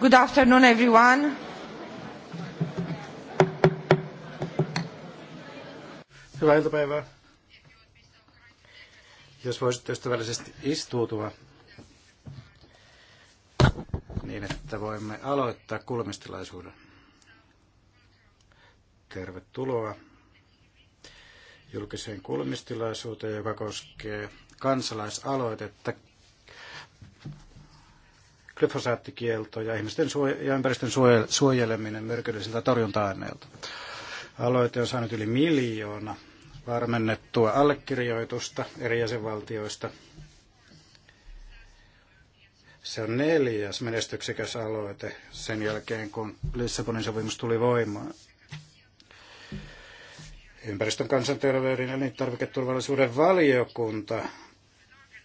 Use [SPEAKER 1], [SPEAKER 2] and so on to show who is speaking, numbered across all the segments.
[SPEAKER 1] Good afternoon, everyone.
[SPEAKER 2] Hyvää iltapäivää. Jos voisit ystävällisesti istuutua niin, että voimme aloittaa kuulemistilaisuuden. Tervetuloa julkiseen kuulemistilaisuuteen, joka koskee kansalaisaloitetta glyfosaattikielto ja ihmisten suoja- ja ympäristön suojeleminen myrkyllisiltä torjunta-aineilta. Aloite on saanut yli miljoona varmennettua allekirjoitusta eri jäsenvaltioista. Se on neljäs menestyksekäs aloite sen jälkeen, kun Lissabonin sopimus tuli voimaan. Ympäristön kansanterveyden ja elintarviketurvallisuuden valiokunta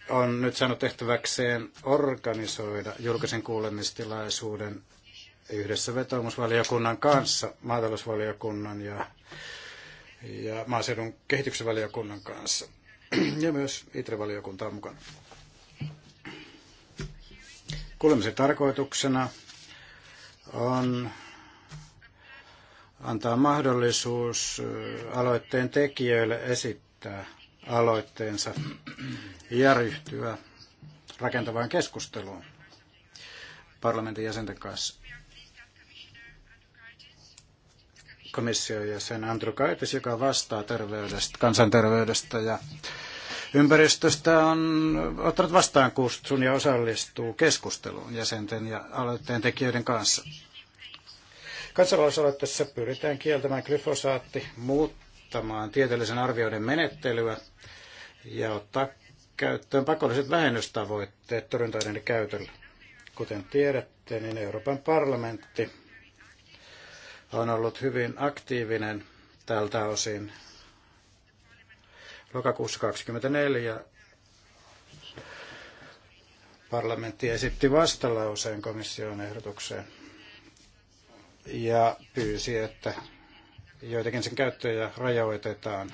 [SPEAKER 2] on nyt saanut tehtäväkseen organisoida julkisen kuulemistilaisuuden yhdessä vetoomusvaliokunnan kanssa, maatalousvaliokunnan ja, ja maaseudun kehityksen valiokunnan kanssa. Ja myös ITRE-valiokunta on mukana. Kuulemisen tarkoituksena on antaa mahdollisuus aloitteen tekijöille esittää aloitteensa ja ryhtyä rakentavaan keskusteluun parlamentin jäsenten kanssa. Komission jäsen Andrew Kaitis, joka vastaa terveydestä, kansanterveydestä ja ympäristöstä, on ottanut vastaan kutsun ja osallistuu keskusteluun jäsenten ja aloitteen tekijöiden kanssa. Kansalaisaloitteessa pyritään kieltämään glyfosaatti muuttamaan tieteellisen arvioiden menettelyä – ja ottaa käyttöön pakolliset vähennystavoitteet torjunta käytöllä. Kuten tiedätte, niin Euroopan parlamentti on ollut hyvin aktiivinen tältä osin. Lokakuussa 24 parlamentti esitti vastalauseen komission ehdotukseen ja pyysi, että joitakin sen käyttöjä rajoitetaan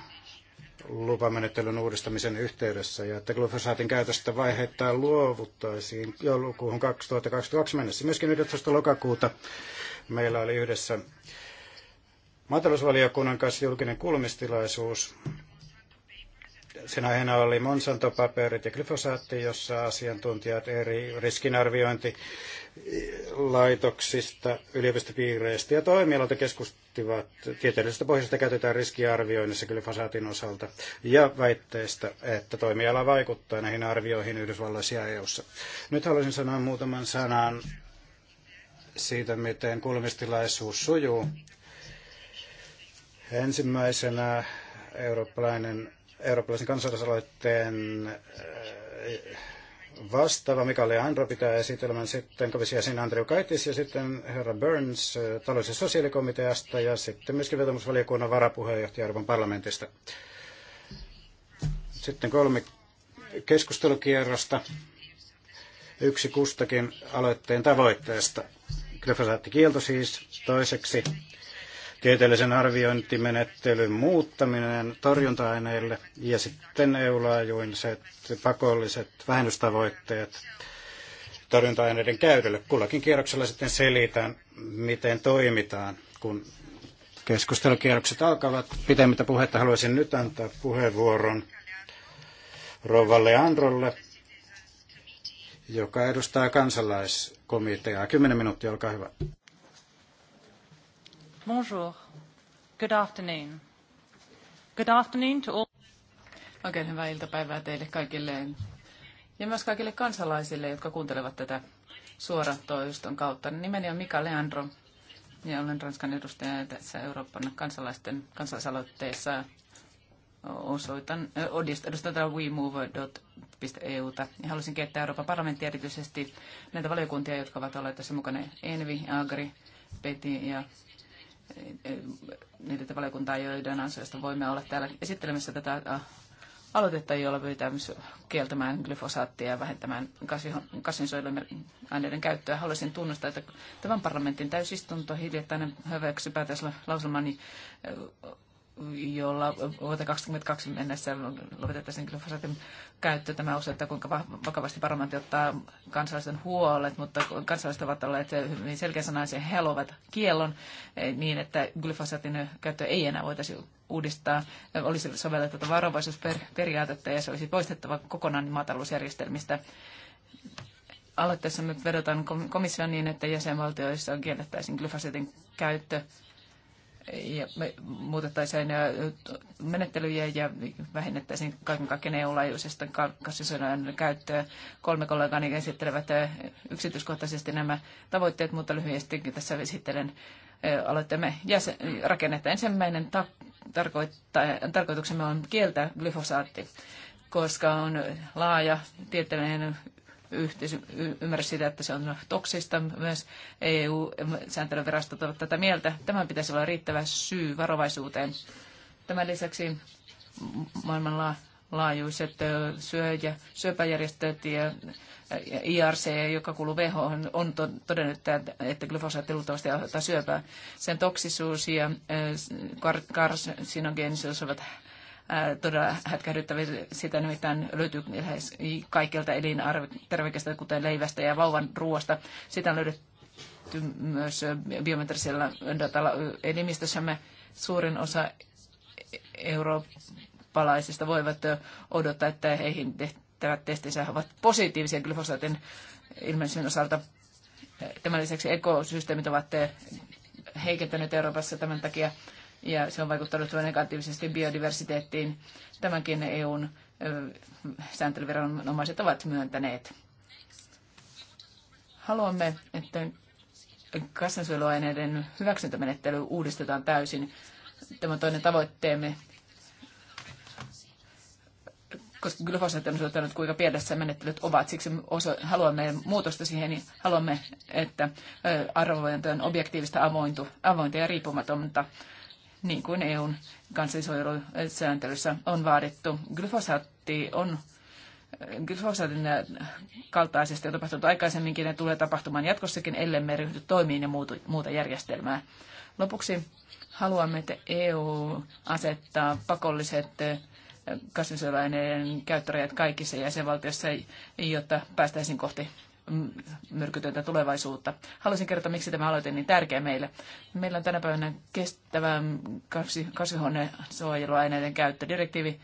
[SPEAKER 2] lupamenettelyn uudistamisen yhteydessä ja että glyfosaatin käytöstä vaiheittain luovuttaisiin joulukuuhun 2022 mennessä. Myöskin 11. lokakuuta meillä oli yhdessä maatalousvaliokunnan kanssa julkinen kuulemistilaisuus. Sen aiheena oli Monsanto-paperit ja glyfosaatti, jossa asiantuntijat eri riskinarviointi laitoksista, yliopistopiireistä ja toimialoilta keskustivat tieteellisestä pohjasta käytetään riskiarvioinnissa fasaatin osalta ja väitteistä, että toimiala vaikuttaa näihin arvioihin Yhdysvalloissa ja EU-ssa. Nyt haluaisin sanoa muutaman sanan siitä, miten kulmistilaisuus sujuu. Ensimmäisenä eurooppalainen, eurooppalaisen kansalaisaloitteen äh, vastaava Mikael Andro pitää esitelmän, sitten komission Andrew Kaitis ja sitten herra Burns eh, talous- ja sosiaalikomiteasta ja sitten myöskin vetomusvaliokunnan varapuheenjohtaja Euroopan parlamentista. Sitten kolme keskustelukierrosta, yksi kustakin aloitteen tavoitteesta. Glyfosaattikielto siis toiseksi tieteellisen arviointimenettelyn muuttaminen torjunta-aineille ja sitten EU-laajuiset pakolliset vähennystavoitteet torjunta-aineiden käytölle. Kullakin kierroksella sitten selitän, miten toimitaan, kun keskustelukierrokset alkavat. Pitemmittä puhetta haluaisin nyt antaa puheenvuoron Rovalle Androlle, joka edustaa kansalaiskomiteaa. Kymmenen minuuttia, olkaa hyvä.
[SPEAKER 3] Bonjour. Good afternoon. Good afternoon to all. Oikein hyvää iltapäivää teille kaikille ja myös kaikille kansalaisille, jotka kuuntelevat tätä suoratoiston kautta. Nimeni on Mika Leandro ja olen Ranskan edustaja tässä Euroopan kansalaisten kansalaisaloitteessa osoitan, edustan tätä wemover.eu. Ja haluaisin kiittää Euroopan parlamenttia erityisesti näitä valiokuntia, jotka ovat olleet tässä mukana Envi, Agri, Peti ja niitä ole joiden ansiosta voimme olla täällä esittelemässä tätä äh, aloitetta, jolla pyritään myös kieltämään glyfosaattia ja vähentämään kasvinsuojeluaineiden käyttöä. Haluaisin tunnustaa, että tämän parlamentin täysistunto hiljattainen hyväksy päätöslauselmani jolla vuoteen 2022 mennessä lopetettaisiin glyfosaatin käyttö. Tämä osoittaa, kuinka vakavasti parlamentti ottaa kansalaisten huolet, mutta kansalaiset ovat olleet hyvin selkeäsanaisia. He haluavat kielon eh, niin, että glyfosaatin käyttö ei enää voitaisi uudistaa. Olisi sovellettava varovaisuusperiaatetta ja se olisi poistettava kokonaan maatalousjärjestelmistä aloitteessa nyt vedotaan komissioon niin, että jäsenvaltioissa kiellettäisiin glyfosaatin käyttö ja me muutettaisiin menettelyjä ja vähennettäisiin kaiken kaiken EU-laajuisesta kasvisodan käyttöä. Kolme kollegaani esittelevät yksityiskohtaisesti nämä tavoitteet, mutta lyhyesti tässä esittelen aloitteemme rakennetta. Ensimmäinen ta- tarkoituksemme on kieltää glyfosaatti, koska on laaja tieteellinen yhteis- ymmärrä sitä, että se on toksista. Myös EU-sääntelyvirastot ovat tätä mieltä. Tämän pitäisi olla riittävä syy varovaisuuteen. Tämän lisäksi maailmanlaajuiset syöjä, syöpäjärjestöt ja IRC, joka kuuluu WHO, on todennut, että glyfosaatti luultavasti aiheuttaa syöpää. Sen toksisuus ja karsinogeenisuus ovat todella hätkähdyttäviä. Sitä nimittäin löytyy lähes kaikilta elintarvikkeista, kuten leivästä ja vauvan ruoasta. Sitä on löydetty myös biometrisellä datalla elimistössämme. Suurin osa eurooppalaisista voivat odottaa, että heihin tehtävät testinsä ovat positiivisia glyfosaatin ilmestymisen osalta. Tämän lisäksi ekosysteemit ovat heikentäneet Euroopassa tämän takia ja se on vaikuttanut negatiivisesti biodiversiteettiin. Tämänkin EUn sääntelyviranomaiset ovat myöntäneet. Haluamme, että kasvinsuojeluaineiden hyväksyntämenettely uudistetaan täysin. Tämä on toinen tavoitteemme, koska glyfosaatti on osoittanut, kuinka pienessä menettelyt ovat. Siksi oso- haluamme muutosta siihen, niin haluamme, että on objektiivista avointu, avointa ja riippumatonta niin kuin EUn kansallisuojelusääntelyssä on vaadittu. Glyfosaatti on glyfosaatin kaltaisesti on tapahtunut aikaisemminkin ja tulee tapahtumaan jatkossakin, ellei me ryhdy toimiin ja muuta järjestelmää. Lopuksi haluamme, että EU asettaa pakolliset eh, kasvinsuojeluaineiden käyttörajat kaikissa jäsenvaltioissa, jotta päästäisiin kohti Mm, myrkytöntä tulevaisuutta. Haluaisin kertoa, miksi tämä aloite on niin tärkeä meille. Meillä on tänä päivänä kestävä kasvihuonesuojeluaineiden käyttödirektiivi.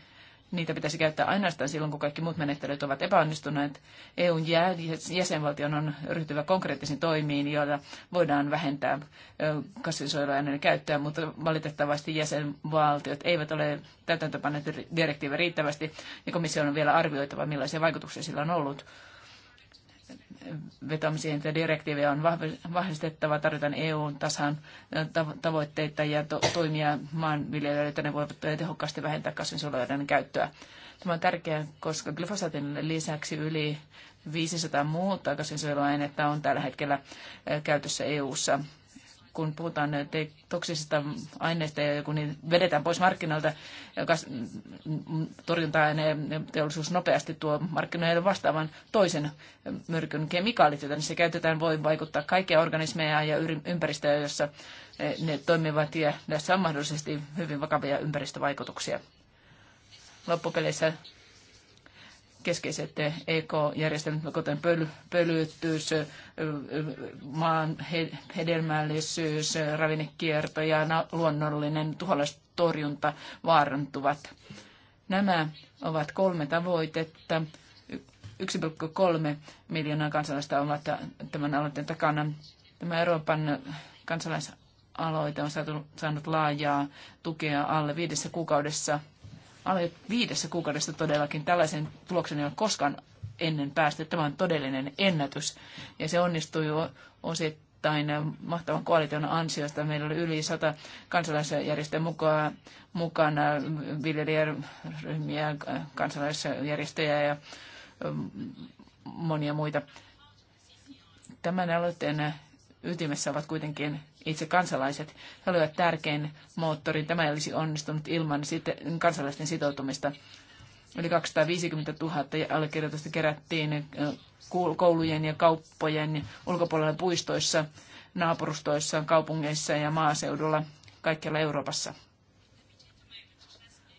[SPEAKER 3] Niitä pitäisi käyttää ainoastaan silloin, kun kaikki muut menettelyt ovat epäonnistuneet. EUn jäsenvaltion on ryhtyvä konkreettisiin toimiin, joilla voidaan vähentää kasvinsuojeluaineiden käyttöä, mutta valitettavasti jäsenvaltiot eivät ole täytäntöpanneet direktiivejä riittävästi, ja komissio on vielä arvioitava, millaisia vaikutuksia sillä on ollut vetomiseen, että direktiivejä on vahvistettava, tarvitaan EU-tasan tavoitteita ja to- toimia maanviljelijöille, että ne voivat tehokkaasti vähentää kasvinsuojelujen käyttöä. Tämä on tärkeää, koska glyfosaatin lisäksi yli 500 muuta kasvinsuojeluainetta on tällä hetkellä käytössä EU:ssa kun puhutaan toksisista aineista ja kun niin vedetään pois markkinoilta, joka torjunta teollisuus nopeasti tuo markkinoille vastaavan toisen myrkyn kemikaalit, joita se käytetään, voi vaikuttaa kaikkia organismeja ja ympäristöjä, joissa eh, ne toimivat ja tässä on mahdollisesti hyvin vakavia ympäristövaikutuksia. Loppupeleissä keskeiset ekojärjestelmät, kuten pöly, pölytys, maan hedelmällisyys, ravinnekierto ja luonnollinen tuholaistorjunta vaarantuvat. Nämä ovat kolme tavoitetta. 1,3 miljoonaa kansalaista ovat tämän aloitteen takana. Tämä Euroopan kansalaisaloite on saatu, saanut laajaa tukea alle viidessä kuukaudessa alle viidessä kuukaudessa todellakin tällaisen tuloksen ei ole koskaan ennen päästy. Tämä on todellinen ennätys ja se onnistui osittain mahtavan koalition ansiosta. Meillä oli yli sata kansalaisjärjestöä mukaan, mukana, viljelijäryhmiä, kansalaisjärjestöjä ja mm, monia muita. Tämän aloitteen ytimessä ovat kuitenkin itse kansalaiset. He olivat tärkein moottori. Tämä ei olisi onnistunut ilman kansalaisten sitoutumista. Yli 250 000 allekirjoitusta kerättiin äh, koulujen ja kauppojen ulkopuolella puistoissa, naapurustoissa, kaupungeissa ja maaseudulla kaikkialla Euroopassa.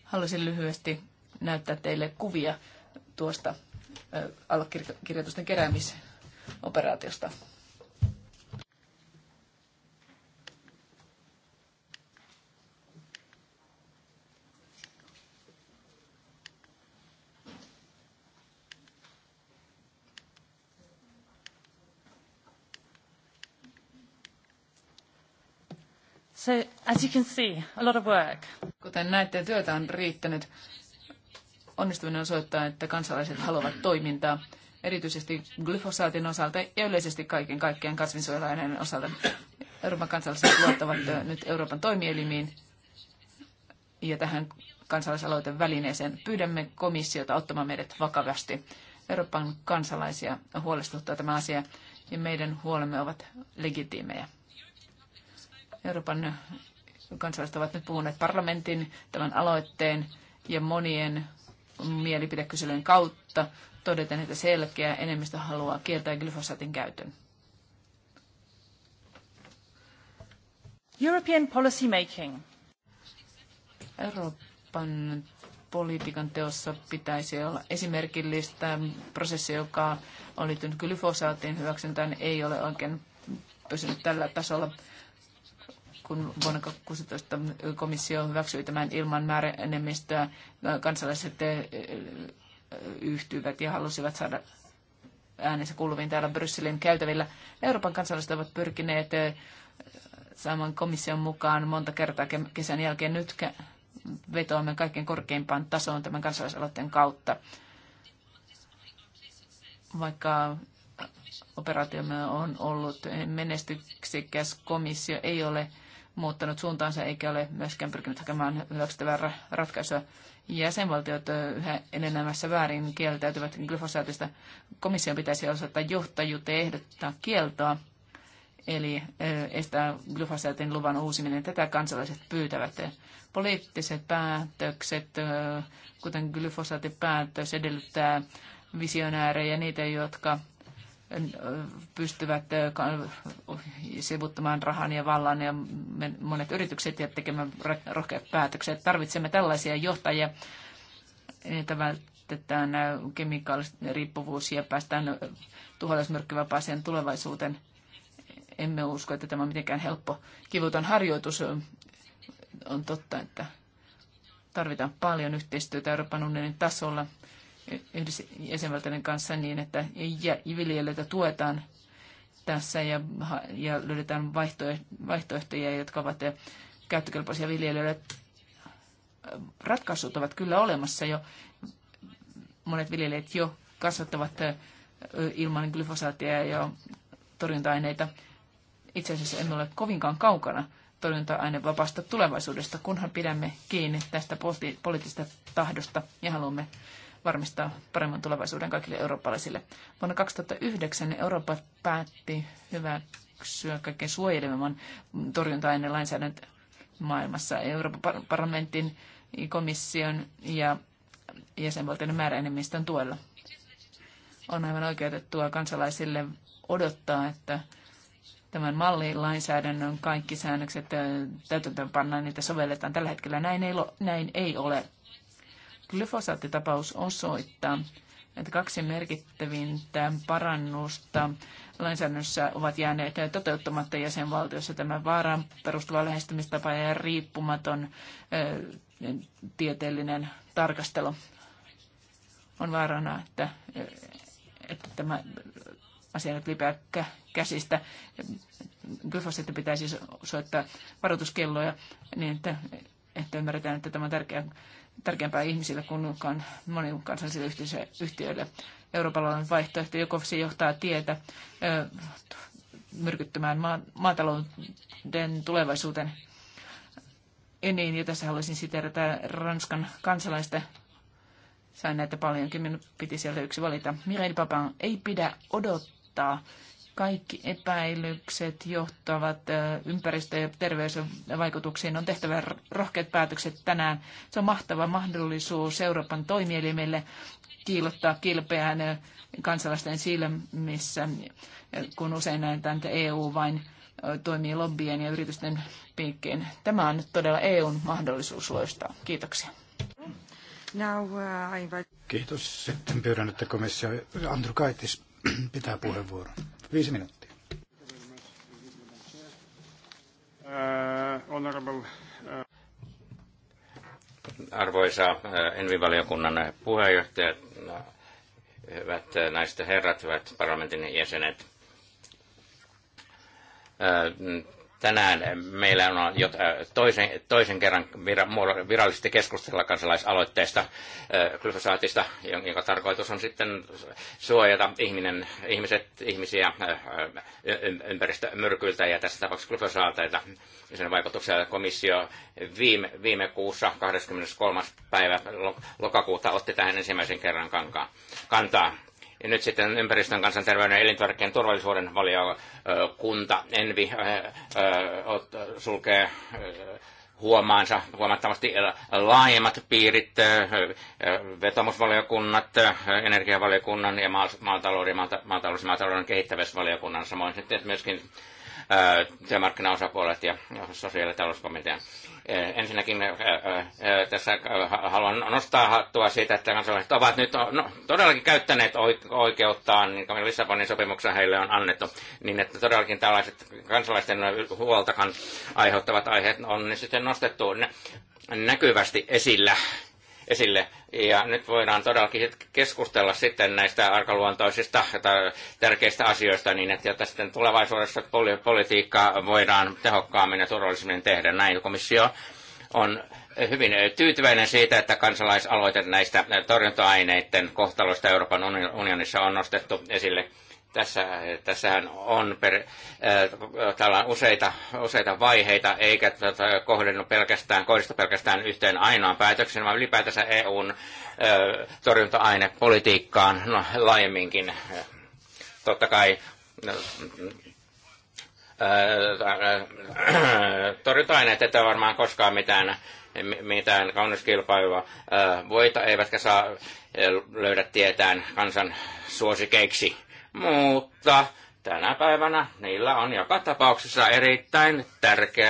[SPEAKER 3] Haluaisin lyhyesti näyttää teille kuvia tuosta äh, allekirjoitusten keräämisoperaatiosta. So, as you can see, a lot of work. Kuten näette, työtä on riittänyt. Onnistuminen osoittaa, että kansalaiset haluavat toimintaa, erityisesti glyfosaatin osalta ja yleisesti kaiken kaikkien kasvinsuojeluaineiden osalta. Euroopan kansalaiset luottavat nyt Euroopan toimielimiin ja tähän kansalaisaloiteen välineeseen. Pyydämme komissiota ottamaan meidät vakavasti. Euroopan kansalaisia huolestuttaa tämä asia ja meidän huolemme ovat legitiimejä. Euroopan kansalaiset ovat nyt puhuneet parlamentin, tämän aloitteen ja monien mielipidekyselyn kautta todeten, että selkeä enemmistö haluaa kieltää glyfosaatin käytön. European policy making. Euroopan politiikan teossa pitäisi olla esimerkillistä. Prosessi, joka on liittynyt glyfosaatin hyväksyntään, niin ei ole oikein pysynyt tällä tasolla kun vuonna 2016 komissio hyväksyi tämän ilman määräenemmistöä, kansalaiset eh, eh, yhtyivät ja halusivat saada äänensä kuuluviin täällä Brysselin käytävillä. Euroopan kansalaiset ovat pyrkineet eh, saamaan komission mukaan monta kertaa kesän jälkeen. Nyt vetoamme kaikkein korkeimpaan tasoon tämän kansalaisaloitteen kautta. Vaikka operaatiomme on ollut menestyksekäs, komissio ei ole muuttanut suuntaansa eikä ole myöskään pyrkinyt hakemaan hyväksyttävää ratkaisua. Jäsenvaltiot yhä enenemässä väärin kieltäytyvät glyfosaatista. Komission pitäisi osata johtajuutta ja ehdottaa kieltoa, eli estää glyfosaatin luvan uusiminen. Tätä kansalaiset pyytävät. Poliittiset päätökset, kuten glyfosaatipäätös, edellyttää visionäärejä, niitä, jotka pystyvät sivuttamaan rahan ja vallan ja monet yritykset ja tekemään rohkeat päätökset. Tarvitsemme tällaisia johtajia, että vältetään kemikaalisten riippuvuus ja päästään tuholaismyrkkyvapaaseen tulevaisuuteen. Emme usko, että tämä on mitenkään helppo. Kivuton harjoitus on totta, että tarvitaan paljon yhteistyötä Euroopan unionin tasolla – jäsenvaltioiden kanssa niin, että viljelijöitä tuetaan tässä ja, ja löydetään vaihtoehtoja, jotka ovat eh, käyttökelpoisia viljelijöille. Ratkaisut ovat kyllä olemassa jo. Monet viljelijät jo kasvattavat eh, ilman glyfosaatia ja torjunta-aineita. Itse asiassa emme ole kovinkaan kaukana torjunta-ainevapaasta tulevaisuudesta, kunhan pidämme kiinni tästä poliittisesta tahdosta ja haluamme varmistaa paremman tulevaisuuden kaikille eurooppalaisille. Vuonna 2009 Eurooppa päätti hyväksyä kaikkein suojelevimman torjunta-aineen lainsäädäntö maailmassa. Euroopan parlamentin, komission ja jäsenvaltioiden määräenemmistön tuella. On aivan oikeutettua kansalaisille odottaa, että tämän mallilainsäädännön kaikki säännökset täytäntöön pannaan, niitä sovelletaan. Tällä hetkellä näin ei, näin ei ole. Glyfosaattitapaus osoittaa, että kaksi merkittävintä parannusta lainsäädännössä ovat jääneet toteuttamatta jäsenvaltiossa. Tämä vaaraan perustuva lähestymistapa ja riippumaton tieteellinen tarkastelu on vaarana, että, että tämä asia nyt lipää käsistä. Glyfosaatti pitäisi soittaa varoituskelloja niin, että, että ymmärretään, että tämä on tärkeä tärkeämpää ihmisille kuin monikansallisille yhtiöille. Euroopalla on vaihtoehto, joko se johtaa tietä myrkyttämään maatalouden tulevaisuuteen. Ja niin, ja tässä haluaisin siteerata Ranskan kansalaista. Sain näitä paljonkin, minun piti sieltä yksi valita. Mireille Papin ei pidä odottaa kaikki epäilykset johtavat ympäristö- ja terveysvaikutuksiin. On tehtävä rohkeat päätökset tänään. Se on mahtava mahdollisuus Euroopan toimielimille kiilottaa kilpeään kansalaisten silmissä, kun usein näytetään, että EU vain toimii lobbien ja yritysten piikkiin. Tämä on nyt todella EUn mahdollisuus loistaa. Kiitoksia.
[SPEAKER 2] Now,
[SPEAKER 1] uh, I
[SPEAKER 2] Kiitos. Sitten pyydän, että komissio Andrew Kaitis pitää puheenvuoron. Viisi minuuttia. Uh, uh,
[SPEAKER 1] Arvoisa uh, Envivaliokunnan puheenjohtaja, hyvät naiset ja herrat, hyvät parlamentin jäsenet tänään meillä on toisen, toisen kerran virallisesti keskustella kansalaisaloitteesta glyfosaatista, jonka tarkoitus on sitten suojata ihminen, ihmiset, ihmisiä ympäristömyrkyiltä ja tässä tapauksessa glyfosaateita ja sen vaikutuksia. Komissio viime, viime kuussa 23. päivä lokakuuta otti tähän ensimmäisen kerran kankaa, kantaa ja nyt sitten ympäristön, kansanterveyden ja elintarvikkeen turvallisuuden valiokunta Envi sulkee huomaansa huomattavasti laajemmat piirit, vetomusvaliokunnat, energiavaliokunnan ja maatalouden, maatalous, maatalouden kehittämisvaliokunnan, samoin sitten myöskin työmarkkinaosapuolet ja sosiaali- ja talouskomitean Eh, ensinnäkin eh, eh, tässä haluan nostaa hattua siitä, että kansalaiset ovat nyt no, todellakin käyttäneet oikeuttaan, niin kuin Lissabonin sopimuksen heille on annettu, niin että todellakin tällaiset kansalaisten huoltakan aiheuttavat aiheet on niin sitten nostettu näkyvästi esillä esille. Ja nyt voidaan todellakin keskustella sitten näistä arkaluontoisista tärkeistä asioista niin, että sitten tulevaisuudessa politiikkaa voidaan tehokkaammin ja turvallisemmin tehdä. Näin komissio on hyvin tyytyväinen siitä, että kansalaisaloite näistä torjunta-aineiden kohtaloista Euroopan unionissa on nostettu esille tässä, tässähän on per, äh, on useita, useita vaiheita, eikä tota, kohdennu pelkästään, kohdistu pelkästään yhteen ainoan päätöksen, vaan ylipäätänsä EUn äh, torjunta-ainepolitiikkaan no, laajemminkin. Totta kai äh, äh, torjunta-aineet ei varmaan koskaan mitään mitään kauniskilpailua äh, voita, eivätkä saa äh, löydä tietään kansan suosikeiksi mutta tänä päivänä niillä on joka tapauksessa erittäin tärkeä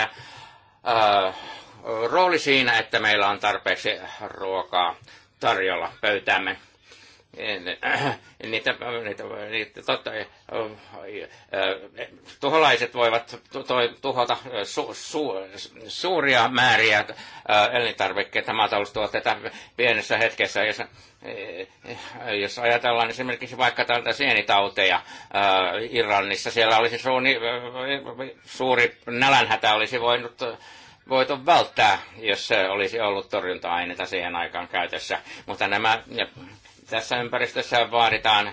[SPEAKER 1] ää, äh, rooli siinä, että meillä on tarpeeksi ruokaa tarjolla pöytämme Äh, niitä, niitä, niitä totta, äh, tuholaiset voivat tuhota äh, su, su, suuria määriä elintarvikkeita, maataloustuotteita pienessä hetkessä. Jos, jos ajatellaan esimerkiksi vaikka tältä sienitauteja Irlannissa, siellä olisi suuri, suuri nälänhätä olisi voinut voitu välttää, jos olisi ollut torjunta-aineita siihen aikaan käytössä. Mutta nämä tässä ympäristössä vaaditaan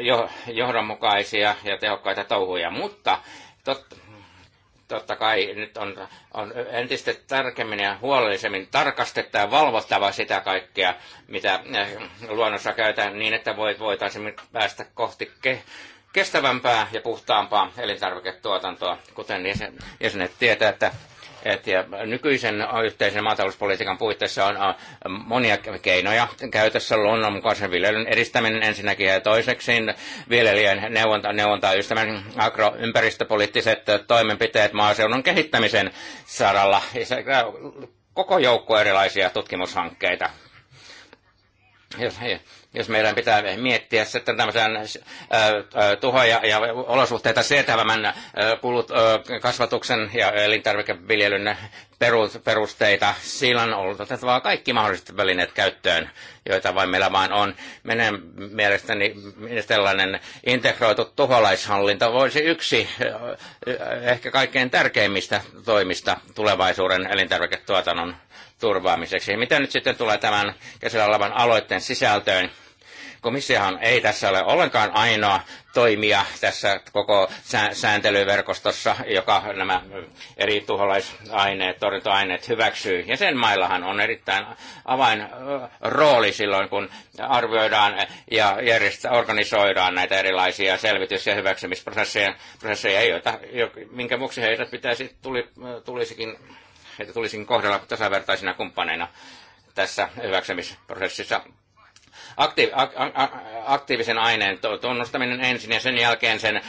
[SPEAKER 1] jo, johdonmukaisia ja tehokkaita touhuja, mutta tot, totta kai nyt on, on entistä tarkemmin ja huolellisemmin tarkastettava ja valvottava sitä kaikkea, mitä eh, luonnossa käytetään niin, että voit, voitaisiin päästä kohti ke, kestävämpää ja puhtaampaa elintarviketuotantoa, kuten jäsenet tietää, että et, ja nykyisen yhteisen maatalouspolitiikan puitteissa on, äh, monia keinoja käytössä. Luonnonmukaisen viljelyn edistäminen ensinnäkin ja toiseksi viljelijän neuvonta, neuvontaa ystävän agroympäristöpoliittiset toimenpiteet maaseudun kehittämisen saralla. Äh, koko joukko erilaisia tutkimushankkeita jos, jos meidän pitää miettiä sitten tämmöisen tuhoja ja olosuhteita sietävämmän kulut, kasvatuksen ja elintarvikeviljelyn perusteita, sillä on ollut otettava kaikki mahdolliset välineet käyttöön, joita vain meillä vain on. Meidän mielestäni tällainen integroitu tuholaishallinta voisi yksi ehkä kaikkein tärkeimmistä toimista tulevaisuuden elintarviketuotannon turvaamiseksi. Mitä nyt sitten tulee tämän käsillä olevan aloitteen sisältöön? Komissiohan ei tässä ole ollenkaan ainoa toimija tässä koko sääntelyverkostossa, joka nämä eri tuholaisaineet, torjunta-aineet hyväksyy. Jäsenmaillahan on erittäin avain rooli silloin, kun arvioidaan ja järjestä, organisoidaan näitä erilaisia selvitys- ja hyväksymisprosesseja, prosesseja, joita, minkä vuoksi heidät pitäisi, tuli, tulisikin heitä tulisikin kohdella tasavertaisina kumppaneina tässä hyväksymisprosessissa. Aktiiv- aktiivisen aineen tunnustaminen ensin ja sen jälkeen sen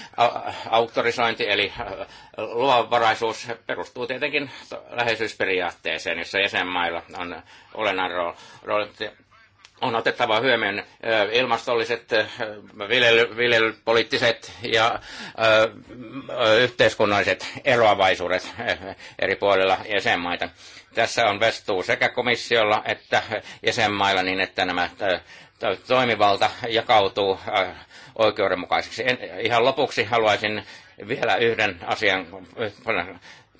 [SPEAKER 1] auktorisointi eli äh, luovaraisuus perustuu tietenkin läheisyysperiaatteeseen, jossa jäsenmailla on olennainen rooli on otettava hyömyyn ilmastolliset, viljelypoliittiset ja yhteiskunnalliset eroavaisuudet eri puolilla jäsenmaita. Tässä on vastuu sekä komissiolla että jäsenmailla niin, että nämä toimivalta jakautuu oikeudenmukaiseksi. En, ihan lopuksi haluaisin vielä yhden asian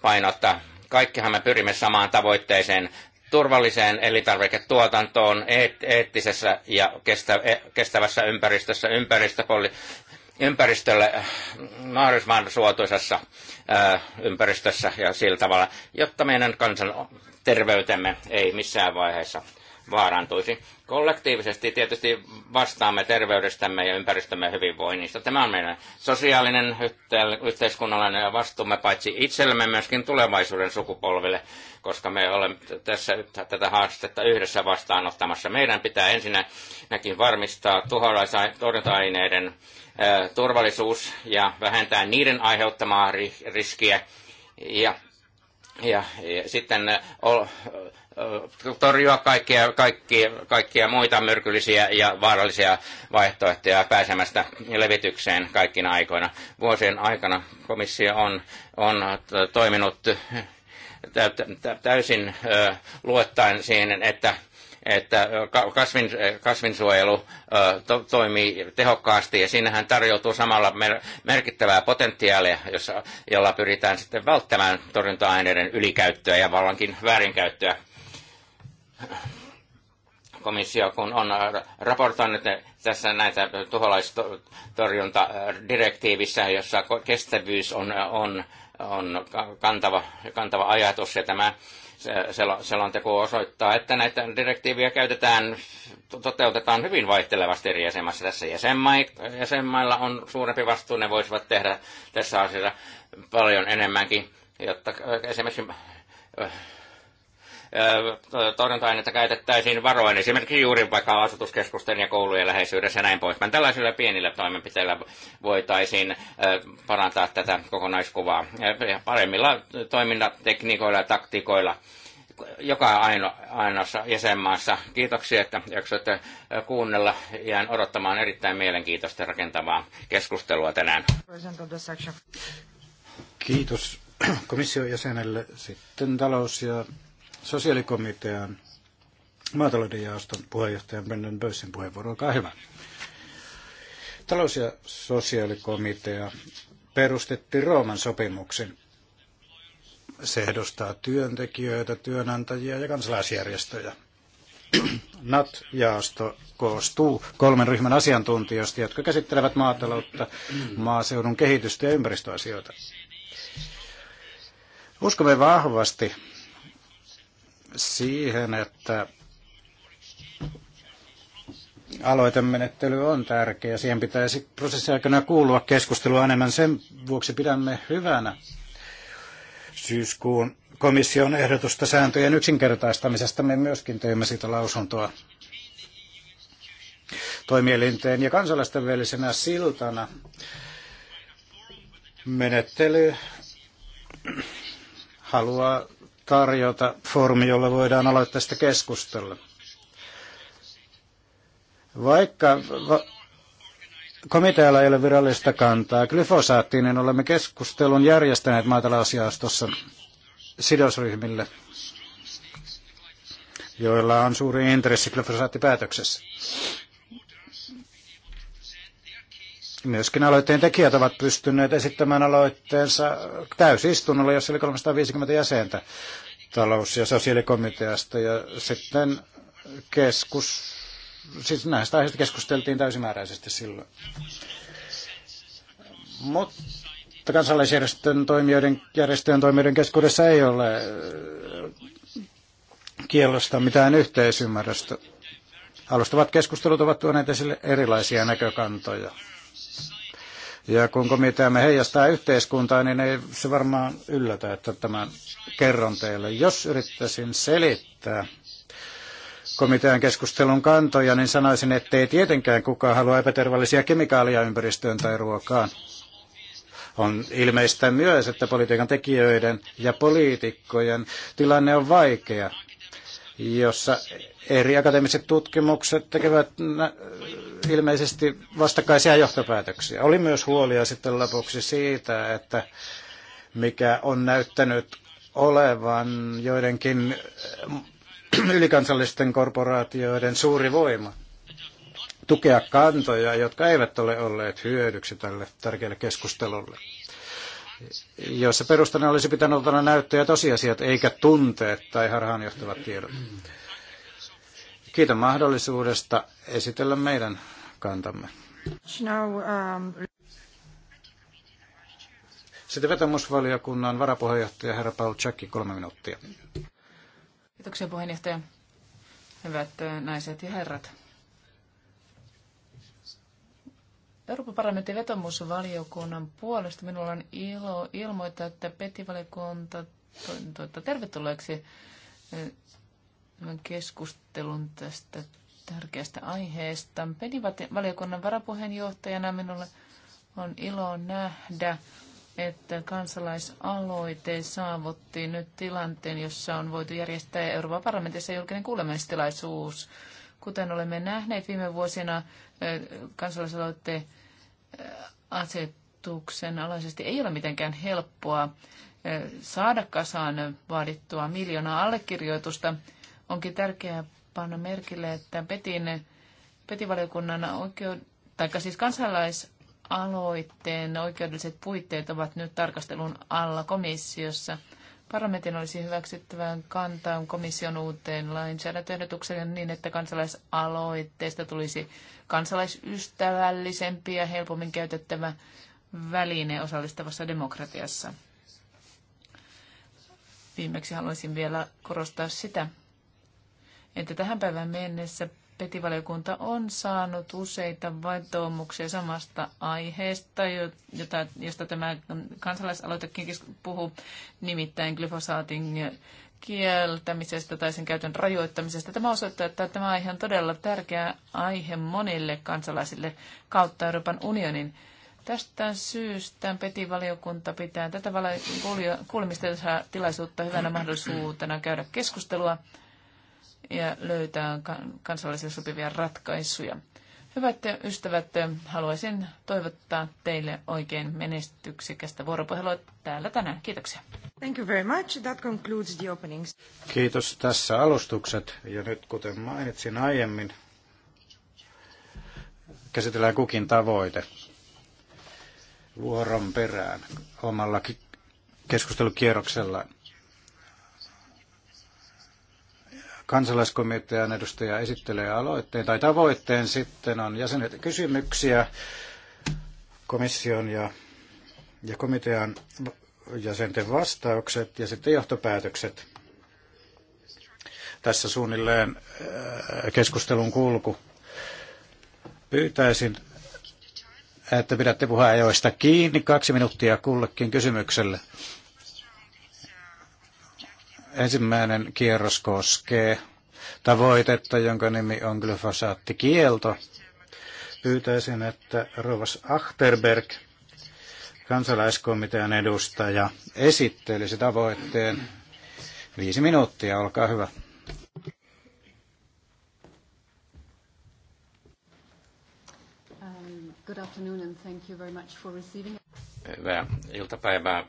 [SPEAKER 1] painottaa. Kaikkihan me pyrimme samaan tavoitteeseen turvalliseen elintarviketuotantoon eettisessä ja kestä, e-, kestävässä ympäristössä, ympäristöpoli, ympäristölle äh, mahdollisimman suotuisassa äh, ympäristössä ja sillä tavalla, jotta meidän kansan terveytemme ei missään vaiheessa vaarantuisi. Kollektiivisesti tietysti vastaamme terveydestämme ja ympäristömme hyvinvoinnista. Tämä on meidän sosiaalinen, yhteiskunnallinen vastuumme paitsi itsellemme myöskin tulevaisuuden sukupolville, koska me olemme tässä tätä haastetta yhdessä vastaanottamassa. Meidän pitää ensinnäkin varmistaa tuholaistorjunta turvallisuus ja vähentää niiden aiheuttamaa riskiä ja ja, ja sitten äh, o, äh, torjua kaikkia, kaikkia, kaikkia muita myrkyllisiä ja vaarallisia vaihtoehtoja pääsemästä levitykseen kaikkina aikoina. Vuosien aikana komissio on, on toiminut äh, täysin luottaen siihen, että että kasvin, kasvinsuojelu to, toimii tehokkaasti ja siinähän tarjoutuu samalla mer, merkittävää potentiaalia, jossa, jolla pyritään sitten välttämään torjunta-aineiden ylikäyttöä ja vallankin väärinkäyttöä. Komissio, kun on raportoinut tässä näitä tuholaistorjuntadirektiivissä, jossa kestävyys on, on, on kantava, kantava ajatus ja tämä Selonteko osoittaa, että näitä direktiiviä käytetään, toteutetaan hyvin vaihtelevasti eri jäsenmaissa. Tässä jäsenmailla on suurempi vastuu, ne voisivat tehdä tässä asiassa paljon enemmänkin, jotta esimerkiksi torjunta-aineita käytettäisiin varoin, esimerkiksi juuri vaikka asutuskeskusten ja koulujen läheisyydessä ja näin poispäin. Tällaisilla pienillä toimenpiteillä voitaisiin parantaa tätä kokonaiskuvaa ja paremmilla toimintatekniikoilla ja taktiikoilla joka aino, ainoassa jäsenmaassa. Kiitoksia, että jaksoitte kuunnella. Jään odottamaan erittäin mielenkiintoista rakentavaa keskustelua tänään.
[SPEAKER 2] Kiitos komission jäsenelle. Sitten talous- ja sosiaalikomitean maatalouden jaoston puheenjohtajan Brendan Bössin puheenvuoro. Olkaa hyvä. Talous- ja sosiaalikomitea perustettiin Rooman sopimuksen. Se edustaa työntekijöitä, työnantajia ja kansalaisjärjestöjä. nat jaosto koostuu kolmen ryhmän asiantuntijoista, jotka käsittelevät maataloutta, maaseudun kehitystä ja ympäristöasioita. Uskomme vahvasti siihen, että aloitemenettely on tärkeä. Siihen pitäisi prosessin aikana kuulua keskustelua enemmän. Sen vuoksi pidämme hyvänä syyskuun komission ehdotusta sääntöjen yksinkertaistamisesta. Me myöskin teimme siitä lausuntoa toimielinteen ja kansalaisten välisenä siltana. Menettely haluaa tarjota foorumi, jolla voidaan aloittaa sitä keskustella. Vaikka va- komitealla ei ole virallista kantaa glyfosaattiin, niin olemme keskustelun järjestäneet maatalousjaostossa sidosryhmille, joilla on suuri intressi glyfosaattipäätöksessä. päätöksessä myöskin aloitteen tekijät ovat pystyneet esittämään aloitteensa täysistunnolla, jossa oli 350 jäsentä talous- ja sosiaalikomiteasta. Ja sitten keskus, siis näistä aiheista keskusteltiin täysimääräisesti silloin. Mutta kansalaisjärjestön toimijoiden, järjestöjen toimijoiden keskuudessa ei ole kiellosta mitään yhteisymmärrystä. Alustavat keskustelut ovat tuoneet esille erilaisia näkökantoja. Ja kun komiteamme heijastaa yhteiskuntaa, niin ei se varmaan yllätä, että tämän kerron teille. Jos yrittäisin selittää komitean keskustelun kantoja, niin sanoisin, että ei tietenkään kukaan halua epäterveellisiä kemikaalia ympäristöön tai ruokaan. On ilmeistä myös, että politiikan tekijöiden ja poliitikkojen tilanne on vaikea, jossa eri akateemiset tutkimukset tekevät ilmeisesti vastakkaisia johtopäätöksiä. Oli myös huolia sitten lopuksi siitä, että mikä on näyttänyt olevan joidenkin ylikansallisten korporaatioiden suuri voima tukea kantoja, jotka eivät ole olleet hyödyksi tälle tärkeälle keskustelulle. Jossa perustana olisi pitänyt olla näyttöjä tosiasiat, eikä tunteet tai harhaanjohtavat tiedot. Kiitos mahdollisuudesta esitellä meidän kantamme.
[SPEAKER 3] Um,
[SPEAKER 2] Sitten vetomusvaliokunnan varapuheenjohtaja herra Paul Czakki, kolme minuuttia.
[SPEAKER 3] Kiitoksia puheenjohtaja. Hyvät naiset ja herrat. Euroopan parlamentin vetomusvaliokunnan puolesta minulla on ilo ilmoittaa, että petivaliokunta tervetulleeksi tämän keskustelun tästä tärkeästä aiheesta. Pelivaliokunnan varapuheenjohtajana minulle on ilo nähdä, että kansalaisaloite saavutti nyt tilanteen, jossa on voitu järjestää Euroopan parlamentissa julkinen kuulemistilaisuus. Kuten olemme nähneet viime vuosina, kansalaisaloitteen asetuksen alaisesti ei ole mitenkään helppoa saada kasaan vaadittua miljoonaa allekirjoitusta. Onkin tärkeää panna merkille, että Petin, Petivaliokunnan oikeud, tai siis kansalaisaloitteen oikeudelliset puitteet ovat nyt tarkastelun alla komissiossa. Parlamentin olisi hyväksyttävän kantaa komission uuteen lainsäädäntöehdotukseen niin, että kansalaisaloitteesta tulisi kansalaisystävällisempi ja helpommin käytettävä väline osallistavassa demokratiassa. Viimeksi haluaisin vielä korostaa sitä, että tähän päivään mennessä petivaliokunta on saanut useita vaitoomuksia samasta aiheesta, jota, josta tämä kansalaisaloitekin puhuu, nimittäin glyfosaatin kieltämisestä tai sen käytön rajoittamisesta. Tämä osoittaa, että tämä aihe on todella tärkeä aihe monille kansalaisille kautta Euroopan unionin. Tästä syystä petivaliokunta pitää tätä tilaisuutta hyvänä mahdollisuutena käydä keskustelua ja löytää kansalaisille sopivia ratkaisuja. Hyvät ystävät, haluaisin toivottaa teille oikein menestyksekästä vuoropuhelua täällä tänään. Kiitoksia. Thank you very much. That concludes
[SPEAKER 1] the openings.
[SPEAKER 2] Kiitos tässä alustukset. Ja nyt kuten mainitsin aiemmin, käsitellään kukin tavoite vuoron perään omalla keskustelukierroksellaan. Kansalaiskomitean edustaja esittelee aloitteen tai tavoitteen. Sitten on jäsenet kysymyksiä komission ja, ja komitean jäsenten vastaukset ja sitten johtopäätökset. Tässä suunnilleen äh, keskustelun kulku. Pyytäisin, että pidätte puheenjoista kiinni kaksi minuuttia kullekin kysymykselle. Ensimmäinen kierros koskee tavoitetta, jonka nimi on glyfosaattikielto. Pyytäisin, että Rovas Achterberg, kansalaiskomitean edustaja, esittelisi tavoitteen. Viisi minuuttia, olkaa hyvä.
[SPEAKER 3] Good afternoon and thank you very much for receiving.
[SPEAKER 1] Hyvää iltapäivää.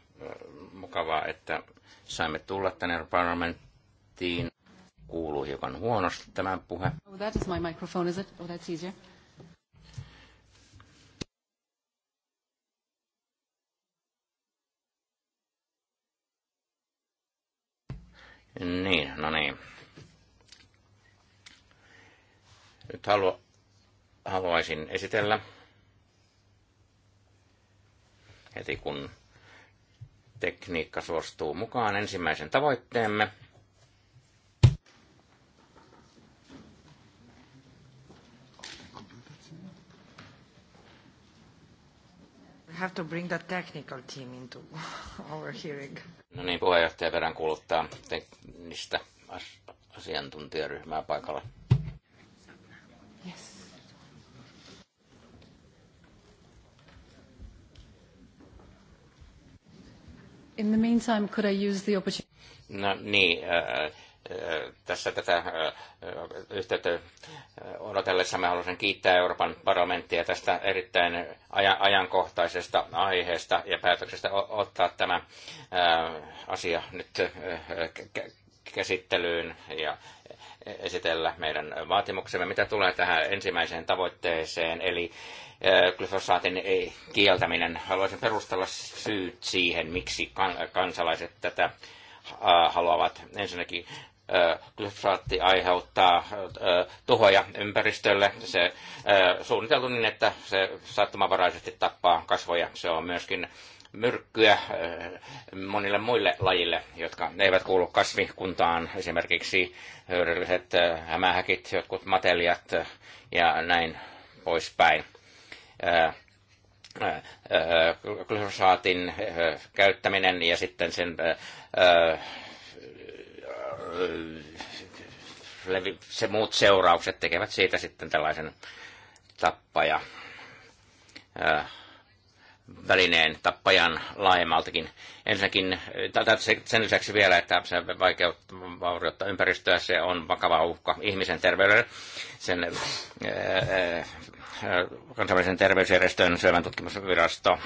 [SPEAKER 1] Mukavaa, että saimme tulla tänne parlamenttiin. Kuuluu hiukan huonosti tämä puhe.
[SPEAKER 3] Oh, that is my microphone, is it? Oh, that's easier.
[SPEAKER 1] Niin, no niin. Nyt halu, haluaisin esitellä heti kun tekniikka suostuu mukaan ensimmäisen tavoitteemme. We have to bring the technical team into our hearing. No niin, puheenjohtaja perään kuuluttaa teknistä asiantuntijaryhmää paikalla. Yes.
[SPEAKER 3] In the meantime, could I use the opportunity?
[SPEAKER 1] No niin, äh, äh tässä tätä äh, äh, yhteyttä odotellessa mä haluaisin kiittää Euroopan parlamenttia tästä erittäin ajankohtaisesta aiheesta ja päätöksestä ottaa tämä asia nyt käsittelyyn ja esitellä meidän vaatimuksemme, mitä tulee tähän ensimmäiseen tavoitteeseen, eli glyfosaatin kieltäminen. Haluaisin perustella syyt siihen, miksi kansalaiset tätä haluavat. Ensinnäkin glyfosaatti aiheuttaa tuhoja ympäristölle. Se suunniteltu niin, että se sattumavaraisesti tappaa kasvoja. Se on myöskin myrkkyä monille muille lajille, jotka eivät kuulu kasvikuntaan, esimerkiksi hyödylliset hämähäkit, jotkut matelijat ja näin poispäin glyfosaatin äh, äh, käyttäminen ja sitten sen äh, se muut seuraukset tekevät siitä sitten tällaisen tappaja välineen tappajan laajemmaltakin. Ensinnäkin sen lisäksi vielä, että se vaikeuttaa ympäristöä, se on vakava uhka ihmisen terveydelle. Sen kansainvälisen terveysjärjestön syövän tutkimusvirasto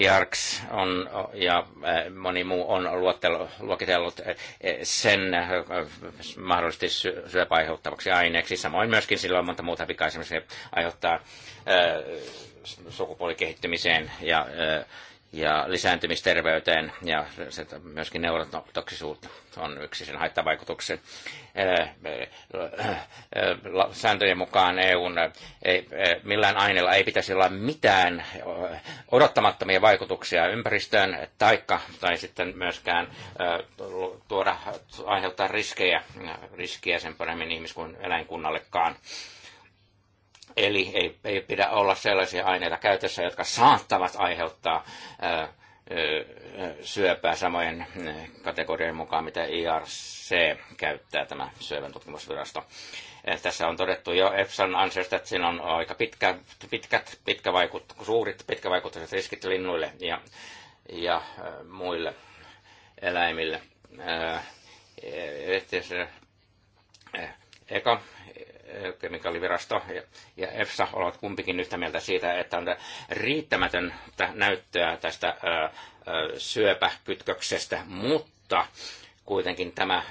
[SPEAKER 1] IARCS on, ja moni muu on luottelu, luokitellut sen mahdollisesti syöpäaiheuttavaksi aineeksi. Samoin myöskin silloin monta muuta vikaa aiheuttaa sukupuolikehittymiseen ja, eh, ja lisääntymisterveyteen ja myöskin neurotoksisuutta on yksi sen haittavaikutuksen. Eh, eh, sääntöjen mukaan EUn ei, millään aineella ei pitäisi olla mitään odottamattomia vaikutuksia ympäristöön taikka, tai sitten myöskään tuoda, aiheuttaa riskejä, riskiä sen paremmin ihmis- kuin eläinkunnallekaan. Eli ei, ei pidä olla sellaisia aineita käytössä, jotka saattavat aiheuttaa ää, syöpää samojen kategorioiden mukaan, mitä IRC käyttää tämä syövän tutkimusvirasto. Tässä on todettu jo EFSAn ansiosta, että siinä on aika pitkä, pitkät, pitkävaikut, suurit pitkävaikutteiset riskit linnuille ja, ja muille eläimille. Eka kemikaalivirasto ja EFSA ovat kumpikin yhtä mieltä siitä, että on riittämätön näyttöä tästä syöpäkytköksestä, mutta kuitenkin tämä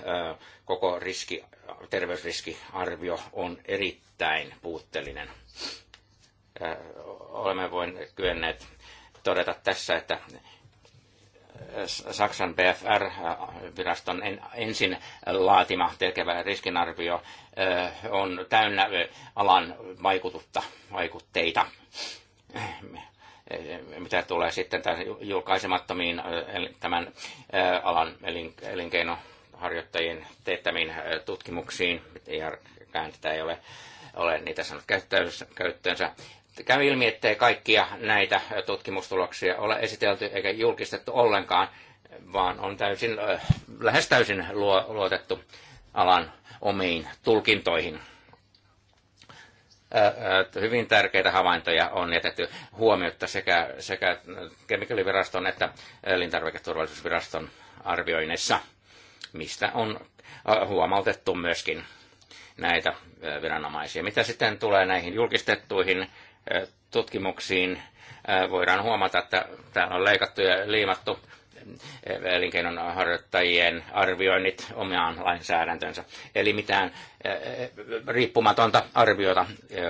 [SPEAKER 1] koko riski, terveysriskiarvio on erittäin puutteellinen. Olemme voin kyenneet todeta tässä, että Saksan BFR-viraston ensin laatima tekevä riskinarvio on täynnä alan vaikutusta, vaikutteita mitä tulee sitten julkaisemattomiin tämän alan elinkeinoharjoittajien teettämiin tutkimuksiin, ja tätä ei ole, ole niitä saanut käyttöönsä käy ilmi, ettei kaikkia näitä tutkimustuloksia ole esitelty eikä julkistettu ollenkaan, vaan on täysin, äh, lähes täysin luotettu alan omiin tulkintoihin. Äh, äh, hyvin tärkeitä havaintoja on jätetty huomiota sekä, sekä kemikaaliviraston että elintarviketurvallisuusviraston arvioinnissa, mistä on huomautettu myöskin näitä viranomaisia. Mitä sitten tulee näihin julkistettuihin tutkimuksiin voidaan huomata, että täällä on leikattu ja liimattu elinkeinon harjoittajien arvioinnit omiaan lainsäädäntönsä. Eli mitään riippumatonta arviota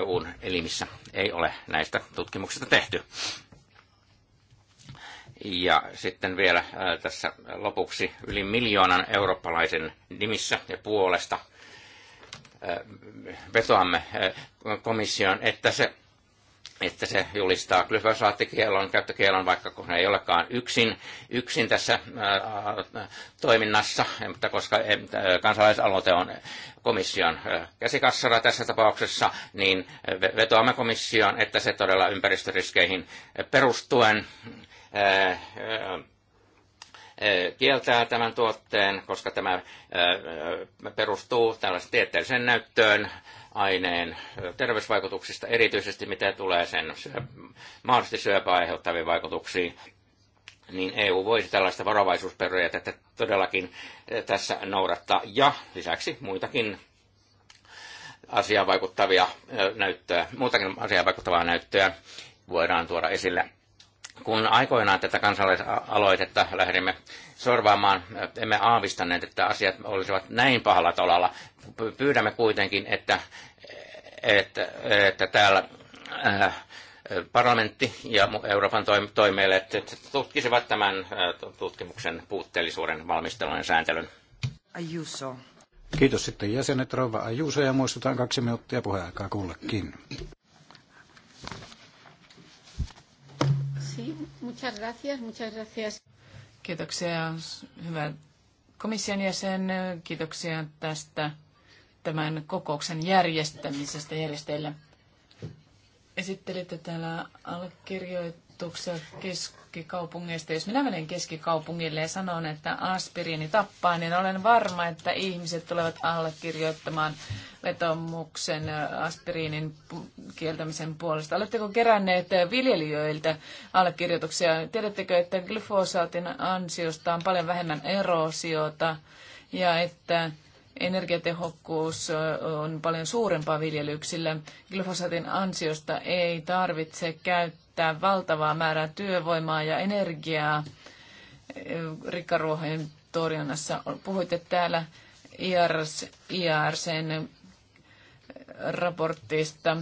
[SPEAKER 1] uun elimissä ei ole näistä tutkimuksista tehty. Ja sitten vielä tässä lopuksi yli miljoonan eurooppalaisen nimissä ja puolesta vetoamme komission, että se että se julistaa glyfosaattikielon, käyttökielon, vaikka kun ei olekaan yksin, yksin tässä ää, toiminnassa, mutta koska kansalaisaloite on komission käsikassara tässä tapauksessa, niin vetoamme komissioon, että se todella ympäristöriskeihin perustuen ää, ää, kieltää tämän tuotteen, koska tämä perustuu tällaisen tieteelliseen näyttöön, aineen terveysvaikutuksista, erityisesti mitä tulee sen mahdollisesti syöpää aiheuttaviin vaikutuksiin, niin EU voisi tällaista varovaisuusperiaatetta todellakin tässä noudattaa ja lisäksi muitakin asiaan vaikuttavia näyttöjä, muutakin asiaan vaikuttavaa näyttöä voidaan tuoda esille kun aikoinaan tätä kansalaisaloitetta lähdimme sorvaamaan, emme aavistaneet, että asiat olisivat näin pahalla tolalla. Pyydämme kuitenkin, että, että, että täällä äh, parlamentti ja Euroopan toimeilijat tutkisivat tämän äh, tutkimuksen puutteellisuuden valmistelun ja sääntelyn. Ajuso.
[SPEAKER 2] Kiitos sitten jäsenet, rouva Ajuso, ja muistutaan kaksi minuuttia puheaikaa kullekin.
[SPEAKER 3] Muchas gracias, muchas gracias. Kiitoksia, hyvä komission jäsen. Kiitoksia tästä tämän kokouksen järjestämisestä järjestäjille. Esittelitte täällä allekirjoituksia keskustelua keskikaupungeista. Jos minä menen keskikaupungille ja sanon, että aspiriini tappaa, niin olen varma, että ihmiset tulevat allekirjoittamaan vetomuksen äh, aspiriinin kieltämisen puolesta. Oletteko keränneet äh, viljelijöiltä allekirjoituksia? Tiedättekö, että glyfosaatin ansiosta on paljon vähemmän erosiota ja että energiatehokkuus äh, on paljon suurempaa viljelyksillä. Glyfosaatin ansiosta ei tarvitse käyttää käyttää valtavaa määrää työvoimaa ja energiaa rikkaruohojen torjunnassa. Puhuitte täällä IRS, IRCn raportista.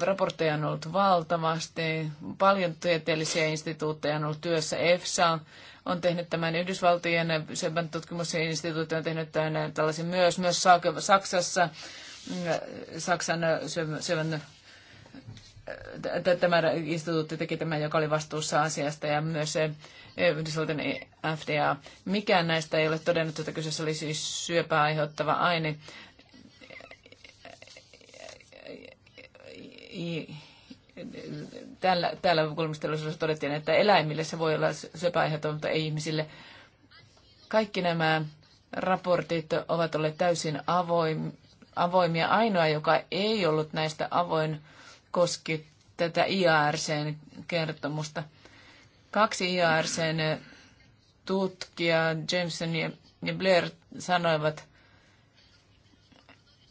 [SPEAKER 3] Raportteja on ollut valtavasti. Paljon tieteellisiä instituutteja on ollut työssä. EFSA on tehnyt tämän Yhdysvaltojen Seban tutkimusinstituutti on tehnyt tämän, tällaisen myös, myös Saksassa. Saksan syövän tämä instituutti teki tämän, joka oli vastuussa asiasta ja myös se e, Yhdysvaltain FDA. Mikään näistä ei ole todennut, että kyseessä oli siis syöpää aiheuttava aine. Täällä, täällä kulmistelussa todettiin, että eläimille se voi olla aiheuttava, mutta ei ihmisille. Kaikki nämä raportit ovat olleet täysin avoimia. Ainoa, joka ei ollut näistä avoin, koski tätä IARCn kertomusta. Kaksi IARCn tutkijaa, Jameson ja Blair, sanoivat,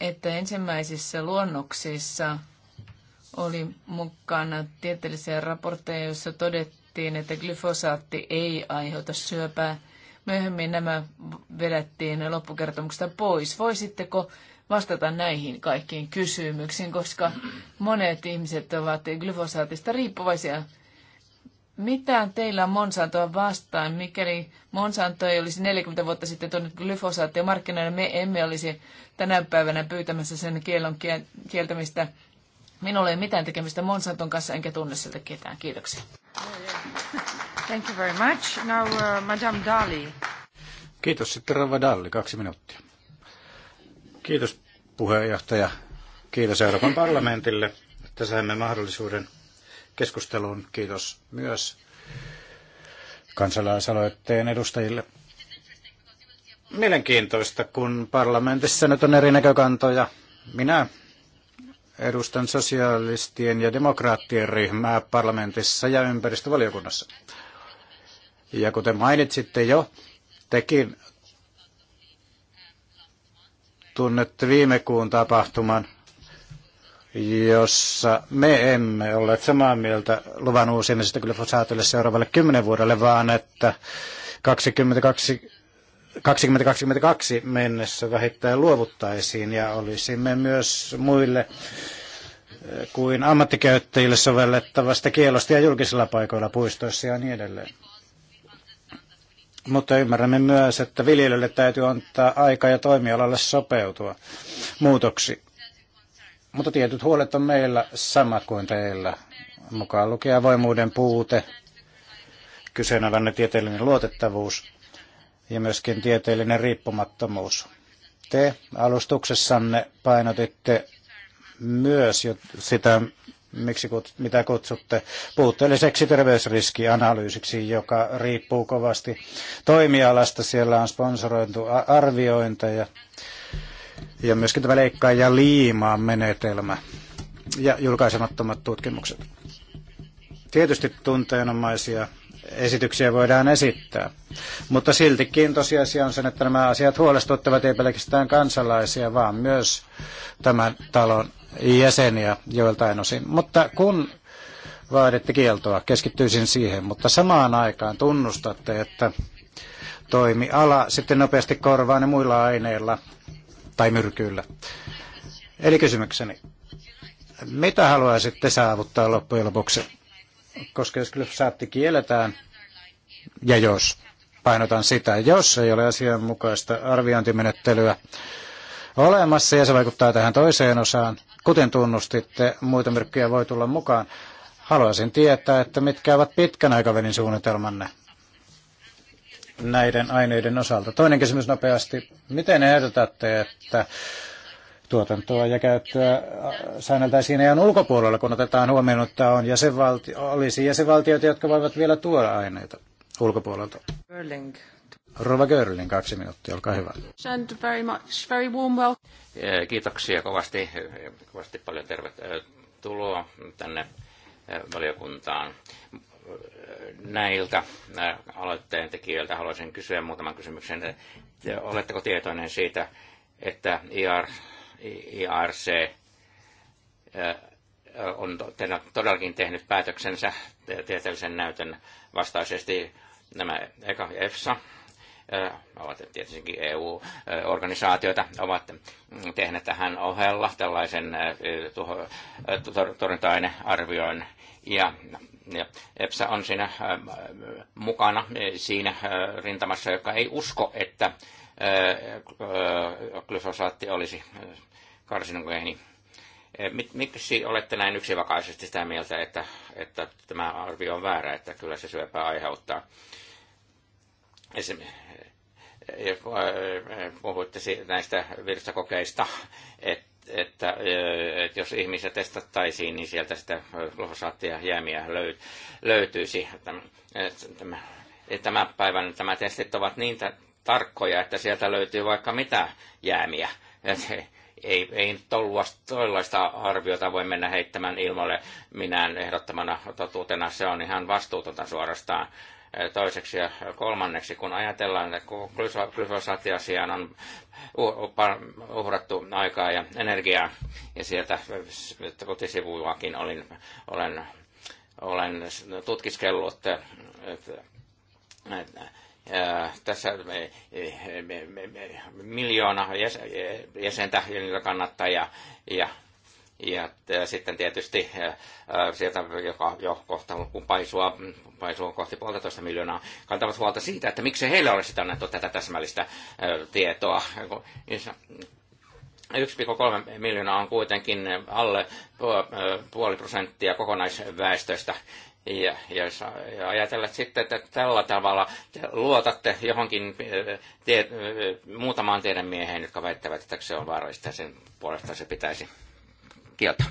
[SPEAKER 3] että ensimmäisissä luonnoksissa oli mukana tieteellisiä raportteja, joissa todettiin, että glyfosaatti ei aiheuta syöpää. Myöhemmin nämä vedettiin loppukertomuksesta pois. Voisitteko vastata näihin kaikkiin kysymyksiin, koska monet ihmiset ovat glyfosaatista riippuvaisia. Mitä teillä on Monsantoa vastaan? Mikäli Monsanto ei olisi 40 vuotta sitten tuonut glyfosaattia markkinoille, me emme olisi tänä päivänä pyytämässä sen kielon kieltämistä. Minulla ei ole mitään tekemistä Monsanton kanssa, enkä tunne sieltä ketään. Kiitoksia. Thank you very much. Now, uh, Madame Dali.
[SPEAKER 2] Kiitos. Sitten Rava Dalli, kaksi minuuttia. Kiitos puheenjohtaja. Kiitos Euroopan parlamentille, että saimme mahdollisuuden keskusteluun. Kiitos myös kansalaisaloitteen edustajille. Mielenkiintoista, kun parlamentissa nyt on eri näkökantoja. Minä edustan sosialistien ja demokraattien ryhmää parlamentissa ja ympäristövaliokunnassa. Ja kuten mainitsitte jo, tekin tunnette viime kuun tapahtuman, jossa me emme ole samaa mieltä luvan uusimisesta glyfosaatille seuraavalle kymmenen vuodelle, vaan että 22 2022 mennessä vähittäin luovuttaisiin ja olisimme myös muille kuin ammattikäyttäjille sovellettavasta kielosta ja julkisilla paikoilla, puistoissa ja niin edelleen. Mutta ymmärrämme myös, että viljelijöille täytyy antaa aika ja toimialalle sopeutua muutoksi. Mutta tietyt huolet on meillä samat kuin teillä. Mukaan lukee avoimuuden puute, kyseenalainen tieteellinen luotettavuus ja myöskin tieteellinen riippumattomuus. Te alustuksessanne painotitte myös jo sitä, miksi kut, mitä kutsutte, puutteelliseksi terveysriskianalyysiksi, joka riippuu kovasti toimialasta. Siellä on sponsoroitu arviointeja ja myöskin tämä leikkaa ja liimaa menetelmä ja julkaisemattomat tutkimukset. Tietysti tunteenomaisia esityksiä voidaan esittää. Mutta siltikin tosiasia on sen, että nämä asiat huolestuttavat ei pelkästään kansalaisia, vaan myös tämän talon jäseniä joiltain osin. Mutta kun vaaditte kieltoa, keskittyisin siihen, mutta samaan aikaan tunnustatte, että toimiala sitten nopeasti korvaa ne muilla aineilla tai myrkyillä. Eli kysymykseni, mitä haluaisitte saavuttaa loppujen lopuksi? Koska jos glyfosaatti kielletään, ja jos, painotan sitä, jos ei ole asianmukaista arviointimenettelyä olemassa, ja se vaikuttaa tähän toiseen osaan, Kuten tunnustitte, muita myrkkyjä voi tulla mukaan. Haluaisin tietää, että mitkä ovat pitkän aikavälin suunnitelmanne näiden aineiden osalta. Toinen kysymys nopeasti. Miten ehdotatte, että tuotantoa ja käyttöä säänneltäisiin EUn ulkopuolella, kun otetaan huomioon, että on jäsenvalti- olisi jäsenvaltioita, jotka voivat vielä tuoda aineita ulkopuolelta? Berling. Rova Görlin kaksi minuuttia, olkaa hyvä.
[SPEAKER 3] Very much, very warm well.
[SPEAKER 1] Eh, kiitoksia kovasti, kovasti paljon tervetuloa tänne eh, valiokuntaan. Näiltä eh, aloitteen tekijöiltä haluaisin kysyä muutaman kysymyksen. Oletteko tietoinen siitä, että IR, IRC on todellakin tehnyt päätöksensä tieteellisen näytön vastaisesti nämä ja EFSA ovat tietysti EU-organisaatioita, ovat tehneet tähän ohella tällaisen torjunta-ainearvioin ja ja EPSA on siinä mukana siinä rintamassa, joka ei usko, että glyfosaatti olisi karsinogeeni. Miksi olette näin yksivakaisesti sitä mieltä, että, että tämä arvio on väärä, että kyllä se syöpää aiheuttaa? esim, eh, eh, puhuitte näistä virtsakokeista, että että, eh, että jos ihmisiä testattaisiin, niin sieltä sitä glyfosaattia jäämiä löytyisi. Tämän päivän tämä testit ovat niin tarkkoja, että sieltä löytyy vaikka mitä jäämiä. Et ei, ei tollaista arviota voi mennä heittämään ilmoille minään ehdottamana totuutena. Se on ihan vastuutonta suorastaan toiseksi ja kolmanneksi, kun ajatellaan, että glyfosaattiasiaan on uhrattu aikaa ja energiaa, ja sieltä kotisivuillakin olin, olen, olen tutkiskellut, että, että, että tässä miljoona jäsentä, jäsentä kannattaa ja, ja ja äh, sitten tietysti äh, äh, sieltä, joka jo kohta kun paisua, paisua kohti puolitoista miljoonaa, kantavat huolta siitä, että miksi heillä ole sitä annettu tätä täsmällistä tietoa. 1,3 miljoonaa on kuitenkin alle puoli prosenttia kokonaisväestöstä. Ja, ja ajatella sitten, että tällä tavalla te luotatte johonkin tie, muutamaan teidän mieheen, jotka väittävät, että se on vaarallista ja sen puolesta se pitäisi
[SPEAKER 2] kieltä.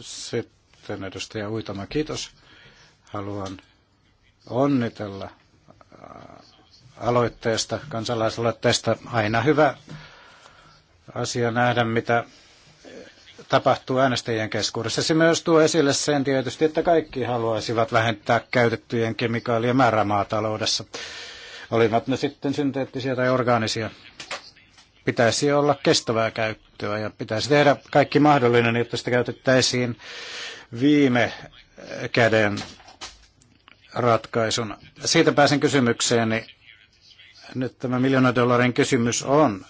[SPEAKER 2] Sitten edustaja Uitama, kiitos. Haluan onnitella äh, aloitteesta, kansalaisaloitteesta. Aina hyvä asia nähdä, mitä tapahtuu äänestäjien keskuudessa. Se myös tuo esille sen tietysti, että kaikki haluaisivat vähentää käytettyjen kemikaalien määrää maataloudessa. Olivat ne sitten synteettisiä tai orgaanisia pitäisi olla kestävää käyttöä ja pitäisi tehdä kaikki mahdollinen, jotta sitä käytettäisiin viime käden ratkaisun. Siitä pääsen kysymykseen, niin nyt tämä miljoonan dollarin kysymys on,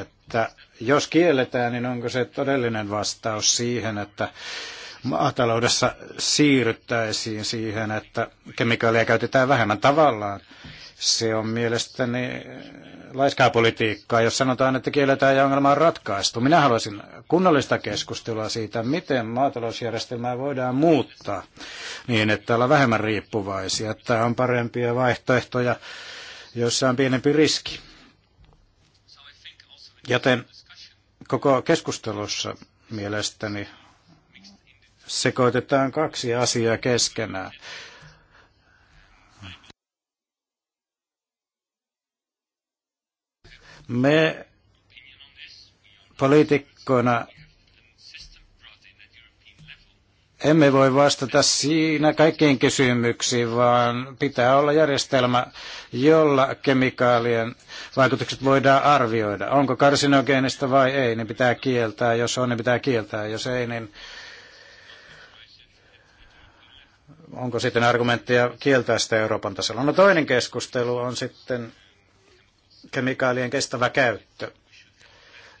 [SPEAKER 2] että jos kielletään, niin onko se todellinen vastaus siihen, että maataloudessa siirryttäisiin siihen, että kemikaaleja käytetään vähemmän tavallaan. Se on mielestäni laiskaa politiikkaa, jos sanotaan, että kielletään ja ongelma on ratkaistu. Minä haluaisin kunnollista keskustelua siitä, miten maatalousjärjestelmää voidaan muuttaa niin, että ollaan vähemmän riippuvaisia, että on parempia vaihtoehtoja, joissa on pienempi riski. Joten koko keskustelussa mielestäni sekoitetaan kaksi asiaa keskenään. Me poliitikkoina emme voi vastata siinä kaikkiin kysymyksiin, vaan pitää olla järjestelmä, jolla kemikaalien vaikutukset voidaan arvioida. Onko karsinogeenista vai ei, niin pitää kieltää. Jos on, niin pitää kieltää. Jos ei, niin onko sitten argumentteja kieltää sitä Euroopan tasolla. No toinen keskustelu on sitten kemikaalien kestävä käyttö.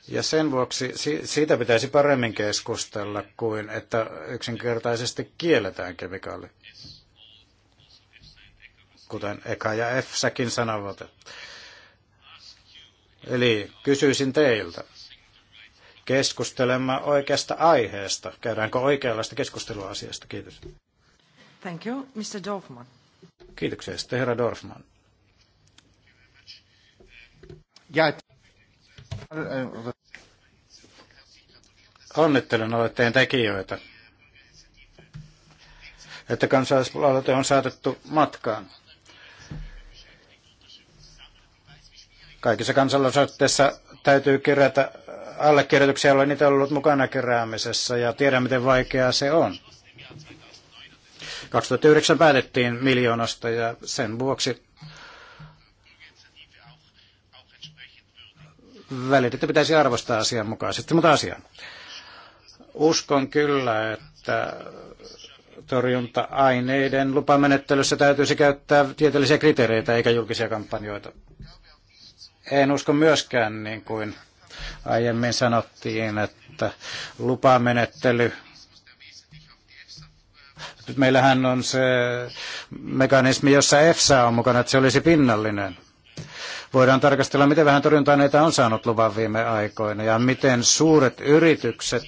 [SPEAKER 2] Ja sen vuoksi siitä pitäisi paremmin keskustella kuin, että yksinkertaisesti kielletään kemikaali. Kuten Eka ja EFSäkin sanovat. Eli kysyisin teiltä, keskustelemme oikeasta aiheesta. Käydäänkö oikeanlaista keskustelua asiasta? Kiitos.
[SPEAKER 1] Thank you, Mr. Dorfman.
[SPEAKER 2] Kiitoksia. Sitten herra Dorfman. Ja... Onnittelen aloitteen tekijöitä, että kansalaisaloite on saatettu matkaan. Kaikissa kansalaisaloitteissa täytyy kerätä allekirjoituksia, olen niitä ollut mukana keräämisessä ja tiedän miten vaikeaa se on. 2009 päätettiin miljoonasta ja sen vuoksi välitettä pitäisi arvostaa asianmukaisesti, mutta asia. Uskon kyllä, että torjunta-aineiden lupamenettelyssä täytyisi käyttää tieteellisiä kriteereitä eikä julkisia kampanjoita. En usko myöskään, niin kuin aiemmin sanottiin, että lupamenettely Meillähän on se mekanismi, jossa EFSA on mukana, että se olisi pinnallinen Voidaan tarkastella, miten vähän torjunta-aineita on saanut luvan viime aikoina ja miten suuret yritykset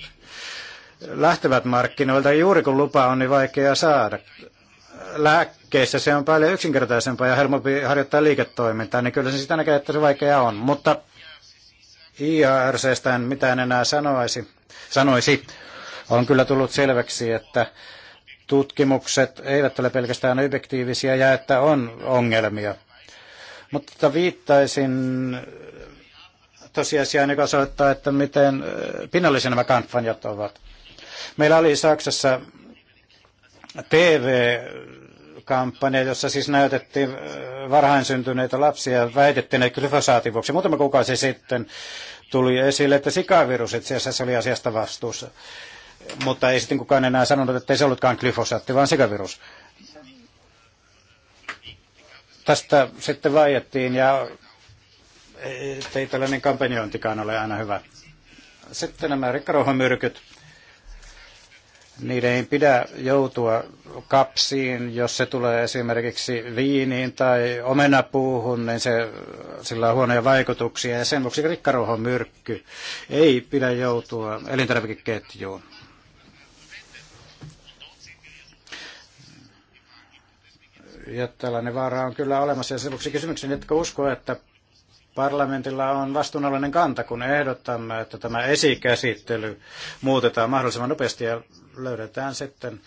[SPEAKER 2] lähtevät markkinoilta juuri kun lupa on niin vaikea saada. Lääkkeissä se on paljon yksinkertaisempaa ja helpompi harjoittaa liiketoimintaa, niin kyllä se sitä näkee, että se vaikea on. Mutta IARCstä en mitään enää sanoisi. sanoisi. On kyllä tullut selväksi, että tutkimukset eivät ole pelkästään objektiivisia ja että on ongelmia mutta viittaisin tosiasiaan, joka osoittaa, että miten pinnallisia nämä kampanjat ovat. Meillä oli Saksassa TV-kampanja, jossa siis näytettiin varhain syntyneitä lapsia, väitettiin, että glyfosaatin vuoksi. Muutama kuukausi sitten tuli esille, että sikavirus itse asiassa oli asiasta vastuussa. Mutta ei sitten kukaan enää sanonut, että ei se ollutkaan glyfosaatti, vaan sikavirus. Tästä sitten vaiettiin ja ei tällainen kampanjointikaan ole aina hyvä. Sitten nämä rikkaruohomyrkyt, niiden ei pidä joutua kapsiin, jos se tulee esimerkiksi viiniin tai omenapuuhun, niin se, sillä on huonoja vaikutuksia. Ja sen vuoksi rikkaruohomyrkky ei pidä joutua elintarvikeketjuun. Ja tällainen vaara on kyllä olemassa. Ja sen vuoksi kysymykseni, jotka uskoo, että parlamentilla on vastuunalainen kanta, kun ehdottamme, että tämä esikäsittely muutetaan mahdollisimman nopeasti ja löydetään sitten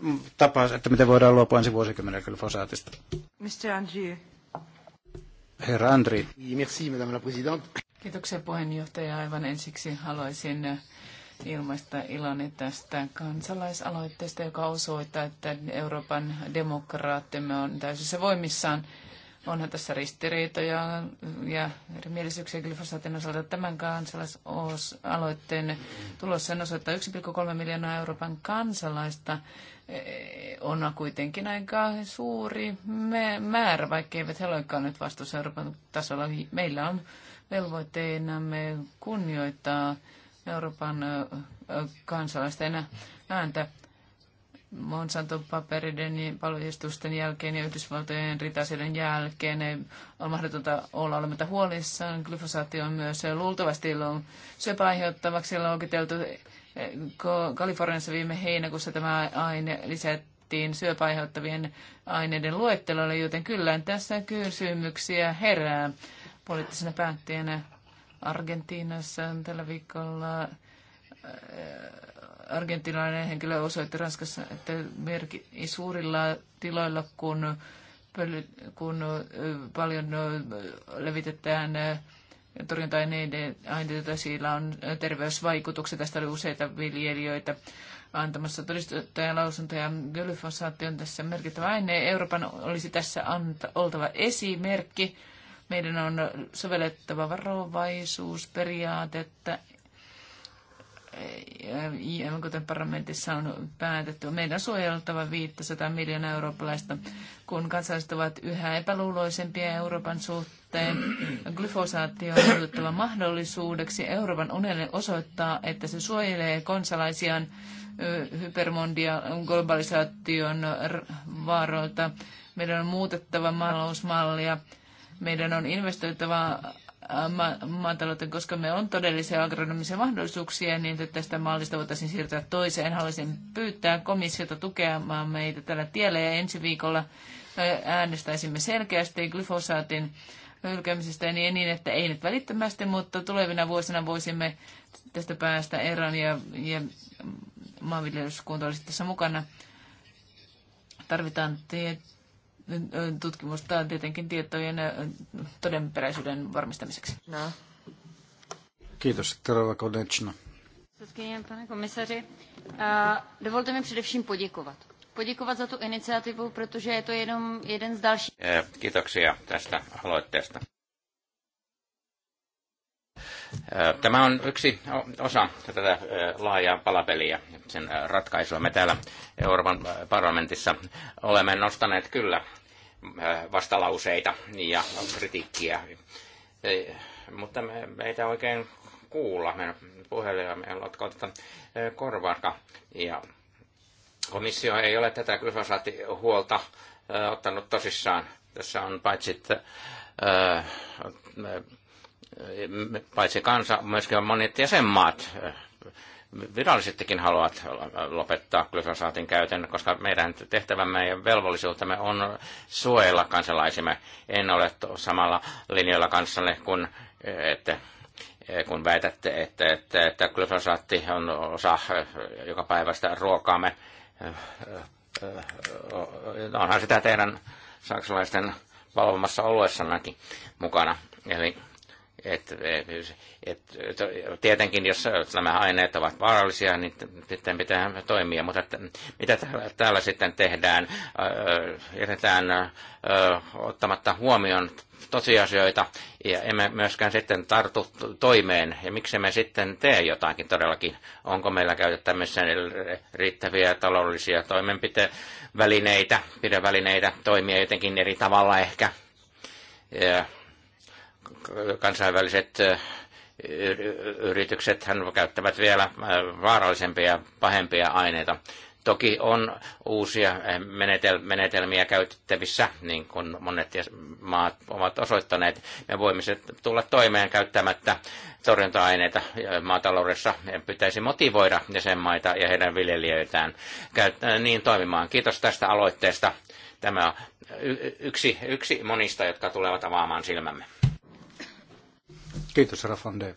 [SPEAKER 2] mm, tapa, että miten voidaan luopua ensi vuosikymmenellä glyfosaatista.
[SPEAKER 3] Mr. Andrew.
[SPEAKER 2] Herra Andri. Merci, madame la présidente.
[SPEAKER 3] Kiitoksia puheenjohtaja. Aivan ensiksi haluaisin ilmaista iloni tästä kansalaisaloitteesta, joka osoittaa, että Euroopan demokraattimme on täysissä voimissaan. Onhan tässä ristiriitoja ja erimielisyyksiä glyfosaatin osalta. Tämän kansalaisaloitteen tulossa sen osoittaa 1,3 miljoonaa Euroopan kansalaista. E, on kuitenkin aika suuri määrä, vaikka eivät he olekaan nyt vastuussa Euroopan tasolla. Meillä on velvoitteenamme kunnioittaa Euroopan kansalaisten ääntä. Monsanto-paperiden paljastusten jälkeen ja Yhdysvaltojen ritaseiden jälkeen on mahdotonta olla olematta huolissaan. Glyfosaatti on myös luultavasti syöpää aiheuttavaksi luokiteltu. Kaliforniassa viime heinäkuussa tämä aine lisättiin syöpäaiheuttavien aineiden luettelolle, joten kyllä tässä kysymyksiä herää poliittisena päättäjänä Argentiinassa tällä viikolla äh, argentinalainen henkilö osoitti Ranskassa, että merki, suurilla tiloilla, kun, kun äh, paljon äh, levitetään torjunta-aineita, sillä on terveysvaikutuksia. Tästä oli useita viljelijöitä antamassa ja lausuntoja. Glyfosaatti on tässä merkittävä aine. Euroopan olisi tässä anta, oltava esimerkki meidän on sovellettava varovaisuusperiaatetta, kuten parlamentissa on päätetty. Meidän on suojeltava 500 miljoonaa eurooppalaista, kun kansalaiset ovat yhä epäluuloisempia Euroopan suhteen. Glyfosaatti on otettava mahdollisuudeksi Euroopan unelle osoittaa, että se suojelee kansalaisiaan hypermondia globalisaation vaaroilta. Meidän on muutettava maalausmallia meidän on investoitava äh, ma- maatalouteen, koska me on todellisia agronomisia mahdollisuuksia, niin että tästä mallista voitaisiin siirtyä toiseen. Haluaisin pyytää komissiota tukemaan meitä tällä tiellä ja ensi viikolla äh, äänestäisimme selkeästi glyfosaatin hylkäämisestä ja niin, että ei nyt välittömästi, mutta tulevina vuosina voisimme tästä päästä eroon ja, ja maanviljelyskunta olisi tässä mukana. Tarvitaan tiet tutkimusta tietenkin tietojen todenperäisyyden varmistamiseksi. No.
[SPEAKER 2] Kiitos, Terva Konečna.
[SPEAKER 3] Pane komisaři, dovolte mi především poděkovat. Poděkovat za tu iniciativu, protože je to jenom jeden z dalších.
[SPEAKER 1] E, kiitoksia tästä aloitteesta. Tämä on yksi osa tätä laajaa palapeliä, sen ratkaisua. Me täällä Euroopan parlamentissa olemme nostaneet kyllä vastalauseita ja kritiikkiä, e, mutta me, meitä oikein kuulla. Meidän puhelimme me lotkauteta korvaanka. Ja komissio ei ole tätä huolta ottanut tosissaan. Tässä on paitsi että, paitsi kansa, myöskin monet jäsenmaat virallisestikin haluavat lopettaa glyfosaatin käytön, koska meidän tehtävämme ja velvollisuutemme on suojella kansalaisimme. En ole samalla linjalla kanssanne, kun, että, kun väitätte, että, että, että glyfosaatti on osa joka päivästä ruokaamme. Onhan sitä teidän saksalaisten valvomassa oluessannakin mukana. Eli et, et, et, tietenkin, jos nämä aineet ovat vaarallisia, niin sitten pitää toimia. Mutta että, mitä täällä, täällä sitten tehdään? jätetään ottamatta huomioon tosiasioita ja emme myöskään sitten tartu toimeen. Ja miksi me sitten tee jotakin todellakin? Onko meillä käytettävissä riittäviä taloudellisia toimenpitevälineitä, pidevälineitä, toimia jotenkin eri tavalla ehkä? Ja kansainväliset yritykset hän käyttävät vielä vaarallisempia ja pahempia aineita. Toki on uusia eh, menetelmiä käytettävissä, niin kuin monet maat ovat osoittaneet. Me voimme tulla toimeen käyttämättä torjunta-aineita maataloudessa. Pitäisi motivoida jäsenmaita ja heidän viljelijöitään eh, niin toimimaan. Kiitos tästä aloitteesta. Tämä on yksi, yksi monista, jotka tulevat avaamaan silmämme.
[SPEAKER 2] Kiitos, Rafonde.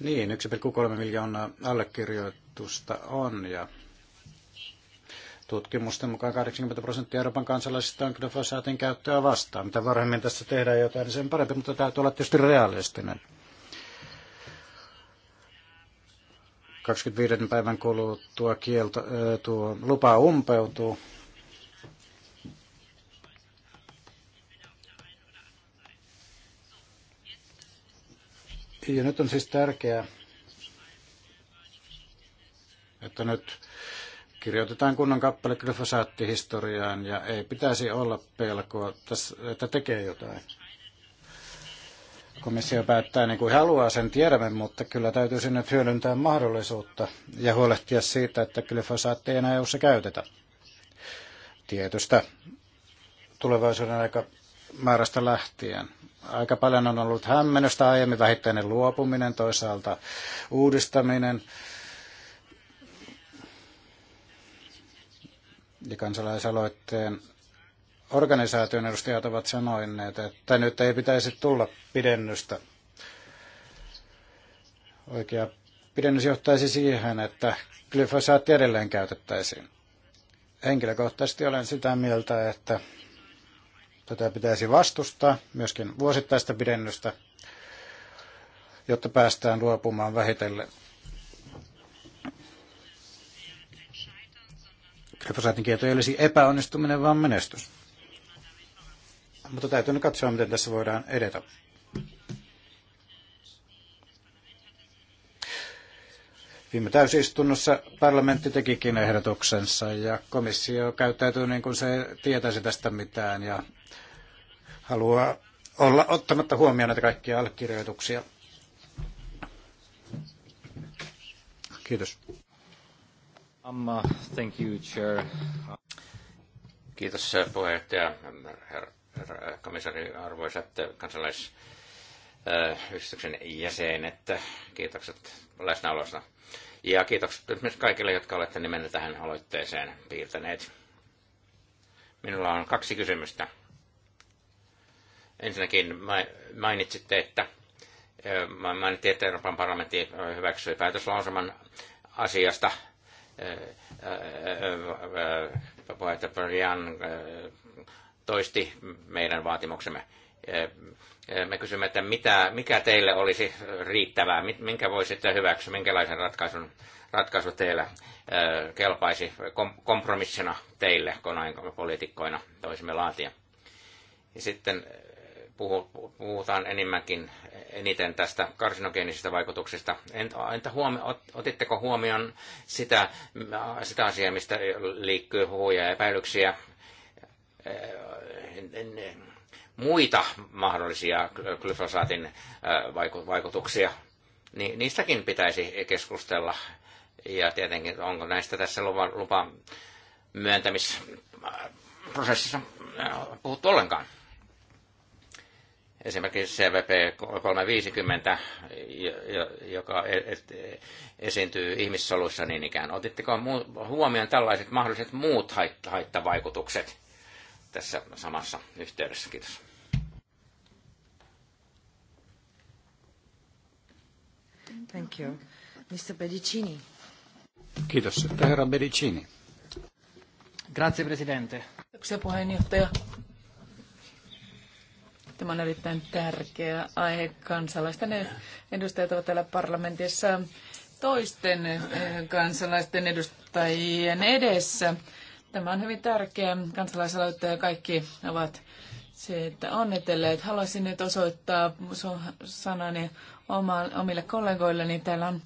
[SPEAKER 2] Niin, 1,3 miljoonaa allekirjoitusta on ja tutkimusten mukaan 80 prosenttia Euroopan kansalaisista on glyfosaatin käyttöä vastaan. Mitä varhemmin tässä tehdään jotain, niin sen parempi, mutta täytyy olla tietysti realistinen. 25 päivän kuluttua kielto, tuo lupa umpeutuu. Ja nyt on siis tärkeää, että nyt kirjoitetaan kunnan kappale glyfosaattihistoriaan ja ei pitäisi olla pelkoa, että tekee jotain komissio päättää niin kuin haluaa, sen tiedämme, mutta kyllä täytyy sinne hyödyntää mahdollisuutta ja huolehtia siitä, että glyfosaatti ei enää EU-ssa käytetä. Tietystä tulevaisuuden aika määrästä lähtien. Aika paljon on ollut hämmennystä aiemmin, vähittäinen luopuminen, toisaalta uudistaminen ja kansalaisaloitteen organisaation edustajat ovat sanoineet, että nyt ei pitäisi tulla pidennystä. Oikea pidennys johtaisi siihen, että glyfosaatti edelleen käytettäisiin. Henkilökohtaisesti olen sitä mieltä, että tätä pitäisi vastustaa, myöskin vuosittaista pidennystä, jotta päästään luopumaan vähitellen glyfosaatin kieto ei olisi epäonnistuminen, vaan menestys. Mutta täytyy nyt katsoa, miten tässä voidaan edetä. Viime täysistunnossa parlamentti tekikin ehdotuksensa ja komissio käyttäytyy niin kuin se tietäisi tästä mitään ja haluaa olla ottamatta huomioon näitä kaikkia allekirjoituksia. Kiitos. Amma, um, uh, thank you, chair. Kiitos
[SPEAKER 1] puheenjohtaja, herra herra komissari, arvoisat kansalaisyhdistyksen jäsenet. Kiitokset läsnäolosta. Ja kiitokset myös kaikille, jotka olette nimenne tähän aloitteeseen piirtäneet. Minulla on kaksi kysymystä. Ensinnäkin mainitsitte, että mainittiin, että Euroopan parlamentti hyväksyi päätöslausuman asiasta. Puheenjohtaja Brian toisti meidän vaatimuksemme. Me kysymme, että mitä, mikä teille olisi riittävää, minkä voisitte hyväksyä, minkälaisen ratkaisun, ratkaisu teillä kelpaisi kompromissina teille, kun poliitikkoina toisimme laatia. Ja sitten puhutaan enemmänkin, eniten tästä karsinogeenisistä vaikutuksista. Entä huomi, otitteko huomioon sitä, sitä asiaa, mistä liikkyy huhuja ja epäilyksiä Eh, muita mahdollisia glyfosaatin eh, vaikutuksia, niin niistäkin pitäisi keskustella. Ja tietenkin, onko näistä tässä lupa, lupa myöntämisprosessissa eh, puhuttu ollenkaan. Esimerkiksi CVP 350, joka e, e, esiintyy ihmissoluissa niin ikään. Otitteko huomioon tällaiset mahdolliset muut haittavaikutukset? tässä samassa yhteydessä. Kiitos.
[SPEAKER 3] Thank you. Mr. Pedicini.
[SPEAKER 2] Kiitos. Herra Pedicini.
[SPEAKER 3] Grazie, Presidente. Kiitoksia puheenjohtaja. Tämä on erittäin tärkeä aihe. Kansalaisten edustajat ovat täällä parlamentissa toisten eh, kansalaisten edustajien edessä. Tämä on hyvin tärkeä kansalaisaloite ja kaikki ovat se, että onnitelleet. Haluaisin nyt osoittaa sanani oma, omille kollegoilleni. Niin täällä on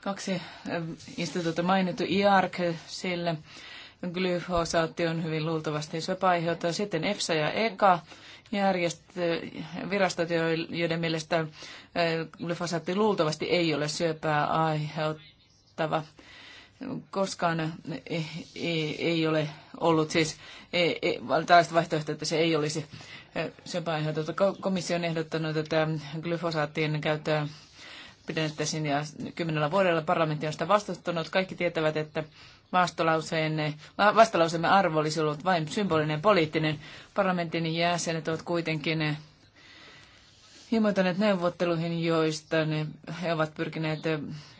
[SPEAKER 3] kaksi ähm, instituutta mainittu, IARC sille. Glyfosaatti on hyvin luultavasti söpäaiheuttaja. Sitten EFSA ja EKA järjestö, virastot, joiden mielestä äh, glyfosaatti luultavasti ei ole syöpää aiheuttava koskaan ei, eh, eh, ei ole ollut siis ei, eh, tällaista vaihtoehtoa, että se ei olisi aiheutettu. Komissio on ehdottanut, että glyfosaattien käyttöä pidennettäisiin ja kymmenellä vuodella parlamentti on sitä vastustanut. Kaikki tietävät, että vastalauseemme arvo olisi ollut vain symbolinen poliittinen. Parlamentin jäsenet ovat kuitenkin himoitaneet neuvotteluihin, joista ne, he ovat pyrkineet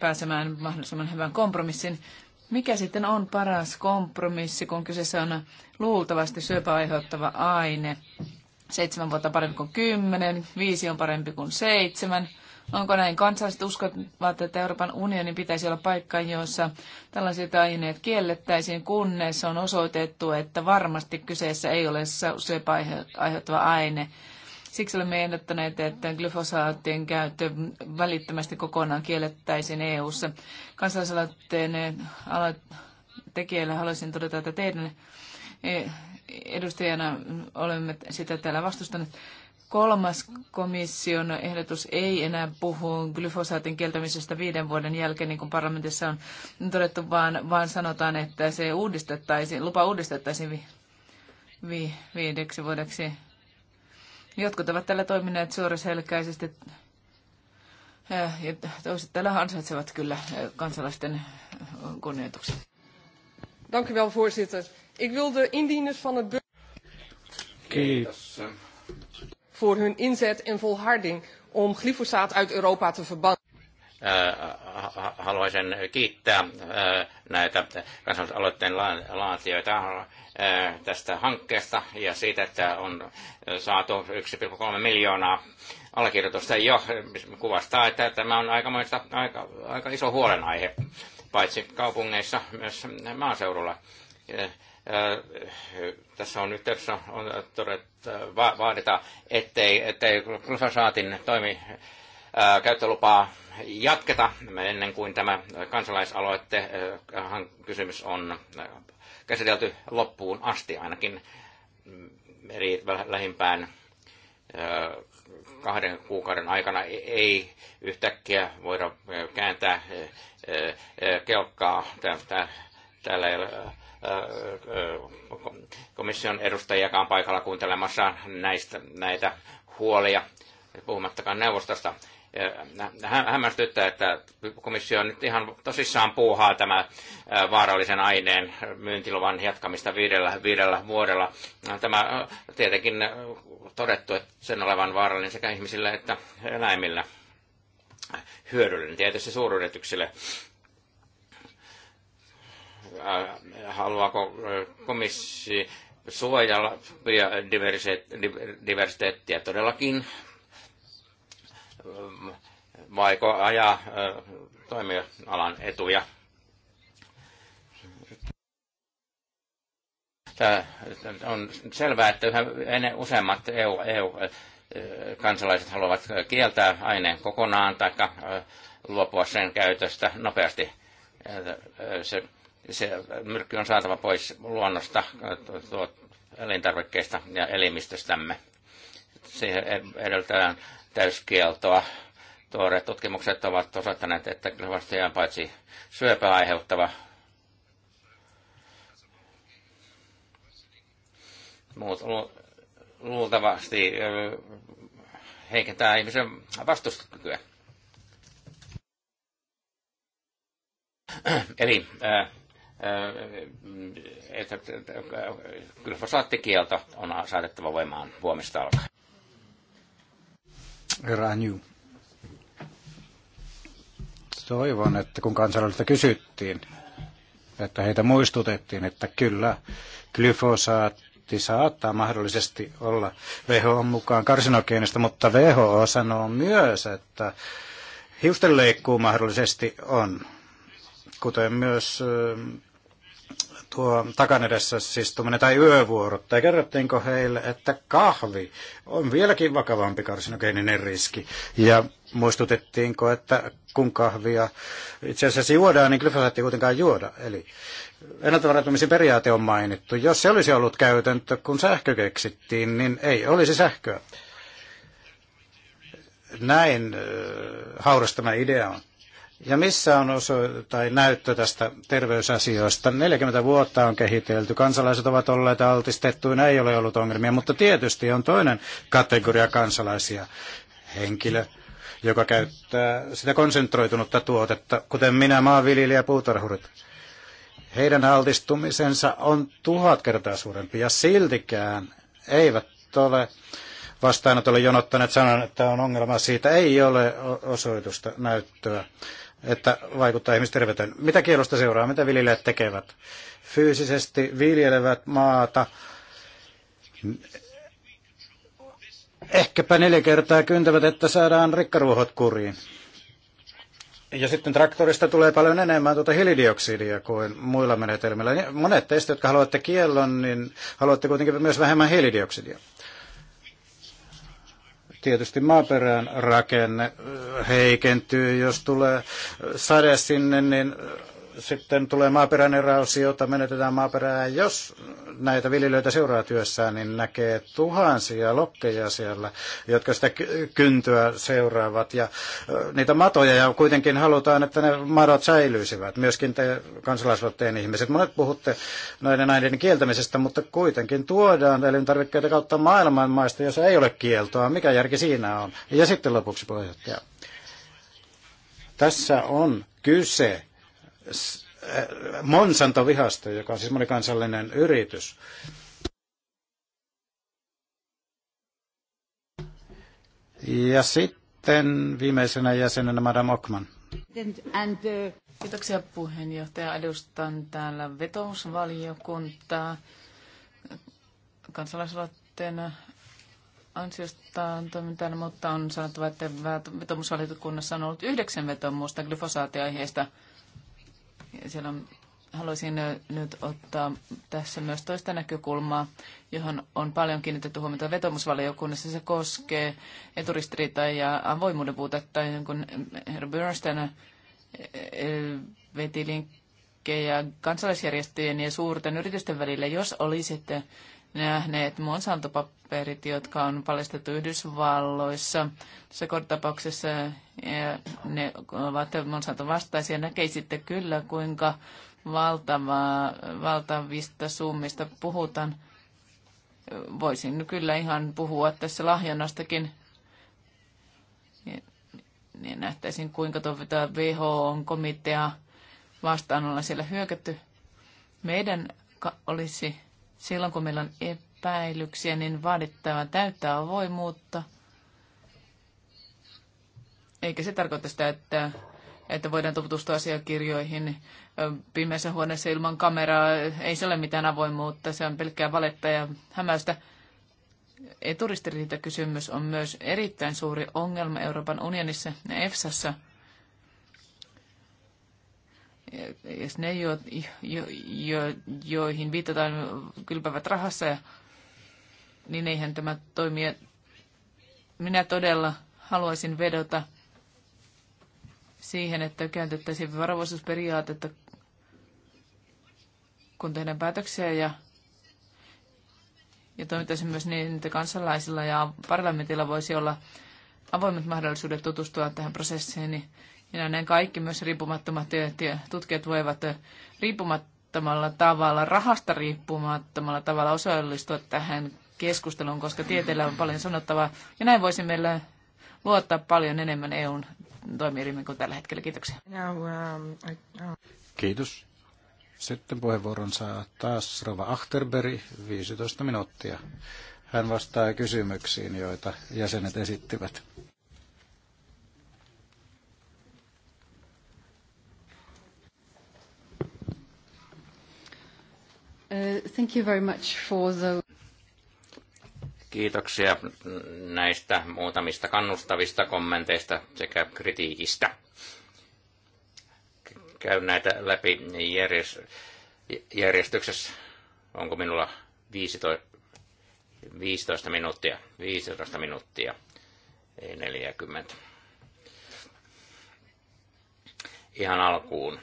[SPEAKER 3] pääsemään mahdollisimman hyvän kompromissin. Mikä sitten on paras kompromissi, kun kyseessä on luultavasti syöpä aiheuttava aine? Seitsemän vuotta parempi kuin kymmenen, viisi on parempi kuin seitsemän. Onko näin? Kansalliset uskovat, että Euroopan unionin pitäisi olla paikka, jossa tällaiset aineet kiellettäisiin, kunnes on osoitettu, että varmasti kyseessä ei ole syöpää aiheuttava aine Siksi olemme ehdottaneet, että glyfosaattien käyttö välittömästi kokonaan kiellettäisiin EU-ssa. Kansalaisaloitteen eh, tekijällä haluaisin todeta, että teidän eh, edustajana olemme sitä täällä vastustaneet. Kolmas komission ehdotus ei enää puhu glyfosaatin kieltämisestä viiden vuoden jälkeen, niin kuin parlamentissa on todettu, vaan, vaan sanotaan, että se uudistettaisiin, lupa uudistettaisiin vi, vi, viideksi vuodeksi Jotkut ovat täällä toimineet suoraselkäisesti eh, ja toiset täällä ansaitsevat kyllä eh, kansalaisten eh, kunnioituksen. Dank u wel, voorzitter. Ik wil de indieners van het Kiitos. voor hun inzet en volharding om
[SPEAKER 1] glyfosaat uit Europa te verbannen. Äh, äh, haluaisin kiittää äh, näitä kansalaisaloitteen laatijoita tästä hankkeesta ja siitä, että on saatu 1,3 miljoonaa allekirjoitusta jo kuvastaa, että tämä on aika, aika, aika iso huolenaihe, paitsi kaupungeissa myös maaseudulla. Tässä on yhteydessä on todettu, vaadita, ettei, ettei glyfosaatin toimi käyttölupaa jatketa ennen kuin tämä kansalaisaloitte kysymys on käsitelty loppuun asti ainakin mm, eri lähimpään kahden kuukauden aikana e-, ei yhtäkkiä voida kääntää kelkkaa. Täällä ei ole komission edustajiakaan paikalla kuuntelemassa näistä, näitä huolia, puhumattakaan neuvostosta hämmästyttää, että komissio on nyt ihan tosissaan puuhaa tämä vaarallisen aineen myyntiluvan jatkamista viidellä, viidellä vuodella. No, tämä tietenkin todettu, että sen olevan vaarallinen sekä ihmisille että eläimillä hyödyllinen, tietysti suuryrityksille. Haluaako komissio suojella diversiteettiä todellakin Mm, vaiko ajaa toimialan etuja. Tämä on selvää, että yhä useammat EU, EU, kansalaiset haluavat kieltää aineen kokonaan tai luopua sen käytöstä nopeasti. Se, se myrkky on saatava pois luonnosta, elintarvikkeista ja elimistöstämme. Siihen edellytetään täyskieltoa. Tuoreet tutkimukset ovat osoittaneet, että glyfosatti on paitsi syöpää aiheuttava muut, luultavasti heikentää ihmisen vastustuskykyä. Eli että glyfosaattikielto on saatettava voimaan huomista alkaen.
[SPEAKER 2] Ranju. Toivon, että kun kansalaisilta kysyttiin, että heitä muistutettiin, että kyllä glyfosaatti saattaa mahdollisesti olla WHO mukaan karsinogeenista, mutta WHO sanoo myös, että hiustenleikkuu mahdollisesti on, kuten myös tuo takan edessä siis tai yövuorot, tai kerrottiinko heille, että kahvi on vieläkin vakavampi karsinogeeninen riski, ja muistutettiinko, että kun kahvia itse asiassa juodaan, niin glyfosaatti kuitenkaan juoda, eli ennaltavarautumisen periaate on mainittu. Jos se olisi ollut käytäntö, kun sähkö keksittiin, niin ei olisi sähköä. Näin äh, hauras tämä idea on ja missä on oso, tai näyttö tästä terveysasioista? 40 vuotta on kehitelty, kansalaiset ovat olleet altistettuina, ei ole ollut ongelmia, mutta tietysti on toinen kategoria kansalaisia. Henkilö, joka käyttää sitä konsentroitunutta tuotetta, kuten minä, maanviljelijä ja puutarhurit. Heidän altistumisensa on tuhat kertaa suurempi ja siltikään eivät ole vastaanotolle jonottaneet sanan, että on ongelma siitä, ei ole osoitusta, näyttöä että vaikuttaa ihmisterveyteen. Mitä kielosta seuraa, mitä viljelijät tekevät? Fyysisesti viljelevät maata ehkäpä neljä kertaa kyntävät, että saadaan rikkaruohot kuriin. Ja sitten traktorista tulee paljon enemmän tuota hiilidioksidia kuin muilla menetelmillä. Niin monet teistä, jotka haluatte kiellon, niin haluatte kuitenkin myös vähemmän hiilidioksidia. Tietysti maaperän rakenne äh, heikentyy, jos tulee sade sinne, niin sitten tulee maaperän erosiota, menetetään maaperää. Jos näitä viljelijöitä seuraa työssään, niin näkee tuhansia lokkeja siellä, jotka sitä kyntyä seuraavat ja niitä matoja. Ja kuitenkin halutaan, että ne madot säilyisivät. Myöskin te kansalaisaloitteen ihmiset. Monet puhutte näiden näiden kieltämisestä, mutta kuitenkin tuodaan elintarvikkeita kautta maailman maista, jossa ei ole kieltoa. Mikä järki siinä on? Ja sitten lopuksi puheenjohtaja. Tässä on kyse Eh, Monsanto-vihasto, joka on siis monikansallinen yritys. Ja sitten viimeisenä jäsenenä Madame Ockman.
[SPEAKER 3] Kiitoksia puheenjohtaja. Edustan täällä vetousvaliokuntaa kansalaisaloitteen ansiosta toimintaan, mutta on sanottava, että vetomusvaliokunnassa on ollut yhdeksän vetomusta glyfosaatiaiheesta aiheesta siellä on, haluaisin nyt ottaa tässä myös toista näkökulmaa, johon on paljon kiinnitetty huomiota vetomusvaliokunnassa. Se koskee eturistiriitaa ja avoimuuden puutetta, niin kun herra Bernstein veti linkkejä kansalaisjärjestöjen ja suurten yritysten välillä, jos olisitte nähneet Monsanto-paperit, jotka on paljastettu Yhdysvalloissa. Tässä tapauksessa ne ovat Monsanto vastaisia. Näkeisitte kyllä, kuinka valtavaa, valtavista summista puhutaan. Voisin kyllä ihan puhua tässä lahjonnastakin. Niin nähtäisin, kuinka tuo WHO-komitea vastaan ollaan siellä hyökätty. Meidän olisi Silloin kun meillä on epäilyksiä, niin vaadittava täyttää avoimuutta. Eikä se tarkoita sitä, että, että voidaan tutustua asiakirjoihin pimeässä huoneessa ilman kameraa. Ei se ole mitään avoimuutta, se on pelkkää valetta ja hämäystä. Eturistiriitakysymys on myös erittäin suuri ongelma Euroopan unionissa ja EFSassa – jos ne, jo, jo, jo, joihin viitataan, kylpävät rahassa, ja, niin eihän tämä toimi. Minä todella haluaisin vedota siihen, että käytettäisiin varovaisuusperiaatetta, kun tehdään päätöksiä ja, ja toimittaisiin myös niin, että kansalaisilla ja parlamentilla voisi olla avoimet mahdollisuudet tutustua tähän prosessiin niin minä näen kaikki, myös riippumattomat tutkijat voivat eh, riippumattomalla tavalla, rahasta riippumattomalla tavalla osallistua tähän keskusteluun, koska tieteellä on paljon sanottavaa. Ja näin voisi meillä luottaa paljon enemmän EUn toimielimen kuin tällä hetkellä. Kiitoksia. Um,
[SPEAKER 1] uh,
[SPEAKER 2] Kiitos. Sitten puheenvuoron saa taas Rova Achterberg, 15 minuuttia. Hän vastaa kysymyksiin, joita jäsenet esittivät.
[SPEAKER 3] Uh, thank you very much for the...
[SPEAKER 1] Kiitoksia näistä muutamista kannustavista kommenteista sekä kritiikistä. Käyn näitä läpi järjestyksessä. Onko minulla 15, 15 minuuttia? 15 minuuttia, ei 40. Ihan alkuun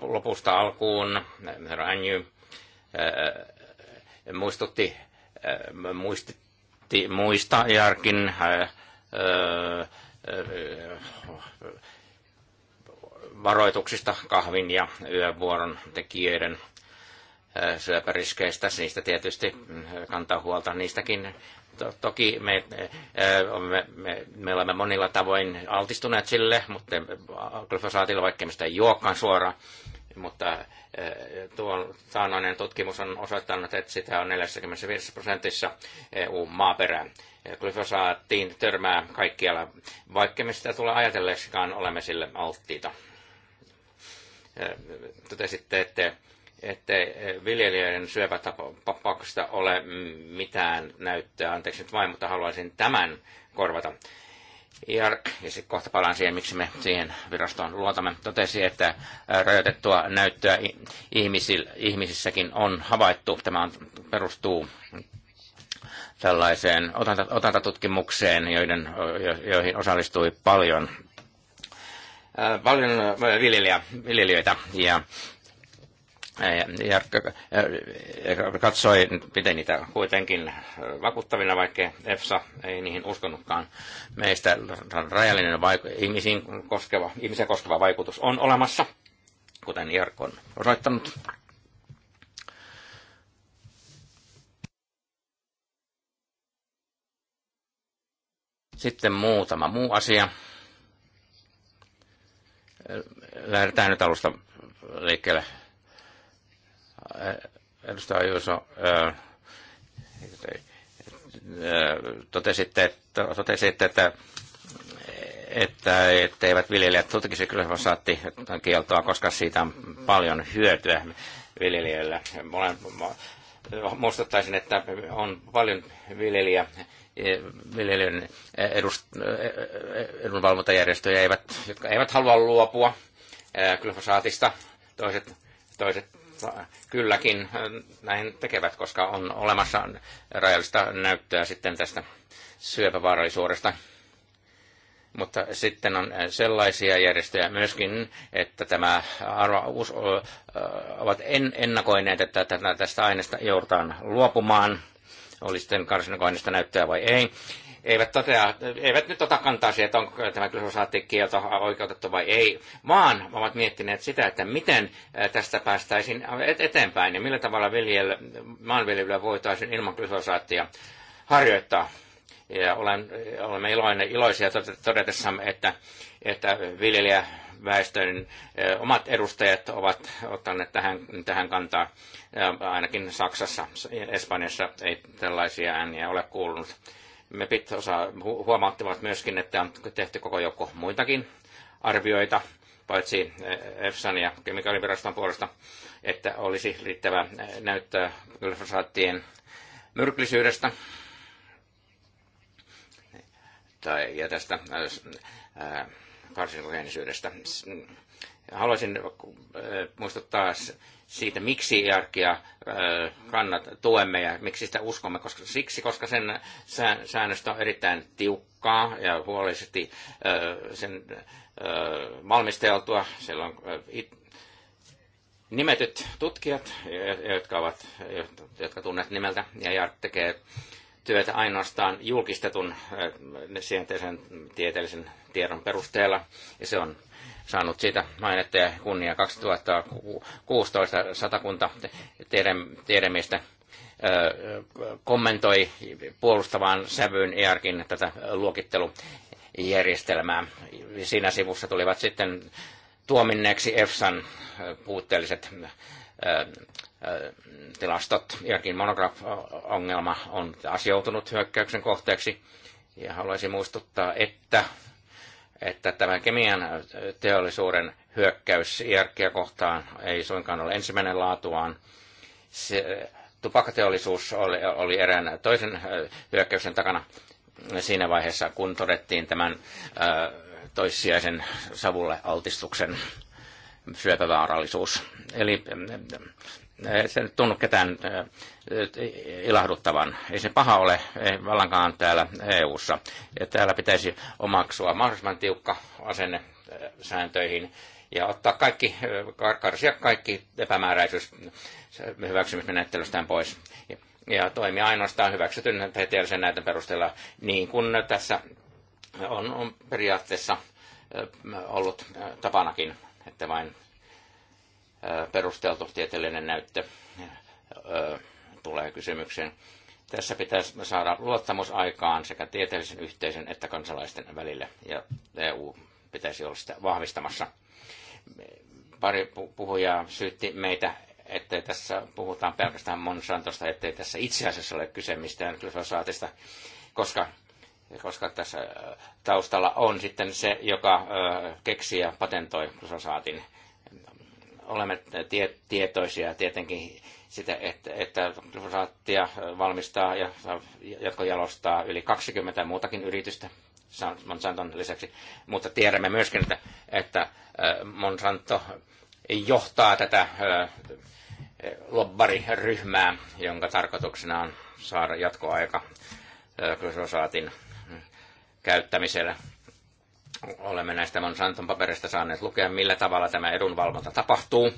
[SPEAKER 1] lopusta alkuun herra Anju äh, muistutti, äh, muistutti muista Jarkin äh, varoituksista kahvin ja yövuoron tekijöiden syöpäriskeistä. Niistä tietysti kantaa huolta niistäkin to, toki me, eh, me, me, me olemme monilla tavoin altistuneet sille, mutta glyfosaatilla, vaikka me sitä ei juokkaan suoraan, mutta eh, tuo saanoinen tutkimus on osoittanut, että sitä on 45 prosentissa EU-maaperää. Glyfosaattiin törmää kaikkialla, vaikka me sitä tulee ajatelleeksikaan, olemme sille alttiita. Eh, totesitte, että ettei eh, viljelijöiden syöpätapauksesta ole mitään näyttöä. Anteeksi nyt vain, mutta haluaisin tämän korvata. Ja, ja sitten kohta palaan siihen, miksi me siihen virastoon luotamme, totesi, että eh, rajoitettua näyttöä ihmisil, ihmisissäkin on havaittu. Tämä on, perustuu tällaiseen otantatutkimukseen, joiden, jo, joihin osallistui paljon, eh, paljon viljelijä, viljelijöitä ja ja katsoi, miten niitä kuitenkin vakuuttavina, vaikka EFSA ei niihin uskonutkaan. Meistä rajallinen vaik- ihmisiin koskeva, ihmisiä koskeva vaikutus on olemassa, kuten Jarkko on osoittanut. Sitten muutama muu asia. Lähdetään nyt alusta liikkeelle edustaja Juuso, totesitte, totesitte että että, että eivät viljelijät tutkisi glyfosaatti kieltoa, koska siitä on paljon hyötyä viljelijöillä. muistuttaisin, että on paljon viljelijä, viljelijöiden edust, edunvalvontajärjestöjä, eivät, jotka eivät halua luopua glyfosaatista. Toiset, toiset Äh, kylläkin äh, näin tekevät, koska on olemassa rajallista näyttöä sitten tästä syöpävaarallisuudesta. Mutta sitten on äh, sellaisia järjestöjä myöskin, että tämä arvaus ovat en, ennakoineet, että tästä aineesta joudutaan luopumaan, oli sitten karsinakoineista näyttöä vai ei eivät, totea, eivät nyt ota kantaa siihen, että onko tämä kielto oikeutettu vai ei, vaan ovat miettineet sitä, että miten tästä päästäisiin eteenpäin ja millä tavalla viljel, maanviljelyä voitaisiin ilman glyfosaattia
[SPEAKER 3] harjoittaa.
[SPEAKER 1] Ja olen, olemme iloinen, iloisia todetessamme, että, että viljelijä väestön omat edustajat ovat ottaneet tähän, tähän kantaa. Ainakin Saksassa, Espanjassa ei tällaisia ääniä ole kuulunut MEPit osa huomauttivat myöskin, että on tehty koko joukko muitakin arvioita, paitsi e, EFSAn ja kemikaaliviraston puolesta, että olisi riittävä e, näyttää glyfosaattien myrkyllisyydestä tai, ja tästä e, karsinogeenisyydestä. Haluaisin äh, muistuttaa siitä, miksi hierarkia äh, kannat tuemme ja miksi sitä uskomme, koska siksi, koska sen säännöstö on erittäin tiukkaa ja huolellisesti äh, sen valmisteltua. Siellä on nimetyt tutkijat, jotka, ovat, jotka tunnet nimeltä, ja Jart tekee työtä ainoastaan julkistetun sijainteisen tieteellisen tiedon perusteella, ja se on saanut siitä mainetta ja kunnia 2016 satakunta tiedemiestä kommentoi puolustavaan sävyyn EARKin tätä luokittelujärjestelmää. Siinä sivussa tulivat sitten tuominneeksi EFSAn puutteelliset tilastot. EARKin monograf-ongelma on asioutunut hyökkäyksen kohteeksi. Ja haluaisin muistuttaa, että että tämä kemian teollisuuden hyökkäys Irakkia kohtaan ei suinkaan ole ensimmäinen laatuaan. Se, tupakateollisuus oli, oli erään toisen äh, hyökkäyksen takana siinä vaiheessa, kun todettiin tämän ö, äh, toissijaisen savulle altistuksen syöpävaarallisuus. Eli äh, Eh, se nyt tunnu ketään eh, ilahduttavan. Ei se paha ole ei vallankaan täällä EU-ssa. täällä pitäisi omaksua mahdollisimman tiukka asenne eh, sääntöihin ja ottaa kaikki, karsia kaikki epämääräisyys hyväksymismenettelystään pois. Ja, ja toimia ainoastaan hyväksytyn tieteellisen näytön perusteella, niin kuin tässä on, on periaatteessa ollut tapanakin, että vain perusteltu tieteellinen näyttö tulee kysymykseen. Tässä pitäisi saada luottamus aikaan sekä tieteellisen yhteisön että kansalaisten välille, ja EU pitäisi olla sitä vahvistamassa. Pari puhujaa syytti meitä, ettei tässä puhutaan pelkästään Monsantosta, ettei tässä itse asiassa ole kyse mistään glyfosaatista, koska, koska tässä taustalla on sitten se, joka keksi ja patentoi glyfosaatin olemme tie, tietoisia tietenkin sitä, että, että glyfosaattia valmistaa ja jatkojalostaa yli 20 muutakin yritystä Monsanton lisäksi, mutta tiedämme myöskin, että, että Monsanto johtaa tätä lobbariryhmää, jonka tarkoituksena on saada jatkoaika glyfosaatin käyttämisellä Olemme näistä Monsanton paperista saaneet lukea, millä tavalla tämä edunvalvonta tapahtuu.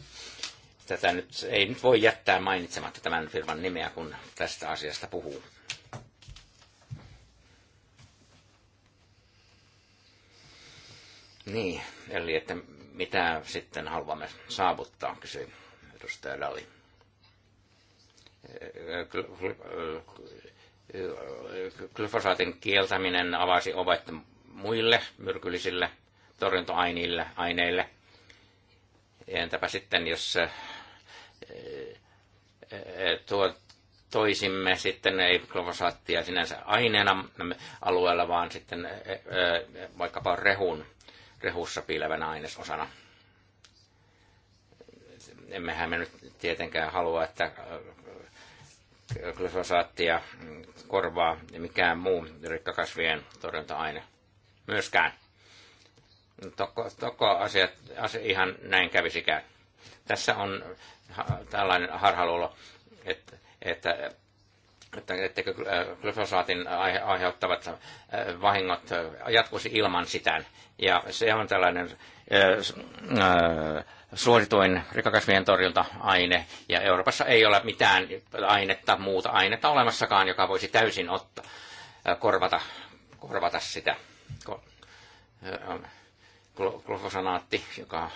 [SPEAKER 1] Tätä nyt, ei nyt voi jättää mainitsematta tämän firman nimeä, kun tästä asiasta puhuu. Niin, eli että mitä sitten haluamme saavuttaa, kysyi edustaja Dali. Glyfosaatin kieltäminen avasi ovet muille myrkyllisille torjuntoaineille. aineille Entäpä sitten, jos äh, äh, tuo, toisimme sitten ei glyfosaattia sinänsä aineena alueella, vaan sitten äh, vaikkapa rehun, rehussa piilevänä ainesosana. Emmehän me nyt tietenkään halua, että glyfosaattia korvaa mikään muu rikkakasvien torjunta-aine myöskään. Toko, toko asiat, asia ihan näin kävisikään. Tässä on ha, tällainen harhaluulo, että, että että, että glyfosaatin aiheuttavat äh, vahingot äh, jatkuisi ilman sitä. Ja se on tällainen äh, äh suosituin rikakasvien torjunta-aine, ja Euroopassa ei ole mitään ainetta, muuta ainetta olemassakaan, joka voisi täysin ottaa, korvata, korvata sitä glofosanaatti, joka,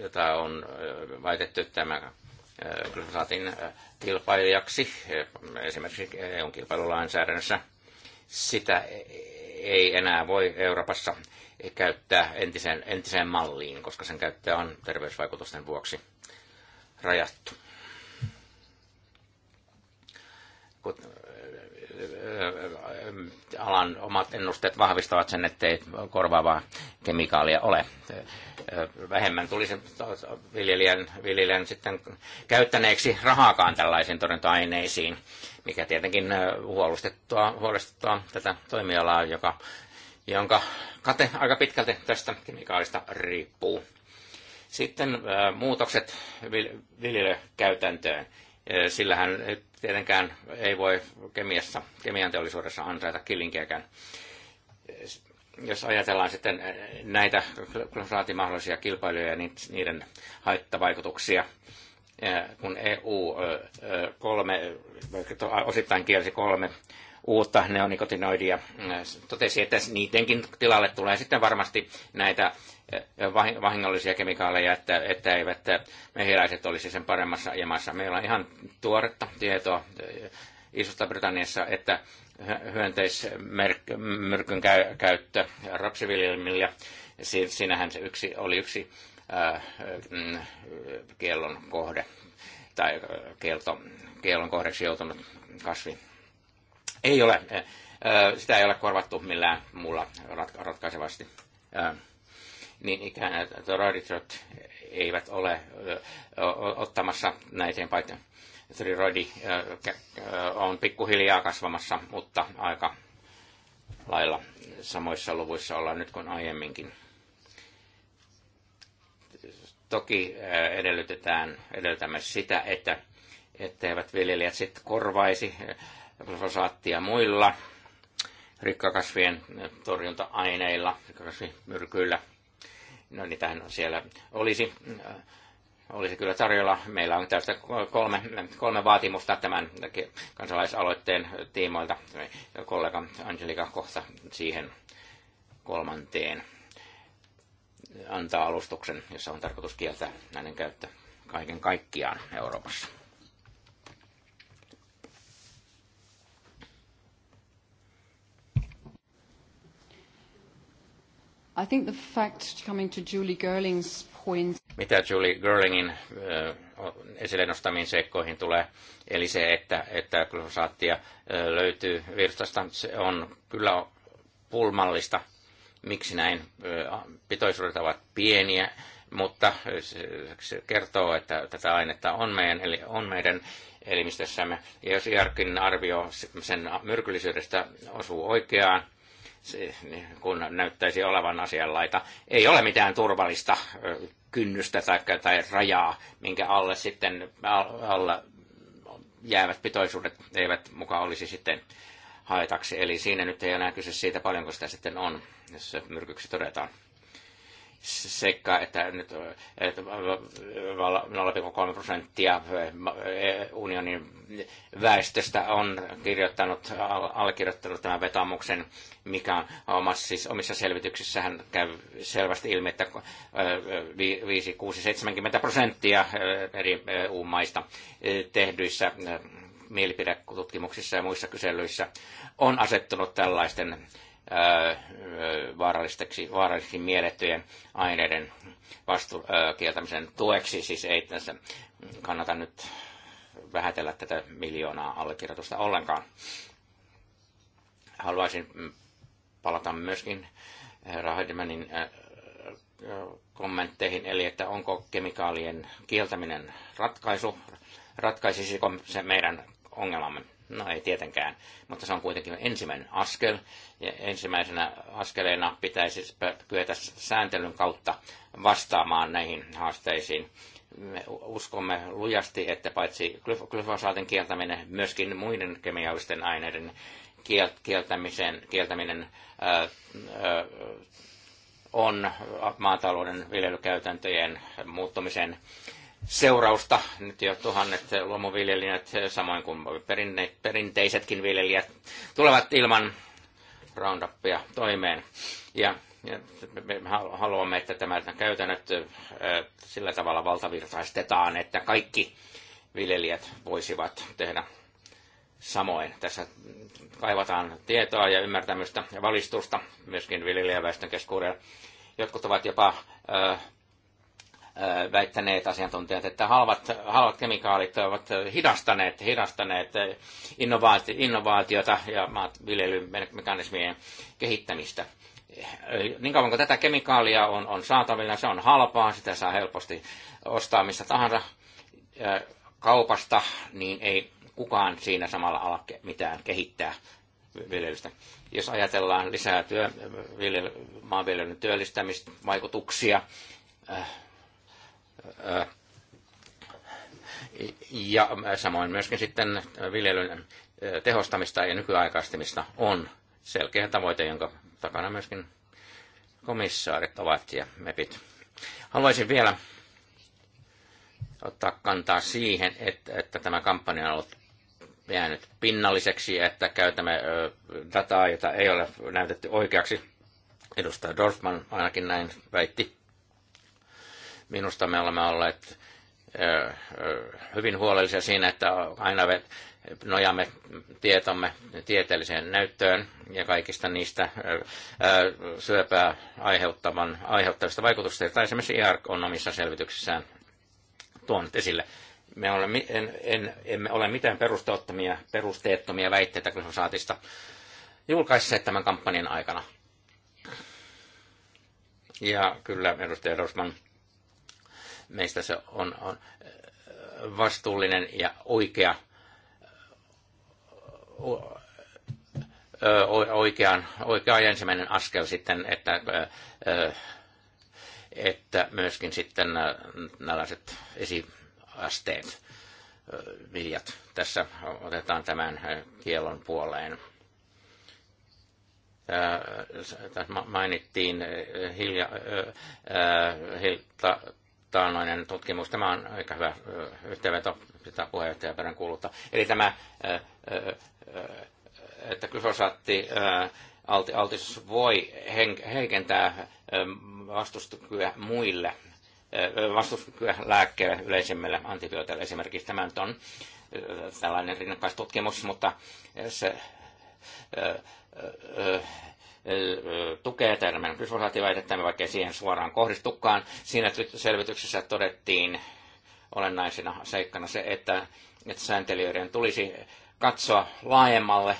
[SPEAKER 1] jota on väitetty tämä glyfosaatin kilpailijaksi, esimerkiksi EUn kilpailulainsäädännössä. Sitä ei enää voi Euroopassa käyttää entiseen, entiseen malliin, koska sen käyttö on terveysvaikutusten vuoksi rajattu alan omat ennusteet vahvistavat sen, ettei korvaavaa kemikaalia ole. Vähemmän tulisi viljelijän, viljelijän sitten käyttäneeksi rahaakaan tällaisiin torjunta-aineisiin, mikä tietenkin huolestuttaa, huolestuttaa tätä toimialaa, joka, jonka kate aika pitkälti tästä kemikaalista riippuu. Sitten muutokset viljelykäytäntöön Sillähän tietenkään ei voi kemiassa, kemian teollisuudessa ansaita kilinkiäkään. Jos ajatellaan sitten näitä mahdollisia kilpailuja ja niiden haittavaikutuksia, kun EU kolme, osittain kielsi kolme uutta neonikotinoidia. Totesi, että niidenkin tilalle tulee sitten varmasti näitä eh, vahingollisia kemikaaleja, että, että eivät eh, mehiläiset olisi sen paremmassa jamassa. Meillä on ihan tuoretta tietoa eh, Isosta Britanniassa, että hyönteismyrkyn käy, käyttö rapsiviljelmillä, siinähän se yksi, oli yksi mm, kiellon kohde tai kielto, kiellon kohdeksi joutunut kasvi ei ole, sitä ei ole korvattu millään muulla ratkaisevasti. Niin ikään toroidit eivät ole ottamassa näiden paikkaan. Thyroidi on pikkuhiljaa kasvamassa, mutta aika lailla samoissa luvuissa ollaan nyt kuin aiemminkin. Toki edellytetään, edellytämme sitä, että etteivät viljelijät sitten korvaisi glyfosaattia muilla rikkakasvien torjunta-aineilla, rikkakasvimyrkyillä. No niitähän siellä olisi, olisi kyllä tarjolla. Meillä on tästä kolme, kolme vaatimusta tämän kansalaisaloitteen tiimoilta. Kollega Angelika kohta siihen kolmanteen antaa alustuksen, jossa on tarkoitus kieltää näiden käyttö kaiken kaikkiaan Euroopassa.
[SPEAKER 2] I think the fact coming to Julie point...
[SPEAKER 1] Mitä Julie Girlingin äh, esille nostamiin seikkoihin tulee, eli se, että, että glyfosaattia äh, löytyy virtasta, se on kyllä pulmallista. Miksi näin? Äh, pitoisuudet ovat pieniä, mutta se kertoo, että tätä ainetta on meidän, eli on meidän elimistössämme. Ja jos Jarkin arvio sen myrkyllisyydestä osuu oikeaan, niin, kun näyttäisi olevan asianlaita. Ei ole mitään turvallista kynnystä tai, tai rajaa, minkä alle sitten alla jäävät pitoisuudet eivät mukaan olisi sitten haetaksi, Eli siinä nyt ei enää kyse siitä, paljonko sitä sitten on, jos myrkyksi todetaan seikka, että nyt että 0,3 prosenttia unionin väestöstä on kirjoittanut, allekirjoittanut tämän vetomuksen, mikä on omassa, siis omissa selvityksissähän käy selvästi ilmi, että 5, 6, 70 prosenttia eri EU-maista tehdyissä mielipidetutkimuksissa ja muissa kyselyissä on asettunut tällaisten vaarallisiksi, vaarallisiksi miellettyjen aineiden vastu, kieltämisen tueksi. Siis ei tässä kannata nyt vähätellä tätä miljoonaa allekirjoitusta ollenkaan. Haluaisin palata myöskin herra kommentteihin, eli että onko kemikaalien kieltäminen ratkaisu, ratkaisisiko se meidän ongelmamme. No ei tietenkään, mutta se on kuitenkin ensimmäinen askel. Ja ensimmäisenä askeleena pitäisi kyetä sääntelyn kautta vastaamaan näihin haasteisiin. Me uskomme lujasti, että paitsi glyfosaatin kieltäminen, myöskin muiden kemiallisten aineiden kieltämisen, kieltäminen ää, ää, on maatalouden viljelykäytäntöjen muuttumisen seurausta. Nyt jo tuhannet luomuviljelijät, samoin kuin perinne, perinteisetkin viljelijät, tulevat ilman Roundupia toimeen. Ja, ja me haluamme, että tämä käytännöt sillä tavalla valtavirtaistetaan, että kaikki viljelijät voisivat tehdä samoin. Tässä kaivataan tietoa ja ymmärtämystä ja valistusta myöskin viljelijäväestön keskuudella. Jotkut ovat jopa äh, väittäneet asiantuntijat, että halvat, halvat kemikaalit ovat hidastaneet, hidastaneet innovaatiota ja viljelymekanismien kehittämistä. Niin kauan kuin tätä kemikaalia on, on saatavilla, se on halpaa, sitä saa helposti ostaa missä tahansa kaupasta, niin ei kukaan siinä samalla ala mitään kehittää viljelystä. Jos ajatellaan lisää työ, maanviljelyn työllistämisvaikutuksia, ja samoin myöskin sitten viljelyn tehostamista ja nykyaikaistamista on selkeä tavoite, jonka takana myöskin komissaarit ovat ja MEPit. Haluaisin vielä ottaa kantaa siihen, että, että tämä kampanja on ollut jäänyt pinnalliseksi, että käytämme dataa, jota ei ole näytetty oikeaksi. Edustaja Dorfman ainakin näin väitti. Minusta me olemme olleet hyvin huolellisia siinä, että aina nojamme tietomme tieteelliseen näyttöön ja kaikista niistä syöpää aiheuttavan, aiheuttavista vaikutuksista, joita esimerkiksi IARC on omissa selvityksissään tuonut esille. Me olemme, en, en, emme ole mitään perusteettomia, perusteettomia väitteitä glyfosaatista julkaisseet tämän kampanjan aikana. Ja kyllä, edustaja Rosman, Meistä se on, on vastuullinen ja oikea, oikean, oikea ensimmäinen askel sitten, että, että myöskin sitten tällaiset esiasteet, viljat tässä otetaan tämän kielon puoleen tässä mainittiin hilja, hilta, taannoinen tutkimus. Tämä on aika hyvä yhteenveto, pitää puheenjohtaja perään kuuluttaa. Eli tämä, että glyfosaatti altis voi heikentää vastustukyä muille, vastustukyä lääkkeelle, yleisimmille antibiooteille esimerkiksi. Tämä nyt on tällainen rinnakkaistutkimus, mutta se tukee tätä meidän glyfosaattiväitettämme, vaikka siihen suoraan kohdistukaan. Siinä selvityksessä todettiin olennaisena seikkana se, että, että sääntelijöiden tulisi katsoa laajemmalle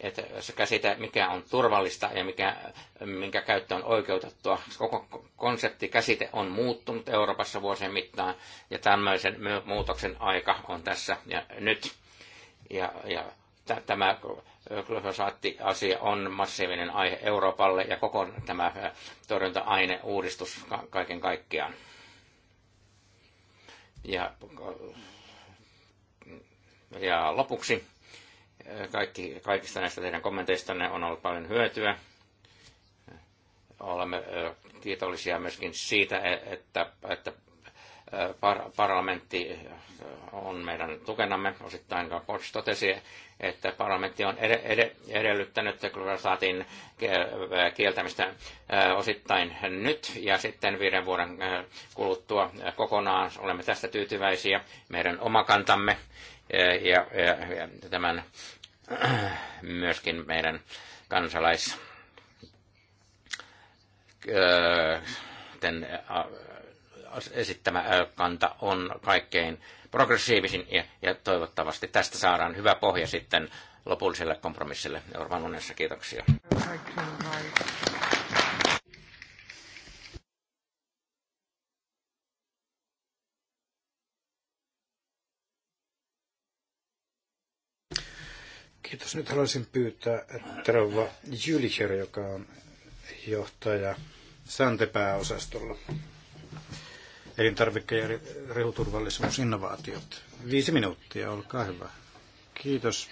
[SPEAKER 1] että sekä sitä, mikä on turvallista ja mikä, minkä käyttö on oikeutettua. Koko konsepti, käsite on muuttunut Euroopassa vuosien mittaan ja tämmöisen muutoksen aika on tässä ja nyt. Ja, ja tämä glyfosaatti-asia on massiivinen aihe Euroopalle ja koko tämä äh, torjunta-aineuudistus kaiken kaikkiaan. Ja, äh, ja lopuksi äh, kaikki, kaikista näistä teidän kommenteistanne on ollut paljon hyötyä. Olemme kiitollisia myöskin siitä, e-, että, että par- parlamentti on meidän tukenamme. Osittain Koch totesi, että parlamentti on ed- ed- edellyttänyt glyfosaatin kieltämistä osittain nyt ja sitten viiden vuoden kuluttua kokonaan. Olemme tästä tyytyväisiä meidän omakantamme ja, ja, ja tämän myöskin meidän kansalais esittämä kanta on kaikkein progressiivisin ja, ja toivottavasti tästä saadaan hyvä pohja sitten lopulliselle kompromissille Euroopan unionissa Kiitoksia.
[SPEAKER 2] Kiitos. Nyt haluaisin pyytää, että rouva Jylicher, joka on johtaja Sante-pääosastolla elintarvikke- ja rehuturvallisuusinnovaatiot. Viisi minuuttia, olkaa hyvä. Kiitos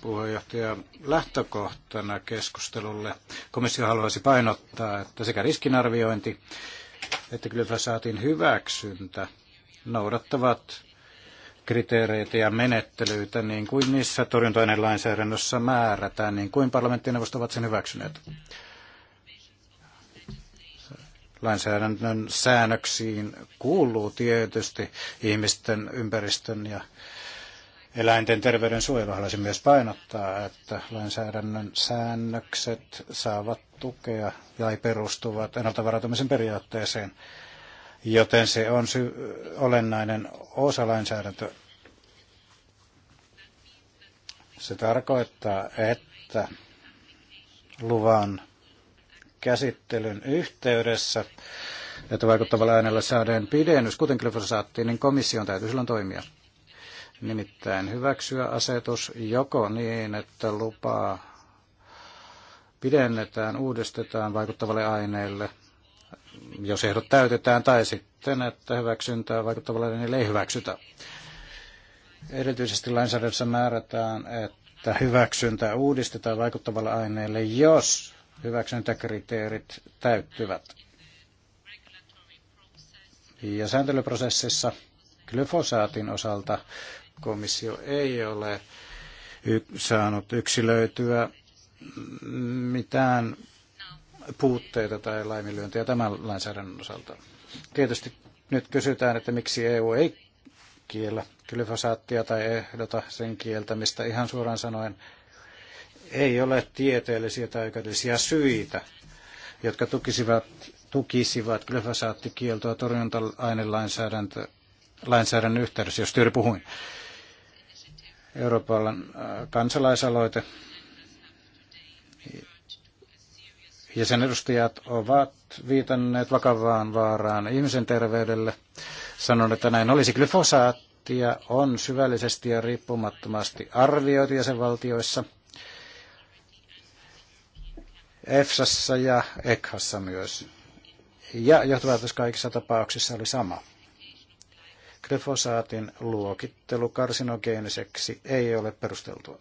[SPEAKER 2] puheenjohtaja. Lähtökohtana keskustelulle komissio haluaisi painottaa, että sekä riskinarviointi että saatiin hyväksyntä noudattavat kriteereitä ja menettelyitä, niin kuin niissä lainsäädännössä määrätään, niin kuin parlamenttineuvosto ovat sen hyväksyneet lainsäädännön säännöksiin kuuluu tietysti ihmisten, ympäristön ja eläinten terveyden suojelu. Haluaisin myös painottaa, että lainsäädännön säännökset saavat tukea ja perustuvat ennalta varautumisen periaatteeseen, joten se on sy- olennainen osa lainsäädäntöä. Se tarkoittaa, että luvan käsittelyn yhteydessä, että vaikuttavalla äänellä saadaan pidennys, kuten glyfosaattiin, niin komission täytyy silloin toimia. Nimittäin hyväksyä asetus joko niin, että lupaa pidennetään, uudistetaan vaikuttavalle aineelle, jos ehdot täytetään, tai sitten, että hyväksyntää vaikuttavalle aineelle ei hyväksytä. Erityisesti lainsäädännössä määrätään, että hyväksyntä uudistetaan vaikuttavalle aineelle, jos hyväksyntäkriteerit täyttyvät. Ja sääntelyprosessissa glyfosaatin osalta komissio ei ole saanut yksilöityä mitään puutteita tai laiminlyöntiä tämän lainsäädännön osalta. Tietysti nyt kysytään, että miksi EU ei kiellä glyfosaattia tai ehdota sen kieltämistä. Ihan suoraan sanoen ei ole tieteellisiä tai oikeudellisia syitä, jotka tukisivat, tukisivat glyfosaattikieltoa torjunta-ainelainsäädännön yhteydessä, jos juuri puhuin. Euroopan äh, kansalaisaloite ja sen edustajat ovat viitanneet vakavaan vaaraan ihmisen terveydelle. Sanon, että näin olisi glyfosaattia on syvällisesti ja riippumattomasti arvioitu jäsenvaltioissa – EFSassa ja EKHassa myös. Ja johtopäätös kaikissa tapauksissa oli sama. Glyfosaatin luokittelu karsinogeeniseksi ei ole perusteltua.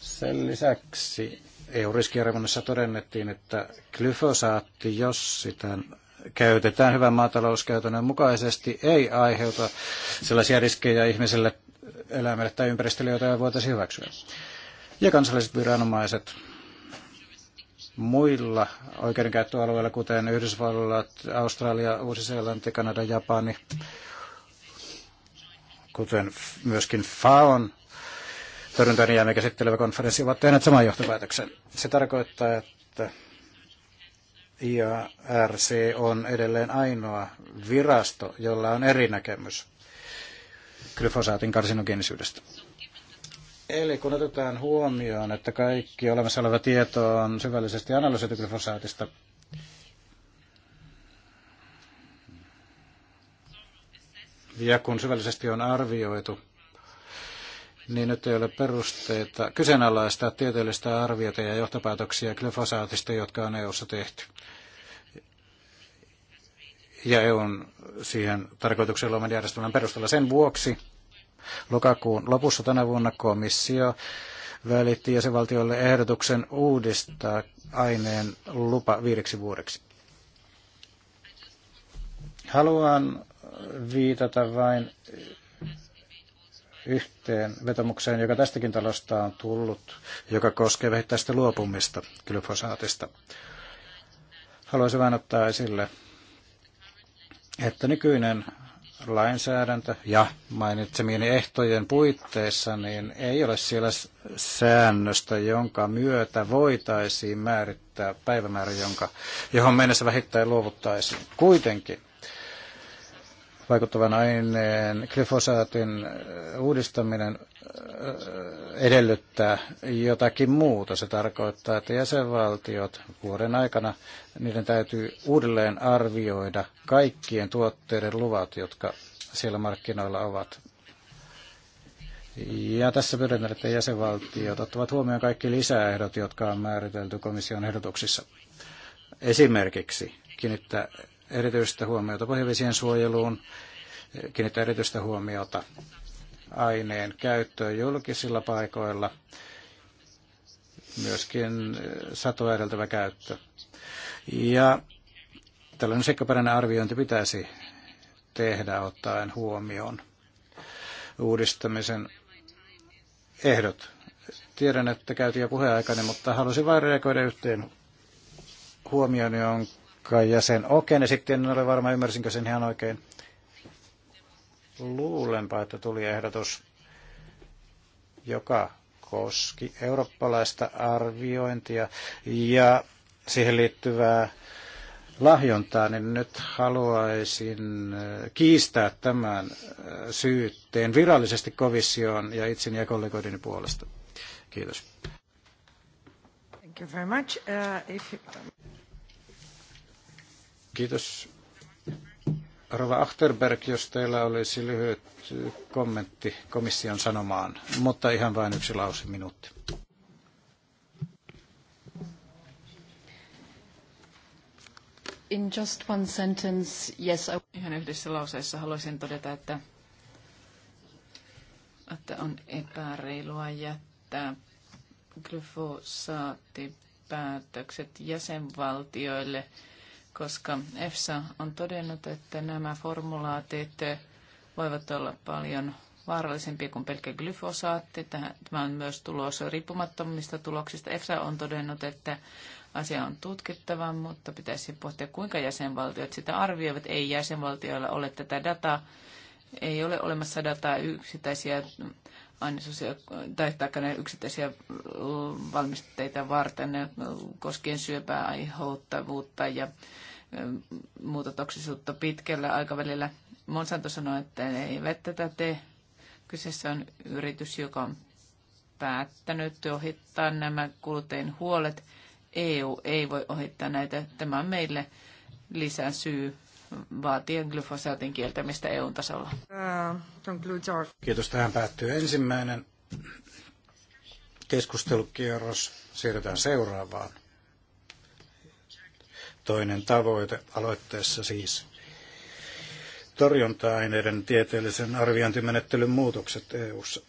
[SPEAKER 2] Sen lisäksi EU-riskiarvonnassa todennettiin, että glyfosaatti, jos sitä käytetään hyvän maatalouskäytännön mukaisesti, ei aiheuta sellaisia riskejä ihmiselle, eläimelle tai ympäristölle, joita voitaisiin hyväksyä. Ja kansalliset viranomaiset muilla oikeudenkäyttöalueilla, kuten Yhdysvallat, Australia, Uusi-Seelanti, Kanada, Japani, kuten myöskin FAON torjuntojen jäämiä käsittelevä konferenssi ovat tehneet saman johtopäätöksen. Se tarkoittaa, että IARC on edelleen ainoa virasto, jolla on eri näkemys glyfosaatin karsinogeenisyydestä. Eli kun otetaan huomioon, että kaikki olemassa oleva tieto on syvällisesti analysoitu glyfosaatista, ja kun syvällisesti on arvioitu, niin nyt ei ole perusteita kyseenalaistaa tieteellistä arviota ja johtopäätöksiä glyfosaatista, jotka on EU-ssa tehty. Ja EUn siihen tarkoituksella oman järjestelmän perusteella sen vuoksi Lokakuun lopussa tänä vuonna komissio välitti jäsenvaltioille ehdotuksen uudistaa aineen lupa viideksi vuodeksi. Haluan viitata vain yhteen vetomukseen, joka tästäkin talosta on tullut, joka koskee vähittäistä luopumista glyfosaatista. Haluaisin vain ottaa esille, että nykyinen lainsäädäntö ja mainitsemieni ehtojen puitteissa, niin ei ole siellä säännöstä, jonka myötä voitaisiin määrittää päivämäärä, jonka, johon mennessä vähittäin luovuttaisiin. Kuitenkin vaikuttavan aineen glyfosaatin uudistaminen äh, edellyttää jotakin muuta. Se tarkoittaa, että jäsenvaltiot vuoden aikana niiden täytyy uudelleen arvioida kaikkien tuotteiden luvat, jotka siellä markkinoilla ovat. Ja tässä pyydän, että jäsenvaltiot ottavat huomioon kaikki lisäehdot, jotka on määritelty komission ehdotuksissa. Esimerkiksi kiinnittää erityistä huomiota pohjavesien suojeluun, kiinnittää erityistä huomiota aineen käyttöön julkisilla paikoilla, myöskin eh, satoa edeltävä käyttö. Ja tällainen seikkaperäinen arviointi pitäisi tehdä ottaen huomioon uudistamisen ehdot. Tiedän, että käytiin jo aikana, mutta halusin vain reagoida yhteen huomioon, jonka kai jäsen Oken sitten en ole varma ymmärsinkö sen ihan oikein. Luulenpa, että tuli ehdotus, joka koski eurooppalaista arviointia ja siihen liittyvää lahjontaa, niin nyt haluaisin äh, kiistää tämän äh, syytteen virallisesti komission ja itseni ja kollegoideni puolesta. Kiitos.
[SPEAKER 1] Thank you very much. Uh, if you...
[SPEAKER 2] Kiitos. Rova Achterberg, jos teillä olisi lyhyt kommentti komission sanomaan, mutta ihan vain yksi lause minuutti.
[SPEAKER 3] In just one sentence, yes, I... Ihan yhdessä lauseessa haluaisin todeta, että, että on epäreilua jättää glyfosaattipäätökset jäsenvaltioille koska EFSA on todennut, että nämä formulaatit voivat olla paljon vaarallisempia kuin pelkkä glyfosaatti. Tämä on myös tulos riippumattomista tuloksista. EFSA on todennut, että asia on tutkittava, mutta pitäisi pohtia, kuinka jäsenvaltiot sitä arvioivat. Ei jäsenvaltioilla ole tätä dataa. Ei ole olemassa dataa yksittäisiä ainesosia tai, ne yksittäisiä valmisteita varten koskien syöpää aiheuttavuutta ja muuta toksisuutta pitkällä aikavälillä. Monsanto sanoi, että vettä tätä tee. Kyseessä on yritys, joka on päättänyt ohittaa nämä kuluteen huolet. EU ei voi ohittaa näitä. Tämä on meille lisää syy vaatien glyfosaatin kieltämistä EUn tasolla. Uh,
[SPEAKER 2] Kiitos. Tähän päättyy ensimmäinen keskustelukierros. Siirrytään seuraavaan. Toinen tavoite aloitteessa siis torjunta-aineiden tieteellisen arviointimenettelyn muutokset EU:ssa.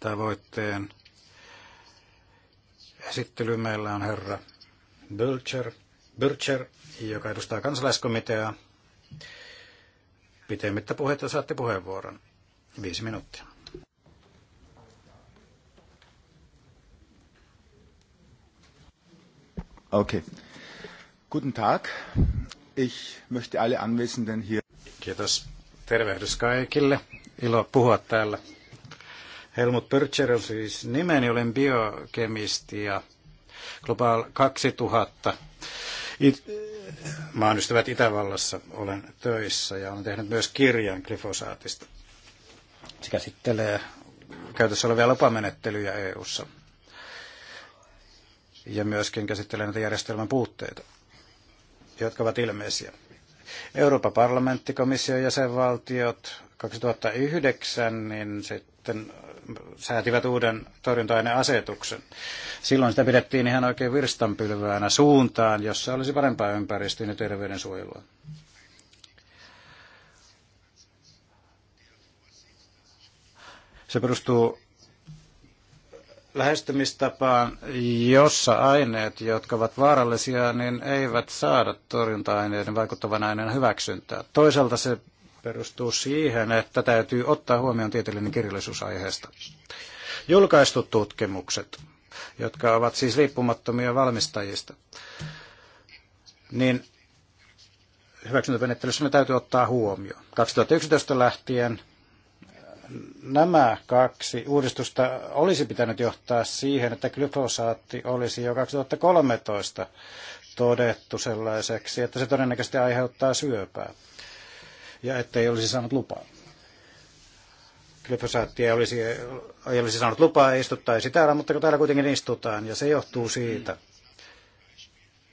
[SPEAKER 2] Tavoitteen esittely meillä on herra Bölcher – Bürcher, joka edustaa kansalaiskomiteaa. Pitemmittä puhetta saatte puheenvuoron. Viisi minuuttia. Okay. Guten Tag. Ich möchte alle Anwesenden hier. Kiitos. Tervehdys kaikille. Ilo puhua täällä. Helmut Pörtscher on siis nimeni, olen biokemisti ja Global 2000 It- Maan ystävät Itävallassa olen töissä ja olen tehnyt myös kirjan glyfosaatista. Se käsittelee käytössä olevia lupamenettelyjä EU-ssa ja myöskin käsittelee näitä järjestelmän puutteita, jotka ovat ilmeisiä. Euroopan parlamentti, komission jäsenvaltiot 2009, niin sitten säätivät uuden torjunta-aineasetuksen. Silloin sitä pidettiin ihan oikein virstanpylväänä suuntaan, jossa olisi parempaa ympäristöä ja terveydensuojelua. Se perustuu lähestymistapaan, jossa aineet, jotka ovat vaarallisia, niin eivät saada torjunta-aineiden vaikuttavan aineen hyväksyntää. Toisaalta se perustuu siihen, että täytyy ottaa huomioon tieteellinen kirjallisuus aiheesta. Julkaistut tutkimukset, jotka ovat siis riippumattomia valmistajista, niin hyväksyntämenettelyssä ne täytyy ottaa huomioon. 2011 lähtien nämä kaksi uudistusta olisi pitänyt johtaa siihen, että glyfosaatti olisi jo 2013 todettu sellaiseksi, että se todennäköisesti aiheuttaa syöpää ja ettei olisi saanut lupaa. Glyfosaattia olisi, ei olisi saanut lupaa, ei istuttaisi täällä, mutta kun täällä kuitenkin istutaan, ja se johtuu mm. siitä,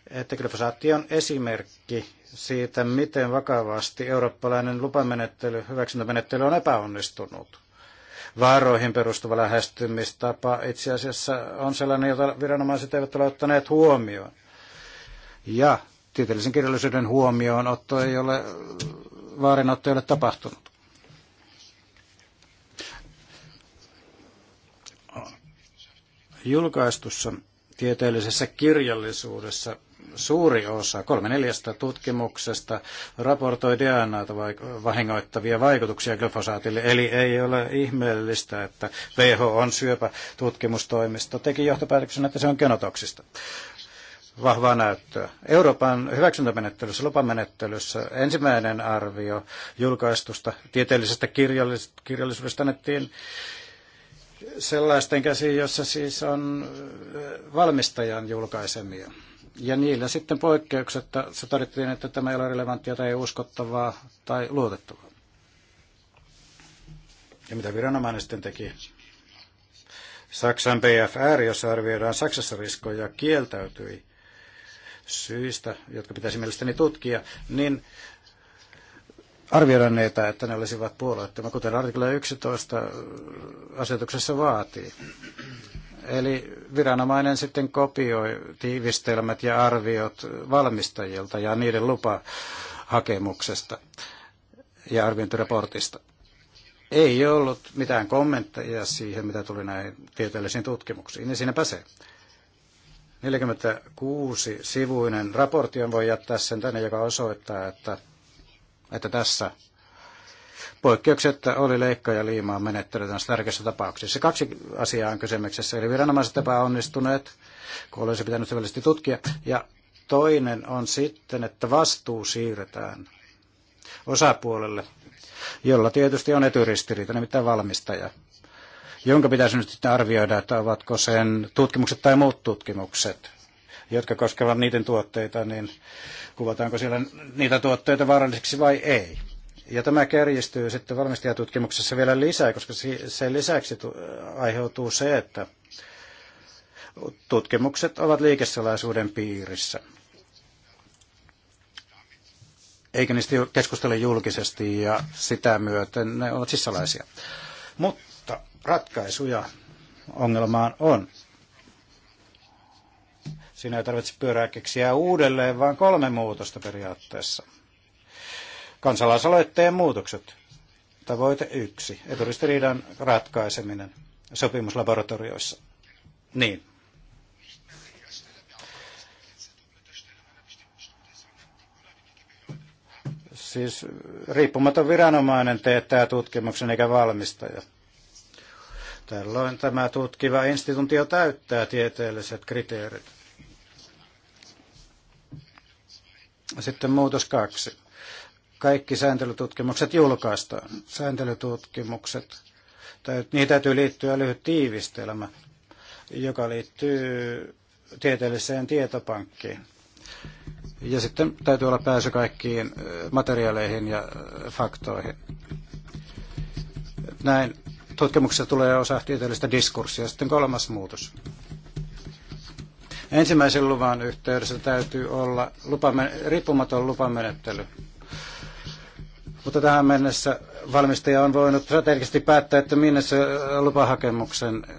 [SPEAKER 2] että glyfosaatti on esimerkki siitä, miten vakavasti eurooppalainen lupamenettely, hyväksyntämenettely on epäonnistunut. Vaaroihin perustuva lähestymistapa itse asiassa on sellainen, jota viranomaiset eivät ole ottaneet huomioon. Ja tieteellisen kirjallisuuden huomioon otto ei ole vaarinotto ei ole tapahtunut. Julkaistussa tieteellisessä kirjallisuudessa suuri osa, kolme neljästä tutkimuksesta, raportoi DNAta vahingoittavia vaikutuksia glyfosaatille. Eli ei ole ihmeellistä, että WHO on syöpä tutkimustoimisto teki johtopäätöksen, että se on genotoksista vahvaa näyttöä. Euroopan hyväksyntämenettelyssä, lupamenettelyssä ensimmäinen arvio julkaistusta tieteellisestä kirjallisuudesta annettiin sellaisten käsiin, jossa siis on äh, valmistajan julkaisemia. Ja niillä sitten poikkeuksetta se todettiin, että tämä ei ole relevanttia tai ei uskottavaa tai luotettavaa. Ja mitä viranomainen sitten teki? Saksan BFR, jossa arvioidaan Saksassa riskoja, kieltäytyi syistä, jotka pitäisi mielestäni tutkia, niin arvioida niitä, että ne olisivat puolueettomia, kuten artikla 11 asetuksessa vaatii. Eli viranomainen sitten kopioi tiivistelmät ja arviot valmistajilta ja niiden lupahakemuksesta ja arviointiraportista. Ei ollut mitään kommentteja siihen, mitä tuli näihin tieteellisiin tutkimuksiin, niin siinäpä se. 46-sivuinen raportti on voi jättää sen tänne, joka osoittaa, että, että tässä poikkeuksetta oli leikka- ja liimaa menettely tässä tärkeässä tapauksessa. Kaksi asiaa on kysymyksessä, eli viranomaiset epäonnistuneet, kun olisi pitänyt syvällisesti tutkia, ja toinen on sitten, että vastuu siirretään osapuolelle, jolla tietysti on etyristiriita, nimittäin valmistaja jonka pitäisi nyt sitten arvioida, että ovatko sen tutkimukset tai muut tutkimukset, jotka koskevat niiden tuotteita, niin kuvataanko siellä niitä tuotteita vaarallisiksi vai ei. Ja tämä kärjistyy sitten valmistajatutkimuksessa vielä lisää, koska sen lisäksi aiheutuu se, että tutkimukset ovat liikesalaisuuden piirissä. Eikä niistä keskustele julkisesti ja sitä myöten ne ovat siis salaisia. Mutta ratkaisuja ongelmaan on. sinä ei tarvitse pyörää keksiä uudelleen, vaan kolme muutosta periaatteessa. Kansalaisaloitteen muutokset. Tavoite yksi. Eturistiriidan ratkaiseminen sopimuslaboratorioissa. Niin. Siis riippumaton viranomainen teettää tutkimuksen eikä valmistaja. Tällöin tämä tutkiva instituutio täyttää tieteelliset kriteerit. Sitten muutos kaksi. Kaikki sääntelytutkimukset julkaistaan. Sääntelytutkimukset, niihin täytyy liittyä lyhyt tiivistelmä, joka liittyy tieteelliseen tietopankkiin. Ja sitten täytyy olla pääsy kaikkiin materiaaleihin ja faktoihin. Näin Tutkimuksessa tulee osa tieteellistä diskurssia. Sitten kolmas muutos. Ensimmäisen luvan yhteydessä täytyy olla lupamen, riippumaton lupamenettely. Mutta tähän mennessä valmistaja on voinut strategisesti päättää, että minne se äh, lupahakemuksen äh,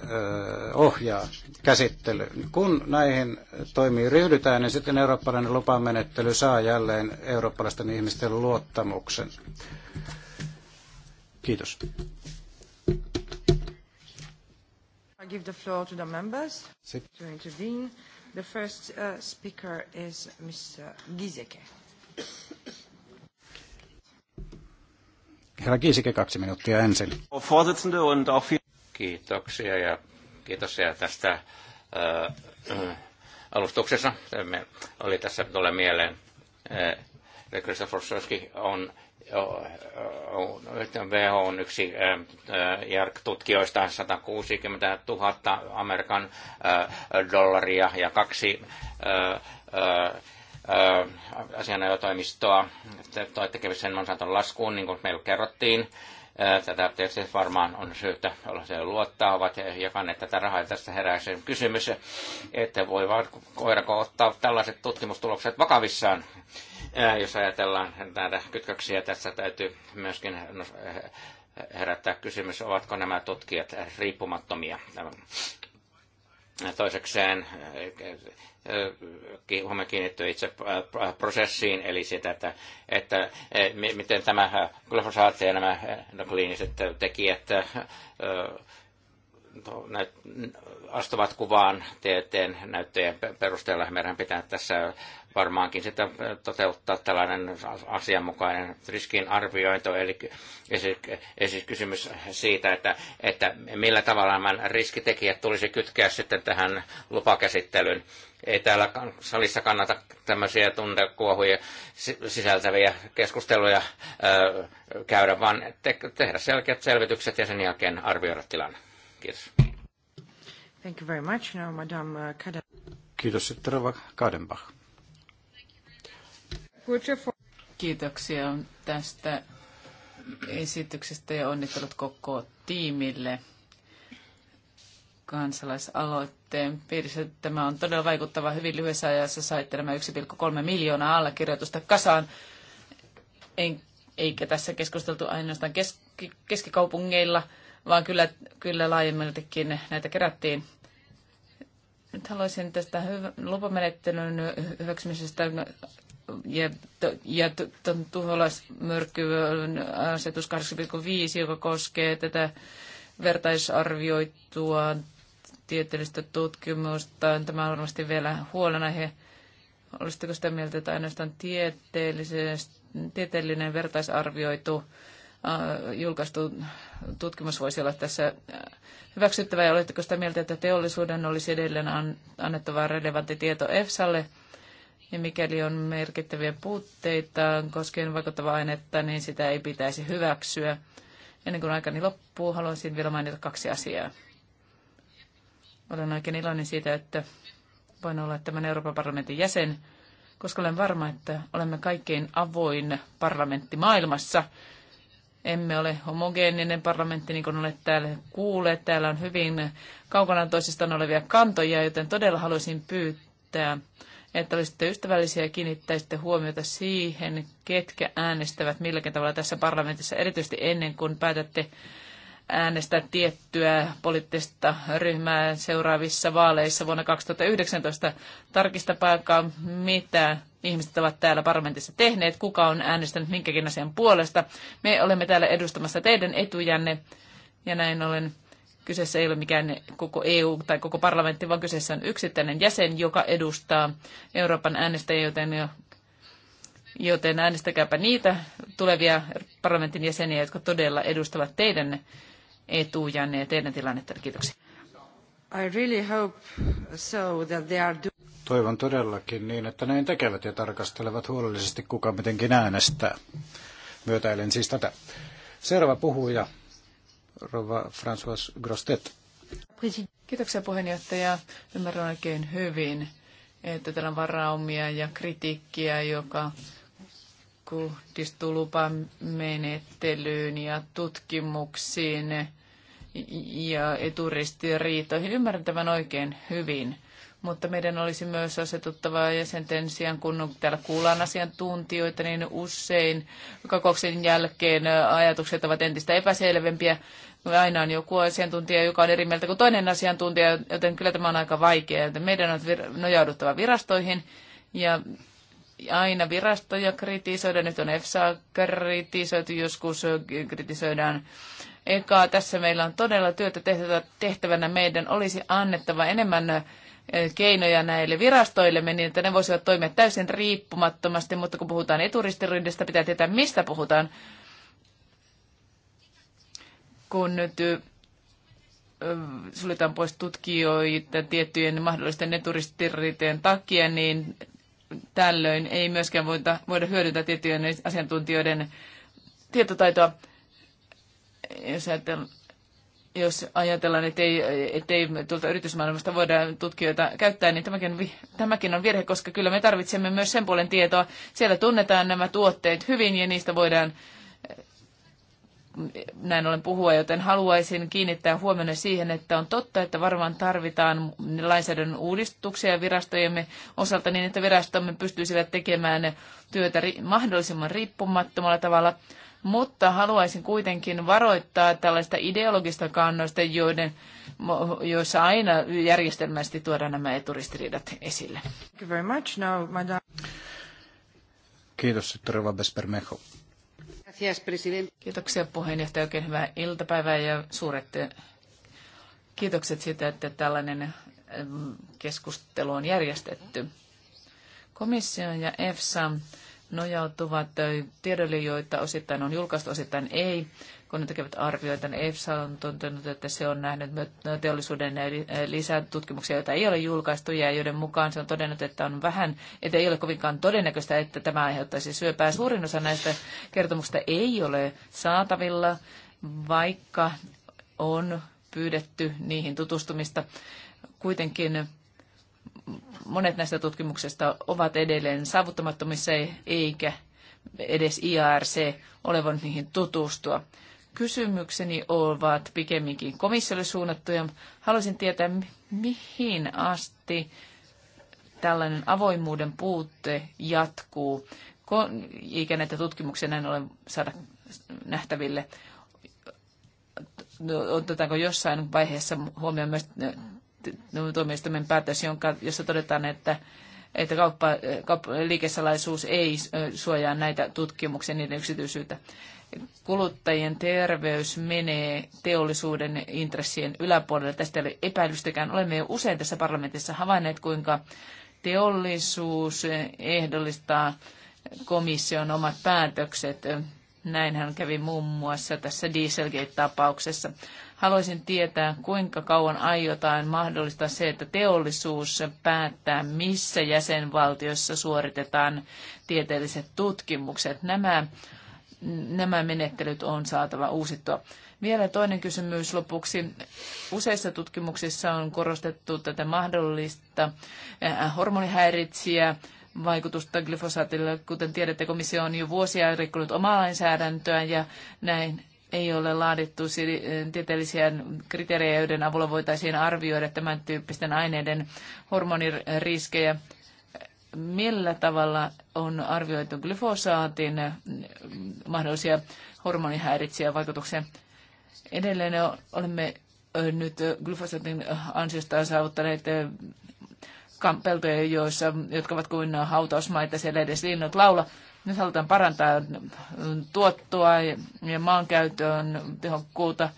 [SPEAKER 2] ohjaa käsittely. Kun näihin toimii ryhdytään, niin sitten eurooppalainen lupamenettely saa jälleen eurooppalaisten ihmisten luottamuksen. Kiitos. I
[SPEAKER 1] give the floor to the members to intervene. The first uh, speaker is Mr. Giesecke.
[SPEAKER 2] Herra Giesecke, kaksi minuuttia ensin.
[SPEAKER 1] Kiitoksia ja kiitos ja tästä äh, äh alustuksessa. Me oli tässä tulee mieleen. Äh, Christopher Soski on Äh, WHO on yksi tutkijoista 160 000 Amerikan äh, dollaria ja kaksi äh, asianajotoimistoa tekevät sen Monsanton laskuun, niin kuin meillä kerrottiin. Tätä tietysti varmaan on syytä olla se luottaa, ovat jakaneet tätä rahaa. Ja tästä herää se kysymys, että voi vaan koirako ottaa tällaiset tutkimustulokset vakavissaan. Jos ajatellaan näitä kytköksiä, tässä täytyy myöskin herättää kysymys, ovatko nämä tutkijat riippumattomia. Toisekseen huomio kiinnittyy itse prosessiin, eli sitä, että, että miten tämä glyfosaatti ja nämä kliiniset tekijät astuvat kuvaan tieteen näyttöjen perusteella. Meidän pitää tässä varmaankin sitä toteuttaa tällainen asianmukainen riskin arviointo, eli, esi- kysymys siitä, että, että millä tavalla nämä riskitekijät tulisi kytkeä sitten tähän lupakäsittelyyn. Ei täällä salissa kannata tämmöisiä tunnekuohuja sisältäviä keskusteluja ö, käydä, vaan te, tehdä selkeät selvitykset ja sen jälkeen arvioida tilanne. Kiitos.
[SPEAKER 3] Thank you very much. Now, Madame uh, Kadenbach.
[SPEAKER 2] Kiitos. Sitten Rova Kadenbach.
[SPEAKER 3] Kiitoksia tästä esityksestä ja onnittelut koko tiimille kansalaisaloitteen piirissä. Tämä on todella vaikuttava. Hyvin lyhyessä ajassa saitte nämä 1,3 miljoonaa allekirjoitusta kasaan. eikä tässä keskusteltu ainoastaan keskikaupungeilla, vaan kyllä, kyllä laajemmiltikin näitä kerättiin. Nyt haluaisin tästä hyvä, lupamenettelyn hyväksymisestä ja, ja tuholaismyrkkyyn asetus 8.5, joka koskee tätä vertaisarvioitua tieteellistä tutkimusta. Tämä on varmasti vielä huolenaihe. Olisitteko sitä mieltä, että ainoastaan tieteellinen vertaisarvioitu Äh, julkaistu tutkimus voisi olla tässä äh, hyväksyttävä. Ja oletteko sitä mieltä, että teollisuuden olisi edelleen annettava relevantti tieto EFSAlle? Ja mikäli on merkittäviä puutteita koskien vaikuttavaa ainetta, niin sitä ei pitäisi hyväksyä. Ennen kuin aikani loppuu, haluaisin vielä mainita kaksi asiaa. Olen oikein iloinen siitä, että voin olla tämän Euroopan parlamentin jäsen, koska olen varma, että olemme kaikkein avoin parlamentti maailmassa – emme ole homogeeninen parlamentti, niin kuin olet täällä kuulleet. Täällä on hyvin kaukana toisistaan olevia kantoja, joten todella haluaisin pyytää, että olisitte ystävällisiä ja kiinnittäisitte huomiota siihen, ketkä äänestävät milläkin tavalla tässä parlamentissa, erityisesti ennen kuin päätätte äänestää tiettyä poliittista ryhmää seuraavissa vaaleissa vuonna 2019. Tarkistapaakaan, mitä ihmiset ovat täällä parlamentissa tehneet, kuka on äänestänyt minkäkin asian puolesta. Me olemme täällä edustamassa teidän etujanne ja näin ollen kyseessä ei ole mikään koko EU tai koko parlamentti, vaan kyseessä on yksittäinen jäsen, joka edustaa Euroopan äänestäjiä, joten jo Joten äänestäkääpä niitä tulevia parlamentin jäseniä, jotka todella edustavat teidän etujanne ja teidän tilannetta Kiitoksia.
[SPEAKER 2] I really hope so that they are Toivon todellakin niin, että näin tekevät ja tarkastelevat huolellisesti, kuka mitenkin äänestää. Myötäilen siis tätä. Seuraava puhuja, Rova François Grostet.
[SPEAKER 3] Kiitoksia puheenjohtaja. Ymmärrän oikein hyvin, että täällä on varaumia ja kritiikkiä, joka kohdistuu lupamenettelyyn ja tutkimuksiin ja eturistiriitoihin. Ymmärrän tämän oikein hyvin, mutta meidän olisi myös asetuttava jäsenten sijaan, kun täällä kuullaan asiantuntijoita, niin usein kokouksen jälkeen ajatukset ovat entistä epäselvempiä. Aina on joku asiantuntija, joka on eri mieltä kuin toinen asiantuntija, joten kyllä tämä on aika vaikeaa. Joten meidän on nojauduttava virastoihin ja aina virastoja kritisoida. Nyt on EFSA kritisoitu, joskus kritisoidaan Eka, tässä meillä on todella työtä tehtävänä. Meidän olisi annettava enemmän keinoja näille virastoillemme niin, että ne voisivat toimia täysin riippumattomasti, mutta kun puhutaan eturistiryhdestä, pitää tietää, mistä puhutaan. Kun nyt suljetaan pois tutkijoita tiettyjen mahdollisten eturistiriiteen takia, niin tällöin ei myöskään voida, voida hyödyntää tiettyjen asiantuntijoiden tietotaitoa jos ajatellaan, jos ajatellaan, että ei, ettei tuolta yritysmaailmasta voida tutkijoita käyttää, niin tämäkin, tämäkin on virhe, koska kyllä me tarvitsemme myös sen puolen tietoa. Siellä tunnetaan nämä tuotteet hyvin ja niistä voidaan eh, näin olen puhua, joten haluaisin kiinnittää huomenna siihen, että on totta, että varmaan tarvitaan lainsäädännön uudistuksia virastojemme osalta niin, että virastomme pystyisivät tekemään työtä mahdollisimman riippumattomalla tavalla mutta haluaisin kuitenkin varoittaa tällaista ideologista kannoista, joiden, joissa aina järjestelmästi tuodaan nämä eturistiriidat esille. Thank you very much.
[SPEAKER 2] Kiitos, Rova Bespermejo.
[SPEAKER 3] Kiitoksia puheenjohtaja. Oikein hyvää iltapäivää ja suuret eh, kiitokset siitä, että tällainen keskustelu on järjestetty. Komission ja EFSA nojautuvat tiedolle, joita osittain on julkaistu, osittain ei. Kun ne tekevät arvioita, niin EFSA on tuntunut, että se on nähnyt teollisuuden lisätutkimuksia, joita ei ole julkaistu ja joiden mukaan se on todennut, että on vähän, että ei ole kovinkaan todennäköistä, että tämä aiheuttaisi syöpää. Suurin osa näistä kertomuksista ei ole saatavilla, vaikka on pyydetty niihin tutustumista. Kuitenkin monet näistä tutkimuksista ovat edelleen saavuttamattomissa eikä edes IARC ole voinut niihin tutustua. Kysymykseni ovat pikemminkin komissiolle suunnattuja. Haluaisin tietää, mihin asti tällainen avoimuuden puutte jatkuu, eikä näitä tutkimuksia näin ole saada nähtäville. No, otetaanko jossain vaiheessa huomioon myös tuomioistuimen päätös, jonka, jossa todetaan, että että kauppa, kauppa, liikesalaisuus ei suojaa näitä tutkimuksia, niiden yksityisyyttä. Kuluttajien terveys menee teollisuuden intressien yläpuolelle. Tästä ei ole epäilystäkään. Olemme jo usein tässä parlamentissa havainneet, kuinka teollisuus ehdollistaa komission omat päätökset. Näinhän kävi muun muassa tässä Dieselgate-tapauksessa. Haluaisin tietää, kuinka kauan aiotaan mahdollistaa se, että teollisuus päättää, missä jäsenvaltiossa suoritetaan tieteelliset tutkimukset. Nämä, nämä menettelyt on saatava uusittua. Vielä toinen kysymys lopuksi. Useissa tutkimuksissa on korostettu tätä mahdollista äh, hormonihäiritsijää, vaikutusta glyfosaatilla. Kuten tiedätte, komissio on jo vuosia rikkonut omaa lainsäädäntöä ja näin ei ole laadittu eh, tieteellisiä kriteerejä, joiden avulla voitaisiin arvioida tämän tyyppisten aineiden hormoniriskejä. Millä tavalla on arvioitu glyfosaatin eh, mahdollisia hormonihäiritsejä vaikutuksia? Edelleen olemme eh, nyt glyfosaatin ansiosta saavuttaneet peltoja, joissa, jotka ovat kuin hautausmaita, siellä edes linnut laula nyt halutaan parantaa tuottoa ja maankäytön tehokkuutta.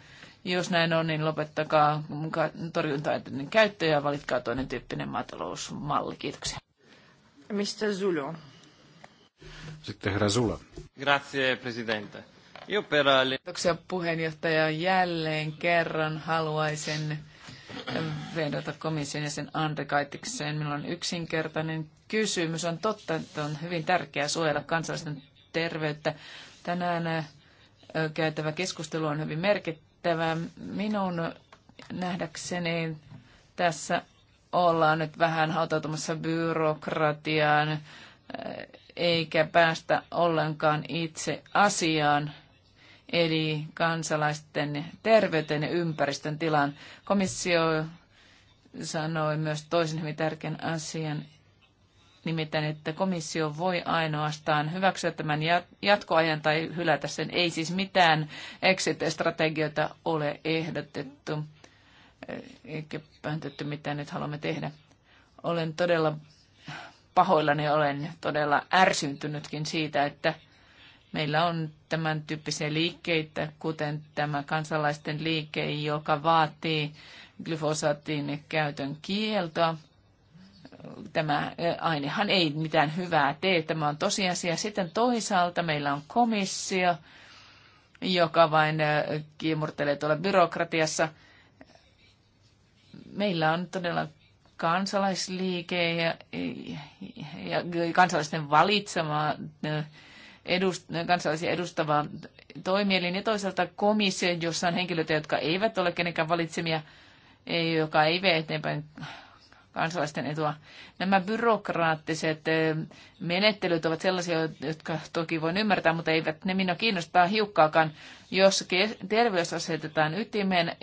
[SPEAKER 3] Jos näin on, niin lopettakaa torjuntaeettinen käyttö ja valitkaa toinen tyyppinen maatalousmalli. Kiitoksia.
[SPEAKER 1] Mr. Zulo.
[SPEAKER 2] Sitten herra Zulo. Grazie, presidente.
[SPEAKER 3] Kiitoksia puheenjohtaja. Jälleen kerran haluaisin vedota komission ja sen Andrikaitikseen. Minulla on yksinkertainen kysymys. On totta, että on hyvin tärkeää suojella kansalaisten terveyttä. Tänään käytävä keskustelu on hyvin merkittävä. Minun nähdäkseni tässä ollaan nyt vähän hautautumassa byrokratiaan, eikä päästä ollenkaan itse asiaan eli kansalaisten terveyteen ja ympäristön tilaan. Komissio sanoi myös toisen hyvin tärkeän asian, nimittäin, että komissio voi ainoastaan hyväksyä tämän jatkoajan tai hylätä sen. Ei siis mitään exit-strategioita ole ehdotettu, eikä päätetty, mitä nyt haluamme tehdä. Olen todella pahoillani, olen todella ärsyntynytkin siitä, että Meillä on tämän tyyppisiä liikkeitä, kuten tämä kansalaisten liike, joka vaatii glyfosaatin käytön kieltoa. Tämä eh, ainehan ei mitään hyvää tee, tämä on tosiasia. Sitten toisaalta meillä on komissio, joka vain eh, kiemurtelee tuolla byrokratiassa. Meillä on todella kansalaisliike ja, ja, ja kansalaisten valitsema eh, edust- kansalaisia edustavaa toimielin ja toisaalta komissio, jossa on henkilöitä, jotka eivät ole kenenkään valitsemia, joka ei vie eteenpäin kansalaisten etua. Nämä byrokraattiset menettelyt ovat sellaisia, jotka toki voin ymmärtää, mutta eivät ne minua kiinnostaa hiukkaakaan. Jos terveys asetetaan ytimeen,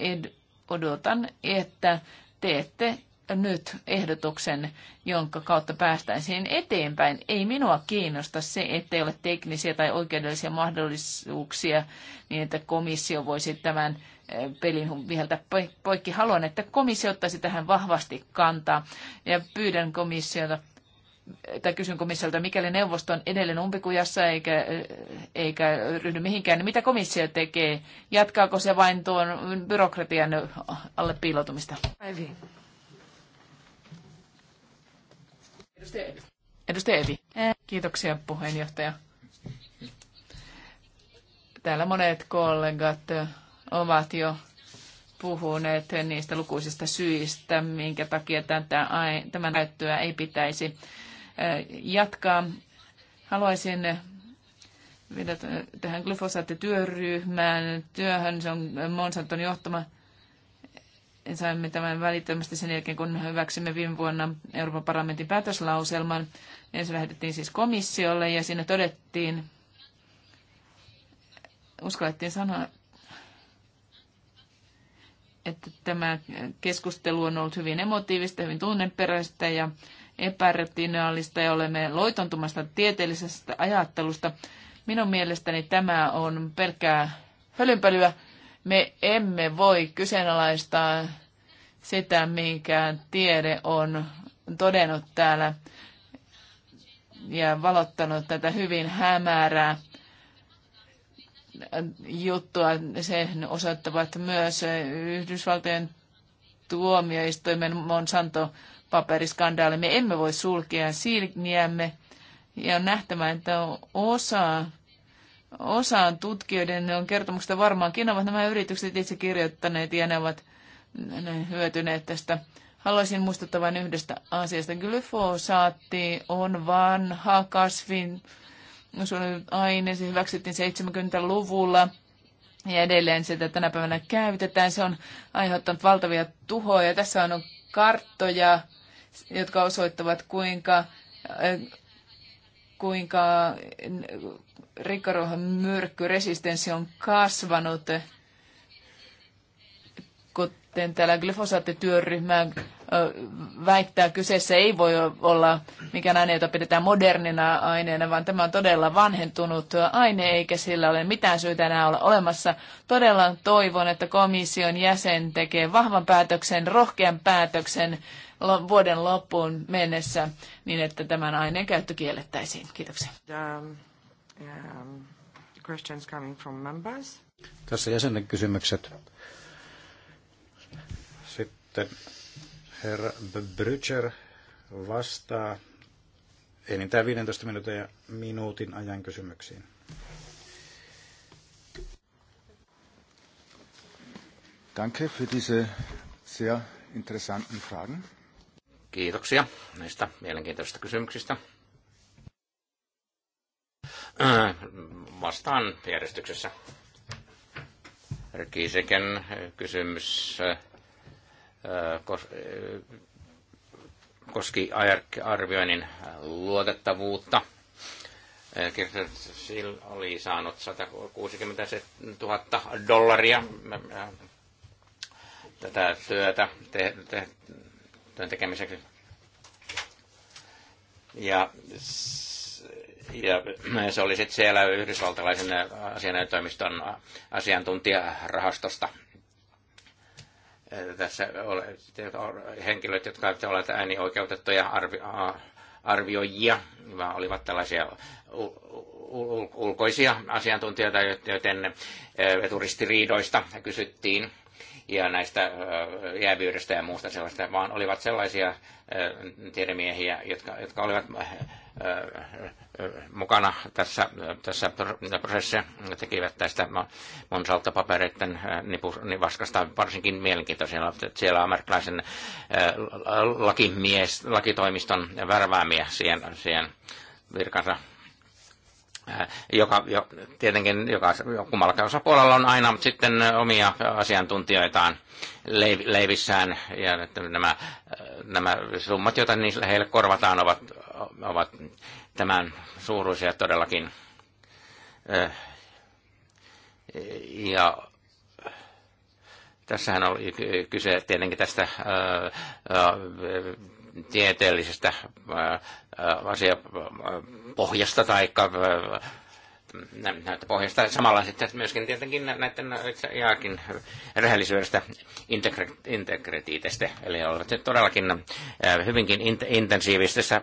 [SPEAKER 3] odotan, että teette nyt ehdotuksen, jonka kautta päästäisiin eteenpäin. Ei minua kiinnosta se, ettei ole teknisiä tai oikeudellisia mahdollisuuksia niin, että komissio voisi tämän eh, pelin viheltä poikki. Haluan, että komissio ottaisi tähän vahvasti kantaa ja pyydän komissiota tai kysyn komissiolta, mikäli neuvosto on edelleen umpikujassa eikä, eh, eikä ryhdy mihinkään, niin mitä komissio tekee? Jatkaako se vain tuon byrokratian alle piiloutumista? Päivi. Edustaja Evi. Kiitoksia puheenjohtaja. Täällä monet kollegat ovat jo puhuneet niistä lukuisista syistä, minkä takia tämän näyttöä ei pitäisi eh, jatkaa. Haluaisin vielä tähän glyfosaattityöryhmään työhön, se on Monsanton johtama saimme tämän välittömästi sen jälkeen, kun hyväksymme viime vuonna Euroopan parlamentin päätöslauselman. Ensin lähetettiin siis komissiolle ja siinä todettiin, uskallettiin sanoa, että tämä keskustelu on ollut hyvin emotiivista, hyvin tunneperäistä ja epärationaalista ja olemme loitontumasta tieteellisestä ajattelusta. Minun mielestäni tämä on pelkkää hölynpölyä me emme voi kyseenalaistaa sitä, minkä tiede on todennut täällä ja valottanut tätä hyvin hämärää juttua. Sen osoittavat myös Yhdysvaltojen tuomioistuimen Monsanto-paperiskandaali. Me emme voi sulkea silmiämme ja on nähtävä, että osa Osaan tutkijoiden on kertomuksesta varmaankin ovat nämä yritykset itse kirjoittaneet ja ne ovat ne hyötyneet tästä. Haluaisin muistuttaa vain yhdestä asiasta. Glyfosaatti on vanha kasvin aine. Se hyväksyttiin 70-luvulla ja edelleen sitä tänä päivänä käytetään. Se on aiheuttanut valtavia tuhoja. Tässä on karttoja, jotka osoittavat kuinka, kuinka rikkaruohon myrkkyresistenssi on kasvanut, kuten täällä glyfosaattityöryhmä väittää, kyseessä ei voi olla mikään aine, jota pidetään modernina aineena, vaan tämä on todella vanhentunut aine, eikä sillä ole mitään syytä enää olla olemassa. Todella toivon, että komission jäsen tekee vahvan päätöksen, rohkean päätöksen vuoden loppuun mennessä, niin että tämän aineen käyttö kiellettäisiin. Kiitoksia. Um, questions coming from members.
[SPEAKER 2] Tässä jäsenen kysymykset. Sitten herra Brücher vastaa enintään 15 minuutin, ja minuutin ajan kysymyksiin. Danke für diese sehr interessanten Fragen.
[SPEAKER 1] Kiitoksia näistä mielenkiintoisista kysymyksistä. Äh, vastaan järjestyksessä. Kiiseken äh, kysymys äh, koski arvioinnin luotettavuutta. Sillä oli saanut 160 000 dollaria tätä työtä te, te, työn tekemiseksi. Ja ja se oli sitten siellä yhdysvaltalaisen asianäytoimiston asiantuntijarahastosta tässä oli henkilöt, jotka eivät ole äänioikeutettuja arvi, arvioijia, vaan olivat tällaisia ulkoisia asiantuntijoita, joten eturistiriidoista kysyttiin ja näistä jäävyydestä ja muusta sellaista, vaan olivat sellaisia tiedemiehiä, jotka, jotka olivat mukana tässä, tässä prosessissa, tekivät tästä Monsalta papereiden vaskasta varsinkin mielenkiintoisia. Siellä amerikkalaisen lakimies, lakitoimiston värväämiä siihen, siihen virkansa joka, jo, tietenkin joka, kummallakin osapuolella on aina sitten omia asiantuntijoitaan leivissään, ja että nämä, nämä summat, joita niille heille korvataan, ovat, ovat tämän suuruisia todellakin. Ja tässähän on kyse tietenkin tästä tieteellisestä asiapohjasta tai näitä pohjasta. Samalla sitten myöskin tietenkin näiden jaakin rehellisyydestä integre, integriteetistä. Eli ovat todellakin hyvinkin intensiivisessä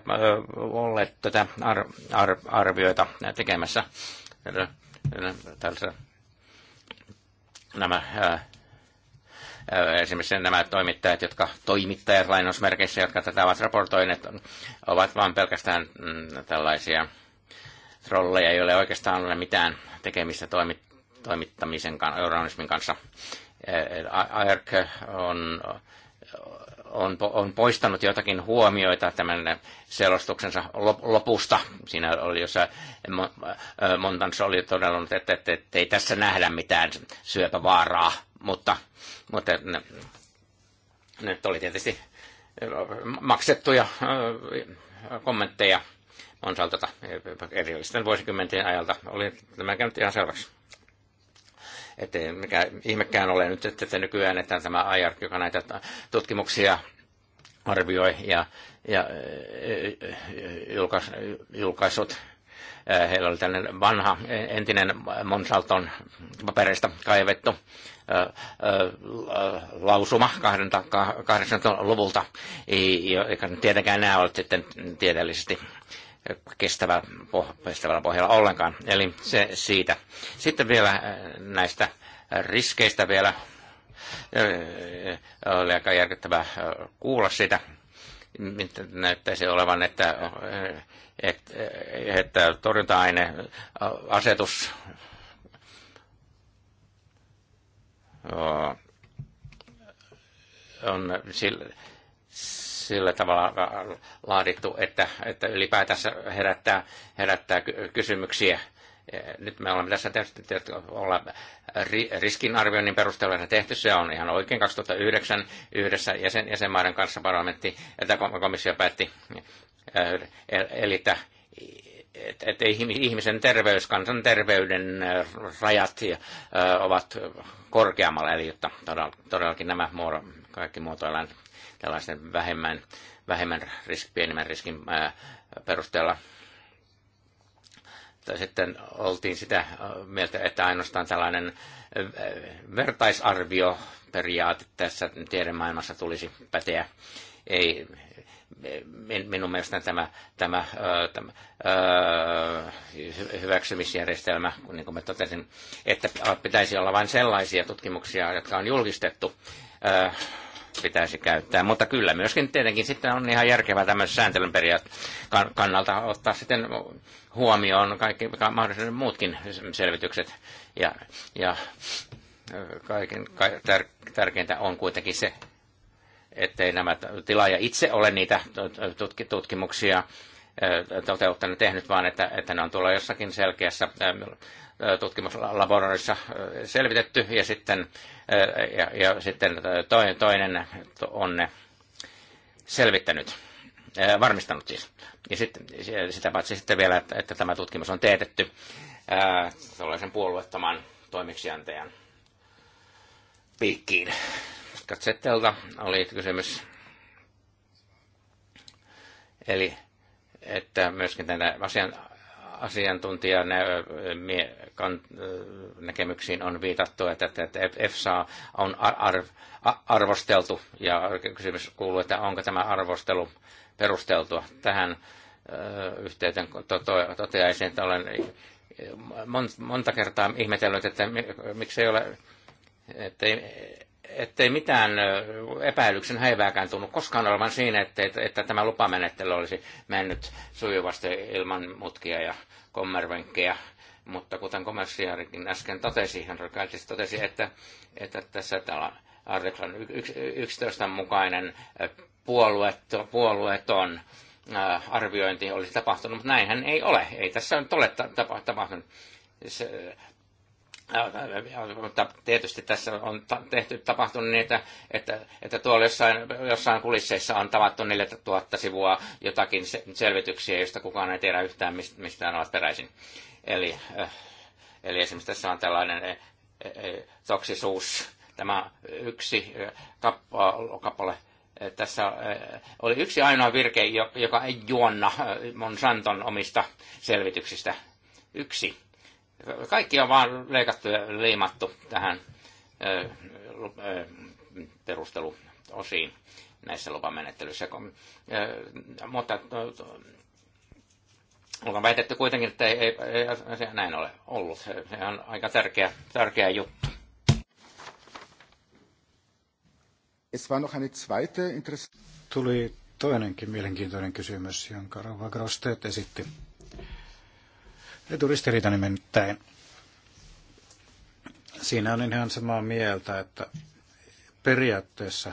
[SPEAKER 1] olleet tätä ar, ar, arvioita tekemässä. Tällaisia nämä ää, esimerkiksi nämä toimittajat, jotka toimittajat lainausmerkeissä, jotka tätä ovat raportoineet, ovat vain pelkästään mm, tällaisia trolleja, joilla oikeastaan ole mitään tekemistä toimi, toimittamisen kanssa, euronismin kanssa. ARK on, on, on poistanut jotakin huomioita tämän selostuksensa lopusta. Siinä oli, jossa Montans oli todennut, että, että, että ei tässä nähdä mitään syöpävaaraa mutta, mutta ne, nyt oli tietysti äh, maksettuja äh, kommentteja Monsaltota erillisten vuosikymmenten ajalta. Oli tämä käynyt ihan selväksi. Että mikä ihmekään ole nyt, että nykyään että tämä IARC, joka näitä tutkimuksia arvioi ja, ja äh, julkais, julkaisut heillä oli tällainen vanha, entinen Monsalton paperista kaivettu lausuma 80-luvulta, eikä tietenkään nämä ole sitten tieteellisesti kestävä, poh- kestävällä pohjalla ollenkaan. Eli se siitä. Sitten vielä näistä riskeistä vielä. Oli aika järkyttävää kuulla sitä. Näyttäisi olevan, että, että, että torjunta aineasetus on sillä, sillä tavalla laadittu, että, että ylipäätänsä herättää, herättää kysymyksiä. Nyt me olemme tässä tietysti, olla riskinarvioinnin perusteella tehty, se on ihan oikein 2009 yhdessä jäsen, jäsenmaiden kanssa parlamentti, että komissio päätti, eli että että et ihmisen terveys, kansanterveyden rajat ovat korkeammalla, eli jotta todellakin nämä muoro, kaikki muotoillaan tällaisen vähemmän, vähemmän risk, pienemmän riskin perusteella. Sitten oltiin sitä mieltä, että ainoastaan tällainen vertaisarvio periaate tässä tiedemaailmassa tulisi päteä. Ei, minun mielestäni tämä, tämä, tämä hyväksymisjärjestelmä, niin kuin mä totesin, että pitäisi olla vain sellaisia tutkimuksia, jotka on julkistettu, pitäisi käyttää. Mutta kyllä myöskin tietenkin sitten on ihan järkevää tämmöisen sääntelyn kannalta ottaa sitten huomioon kaikki mahdolliset muutkin selvitykset. Ja, ja kaiken, ka, tär, tärkeintä on kuitenkin se ettei nämä tilaaja itse ole niitä tutkimuksia toteuttanut tehnyt, vaan että, että ne on tuolla jossakin selkeässä tutkimuslaboratoriossa selvitetty ja sitten, ja, ja sitten toinen, toinen on ne selvittänyt, varmistanut siis. Ja sitten, sitä paitsi sitten vielä, että, että tämä tutkimus on teetetty tällaisen puolueettoman toimeksiantajan piikkiin Katsettelta oli kysymys. Eli että myöskin tänä asian, asiantuntijan näkemyksiin on viitattu, että, että EFSA on ar, arvosteltu ja kysymys kuuluu, että onko tämä arvostelu perusteltua tähän yhteyteen toteaisin, että olen monta kertaa ihmetellyt, että miksi ei ole, että ei, ettei mitään epäilyksen häivääkään tunnu koskaan olevan siinä, että, että tämä lupamenettely olisi mennyt sujuvasti ilman mutkia ja kommervenkkejä. Mutta kuten komissiarikin äsken totesi, hän Kaltis totesi, että, että tässä täällä artiklan 11 mukainen puolueeton, arviointi olisi tapahtunut, mutta näinhän ei ole. Ei tässä nyt ole tapahtunut mutta tietysti tässä on tehty, tapahtunut niitä, että, että tuolla jossain, jossain kulisseissa on tavattu 4000 sivua jotakin selvityksiä, joista kukaan ei tiedä yhtään, mistä ne ovat peräisin. Eli, eh, eli esimerkiksi tässä on tällainen eh, eh, toksisuus, tämä yksi kappale, tässä oli yksi ainoa virke, joka ei juonna Monsanton omista selvityksistä. Yksi kaikki on vaan leikattu ja liimattu tähän perusteluosiin näissä lupamenettelyissä. Mutta on väitetty kuitenkin, että ei, ei, ei se näin ole ollut. Se on aika tärkeä, tärkeä juttu.
[SPEAKER 2] Es war noch eine zweite Tuli toinenkin mielenkiintoinen kysymys, jonka Rova Grosteet esitti eturistiriita nimittäin. Siinä on ihan samaa mieltä, että periaatteessa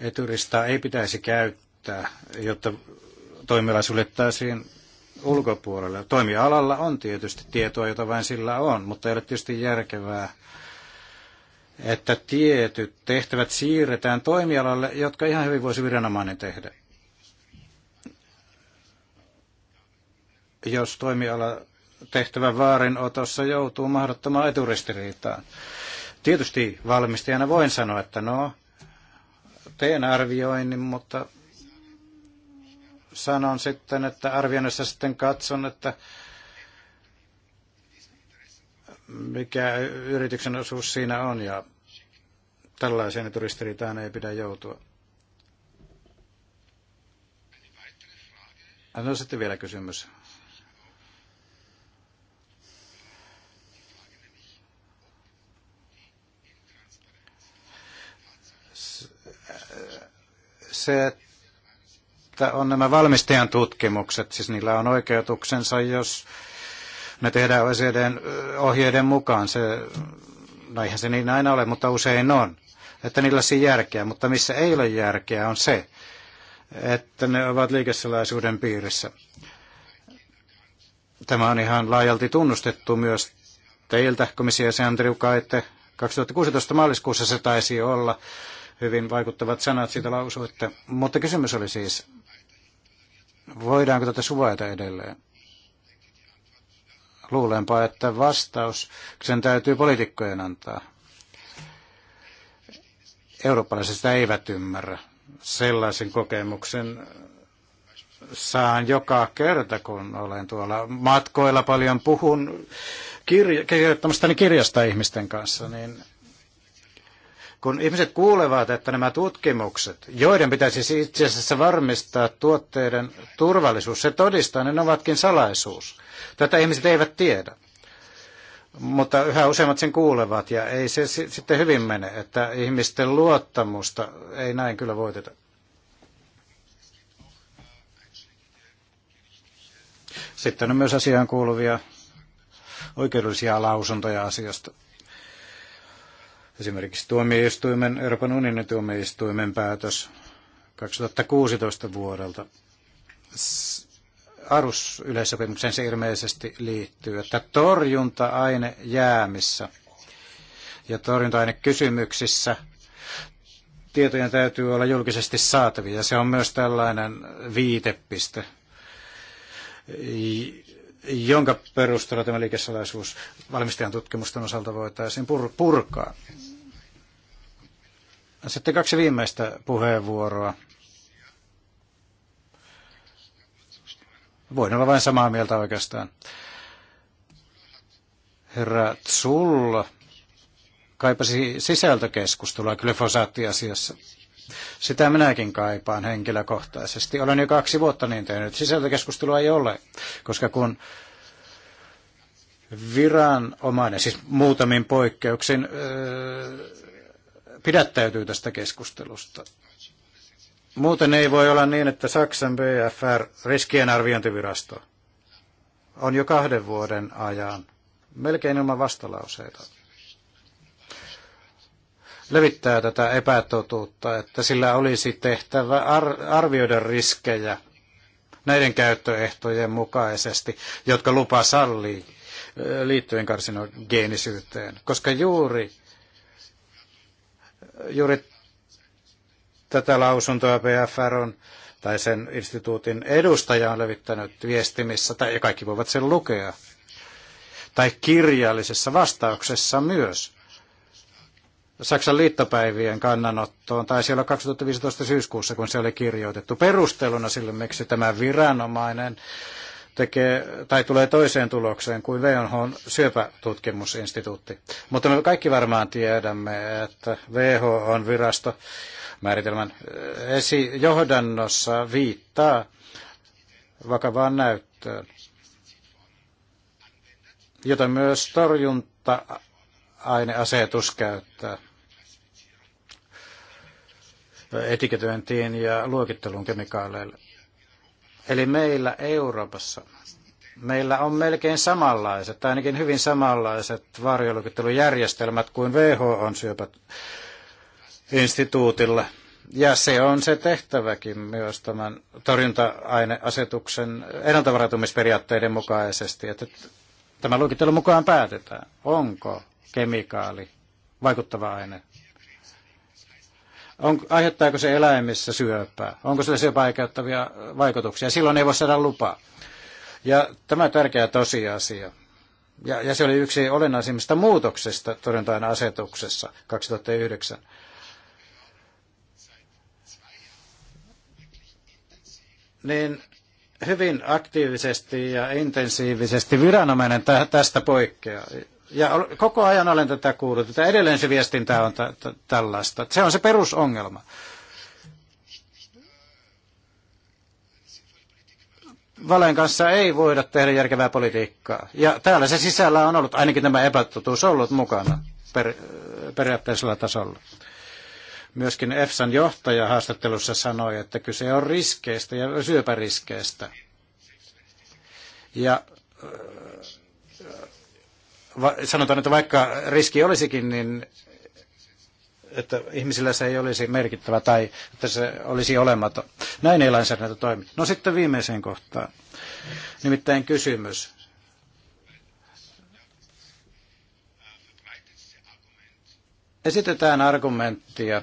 [SPEAKER 2] eturistaa ei pitäisi käyttää, jotta toimiala suljettaisiin ulkopuolelle. Toimialalla on tietysti tietoa, jota vain sillä on, mutta ei ole tietysti järkevää, että tietyt tehtävät siirretään toimialalle, jotka ihan hyvin voisi viranomainen tehdä. jos toimiala tehtävä vaarinotossa joutuu mahdottomaan eturistiriitaan. Tietysti valmistajana voin sanoa, että no, teen arvioinnin, mutta sanon sitten, että arvioinnissa sitten katson, että mikä yrityksen osuus siinä on ja tällaiseen eturistiriitaan ei pidä joutua. No sitten vielä kysymys. se, että on nämä valmistajan tutkimukset, siis niillä on oikeutuksensa, jos ne tehdään OECDn ohjeiden mukaan. Se, no eihän se niin aina ole, mutta usein on, että niillä on järkeä. Mutta missä ei ole järkeä on se, että ne ovat liikesalaisuuden piirissä. Tämä on ihan laajalti tunnustettu myös teiltä, komissiasi Andriu Kaitte. 2016 maaliskuussa se taisi olla hyvin vaikuttavat sanat siitä lausuitte. Mutta kysymys oli siis, voidaanko tätä suvaita edelleen? Luulenpa, että vastaus sen täytyy poliitikkojen antaa. Eurooppalaiset sitä eivät ymmärrä. Sellaisen kokemuksen saan joka kerta, kun olen tuolla matkoilla paljon puhun kirjoittamastani kirjasta ihmisten kanssa, niin kun ihmiset kuulevat, että nämä tutkimukset, joiden pitäisi siis itse asiassa varmistaa tuotteiden turvallisuus, se todistaa, niin ne ovatkin salaisuus. Tätä ihmiset eivät tiedä. Mutta yhä useammat sen kuulevat ja ei se sitten hyvin mene, että ihmisten luottamusta ei näin kyllä voiteta. Sitten on myös asiaan kuuluvia oikeudellisia lausuntoja asiasta. Esimerkiksi tuomioistuimen, Euroopan unionin tuomioistuimen päätös 2016 vuodelta. Arus-yleissopimukseen se ilmeisesti liittyy, että torjunta-aine jäämissä ja torjunta-ainekysymyksissä tietojen täytyy olla julkisesti saatavia. Se on myös tällainen viitepiste, jonka perusteella tämä liikesalaisuus valmistajan tutkimusten osalta voitaisiin purkaa. Sitten kaksi viimeistä puheenvuoroa. Voin olla vain samaa mieltä oikeastaan. Herra Tsulla kaipasi sisältökeskustelua glyfosaattiasiassa. Sitä minäkin kaipaan henkilökohtaisesti. Olen jo kaksi vuotta niin tehnyt. Sisältökeskustelua ei ole, koska kun viranomainen, siis muutamin poikkeuksin, öö, pidättäytyy tästä keskustelusta. Muuten ei voi olla niin, että Saksan BFR, riskien arviointivirasto, on jo kahden vuoden ajan melkein ilman vastalauseita levittää tätä epätotuutta, että sillä olisi tehtävä ar- arvioida riskejä näiden käyttöehtojen mukaisesti, jotka lupa sallii liittyen karsinogeenisyyteen, koska juuri juuri tätä lausuntoa PFR on, tai sen instituutin edustaja on levittänyt viestimissä, tai kaikki voivat sen lukea, tai kirjallisessa vastauksessa myös. Saksan liittopäivien kannanottoon, tai siellä 2015 syyskuussa, kun se oli kirjoitettu perusteluna sille, miksi tämä viranomainen tekee, tai tulee toiseen tulokseen kuin WHOn syöpätutkimusinstituutti. Mutta me kaikki varmaan tiedämme, että WHO on virasto määritelmän eh, esijohdannossa viittaa vakavaan näyttöön, jota myös torjunta-aineasetus käyttää etiketöintiin ja luokitteluun kemikaaleille. Eli meillä Euroopassa, meillä on melkein samanlaiset, tai ainakin hyvin samanlaiset varjolukittelujärjestelmät kuin WHO on syöpät instituutilla. Ja se on se tehtäväkin myös tämän torjunta-aineasetuksen ennaltavarautumisperiaatteiden mukaisesti, että tämä luokittelun mukaan päätetään, onko kemikaali vaikuttava aine on, aiheuttaako se eläimissä syöpää, onko sillä vaikeuttavia vaikutuksia. Silloin ei voi saada lupaa. Ja tämä on tärkeä tosiasia. Ja, ja se oli yksi olennaisimmista muutoksista torjuntaan asetuksessa 2009. Niin hyvin aktiivisesti ja intensiivisesti viranomainen tästä poikkeaa. Ja koko ajan olen tätä kuullut, että edelleen se viestintä on tällaista. Se on se perusongelma. Valen kanssa ei voida tehdä järkevää politiikkaa. Ja täällä se sisällä on ollut ainakin tämä epätotuus ollut mukana per, periaatteellisella tasolla. Myöskin EFSAn johtaja haastattelussa sanoi, että kyse on riskeistä ja syöpäriskeistä. Ja va, sanotaan, että vaikka riski olisikin, niin että ihmisillä se ei olisi merkittävä tai että se olisi olematon. Näin ei lainsäädäntö toimi. No sitten viimeiseen kohtaan. Nimittäin kysymys. Esitetään argumenttia,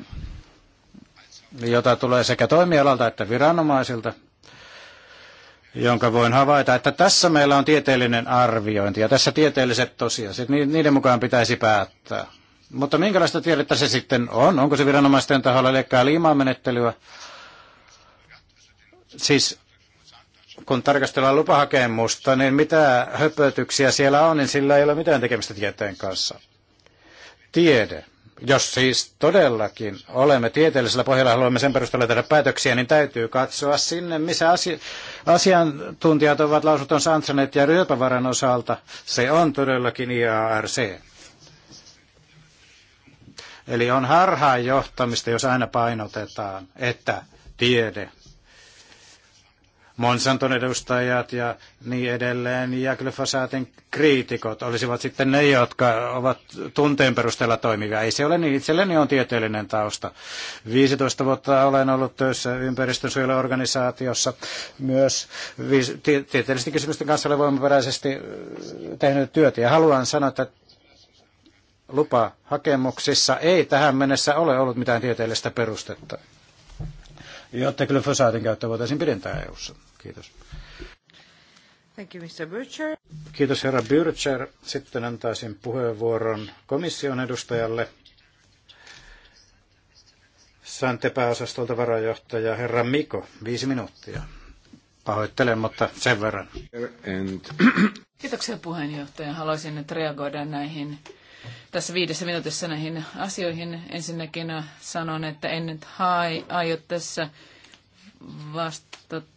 [SPEAKER 2] jota tulee sekä toimialalta että viranomaisilta, jonka voin havaita, että tässä meillä on tieteellinen arviointi ja tässä tieteelliset tosiasiat, niiden mukaan pitäisi päättää. Mutta minkälaista tiedettä se sitten on? Onko se viranomaisten taholla leikkaa liimaa menettelyä? Siis kun tarkastellaan lupahakemusta, niin mitä höpötyksiä siellä on, niin sillä ei ole mitään tekemistä tieteen kanssa. Tiede jos siis todellakin olemme tieteellisellä pohjalla, haluamme sen perusteella tehdä päätöksiä, niin täytyy katsoa sinne, missä asia- asiantuntijat ovat lausuton antaneet ja Ryöpävaran osalta. Se on todellakin IARC. Eli on harhaan johtamista, jos aina painotetaan, että tiede Monsanton edustajat ja niin edelleen ja glyfosaatin kriitikot olisivat sitten ne, jotka ovat tunteen perusteella toimivia. Ei se ole niin, itselleni on tieteellinen tausta. 15 vuotta olen ollut töissä ympäristönsuojeluorganisaatiossa myös tieteellisten kysymysten kanssa olen voimaperäisesti eh, tehnyt työtä ja haluan sanoa, että lupahakemuksissa ei tähän mennessä ole ollut mitään tieteellistä perustetta jotta glyfosaatin käyttö voitaisiin pidentää EU-ssa. Kiitos. Thank you,
[SPEAKER 1] Mr.
[SPEAKER 2] Kiitos herra Bürcher. Sitten antaisin puheenvuoron komission edustajalle. Sante pääosastolta varajohtaja herra Miko, viisi minuuttia. Pahoittelen, mutta sen verran.
[SPEAKER 3] Kiitoksia puheenjohtaja. Haluaisin nyt reagoida näihin tässä viidessä minuutissa näihin asioihin. Ensinnäkin sanon, että en nyt aio tässä vastata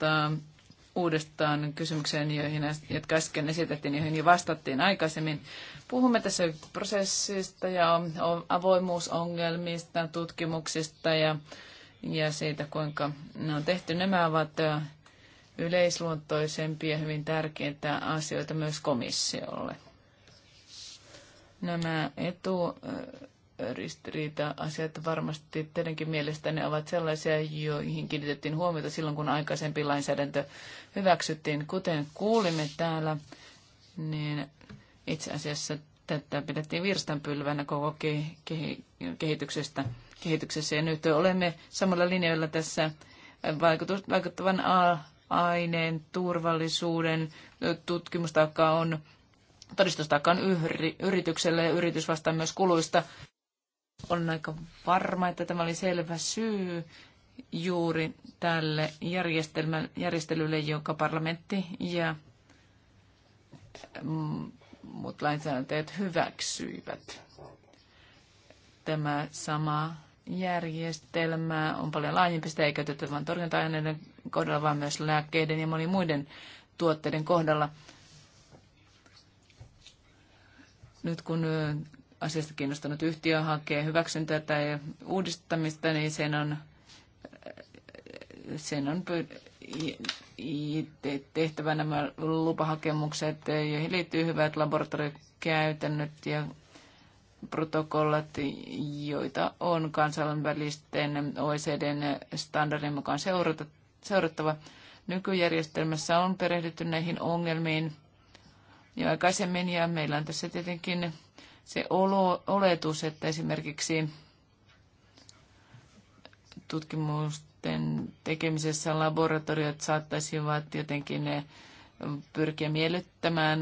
[SPEAKER 3] uudestaan kysymykseen, joihin, jotka äsken esitettiin, joihin jo vastattiin aikaisemmin. Puhumme tässä prosessista ja avoimuusongelmista, tutkimuksista ja, ja siitä, kuinka ne on tehty. Nämä ovat yleisluontoisempia ja hyvin tärkeitä asioita myös komissiolle. Nämä etu, ristiriita-asiat varmasti teidänkin mielestänne ovat sellaisia, joihin kiinnitettiin huomiota silloin, kun aikaisempi lainsäädäntö hyväksyttiin. Kuten kuulimme täällä, niin itse asiassa tätä pidettiin virstanpylvänä koko kehityksestä, kehityksessä. Ja nyt olemme samalla linjoilla tässä vaikuttavan aineen turvallisuuden tutkimustaakka on todistustaakka on yritykselle ja yritys vastaa myös kuluista. Olen aika varma, että tämä oli selvä syy juuri tälle järjestelylle, joka parlamentti ja mm, muut lainsäädäntäjät hyväksyivät. Tämä sama järjestelmä on paljon laajempi, sitä ei käytetä vain torjunta-aineiden kohdalla, vaan myös lääkkeiden ja monien muiden tuotteiden kohdalla. Nyt kun asiasta kiinnostunut yhtiö hakee hyväksyntää tai uudistamista, niin sen on, sen on tehtävä nämä lupahakemukset, joihin liittyy hyvät laboratoriokäytännöt ja protokollat, joita on kansainvälisten oecd standardin mukaan seurattava. Nykyjärjestelmässä on perehdytty näihin ongelmiin jo aikaisemmin ja meillä on tässä tietenkin se olo, oletus, että esimerkiksi tutkimusten tekemisessä laboratoriot saattaisivat jotenkin ne pyrkiä miellyttämään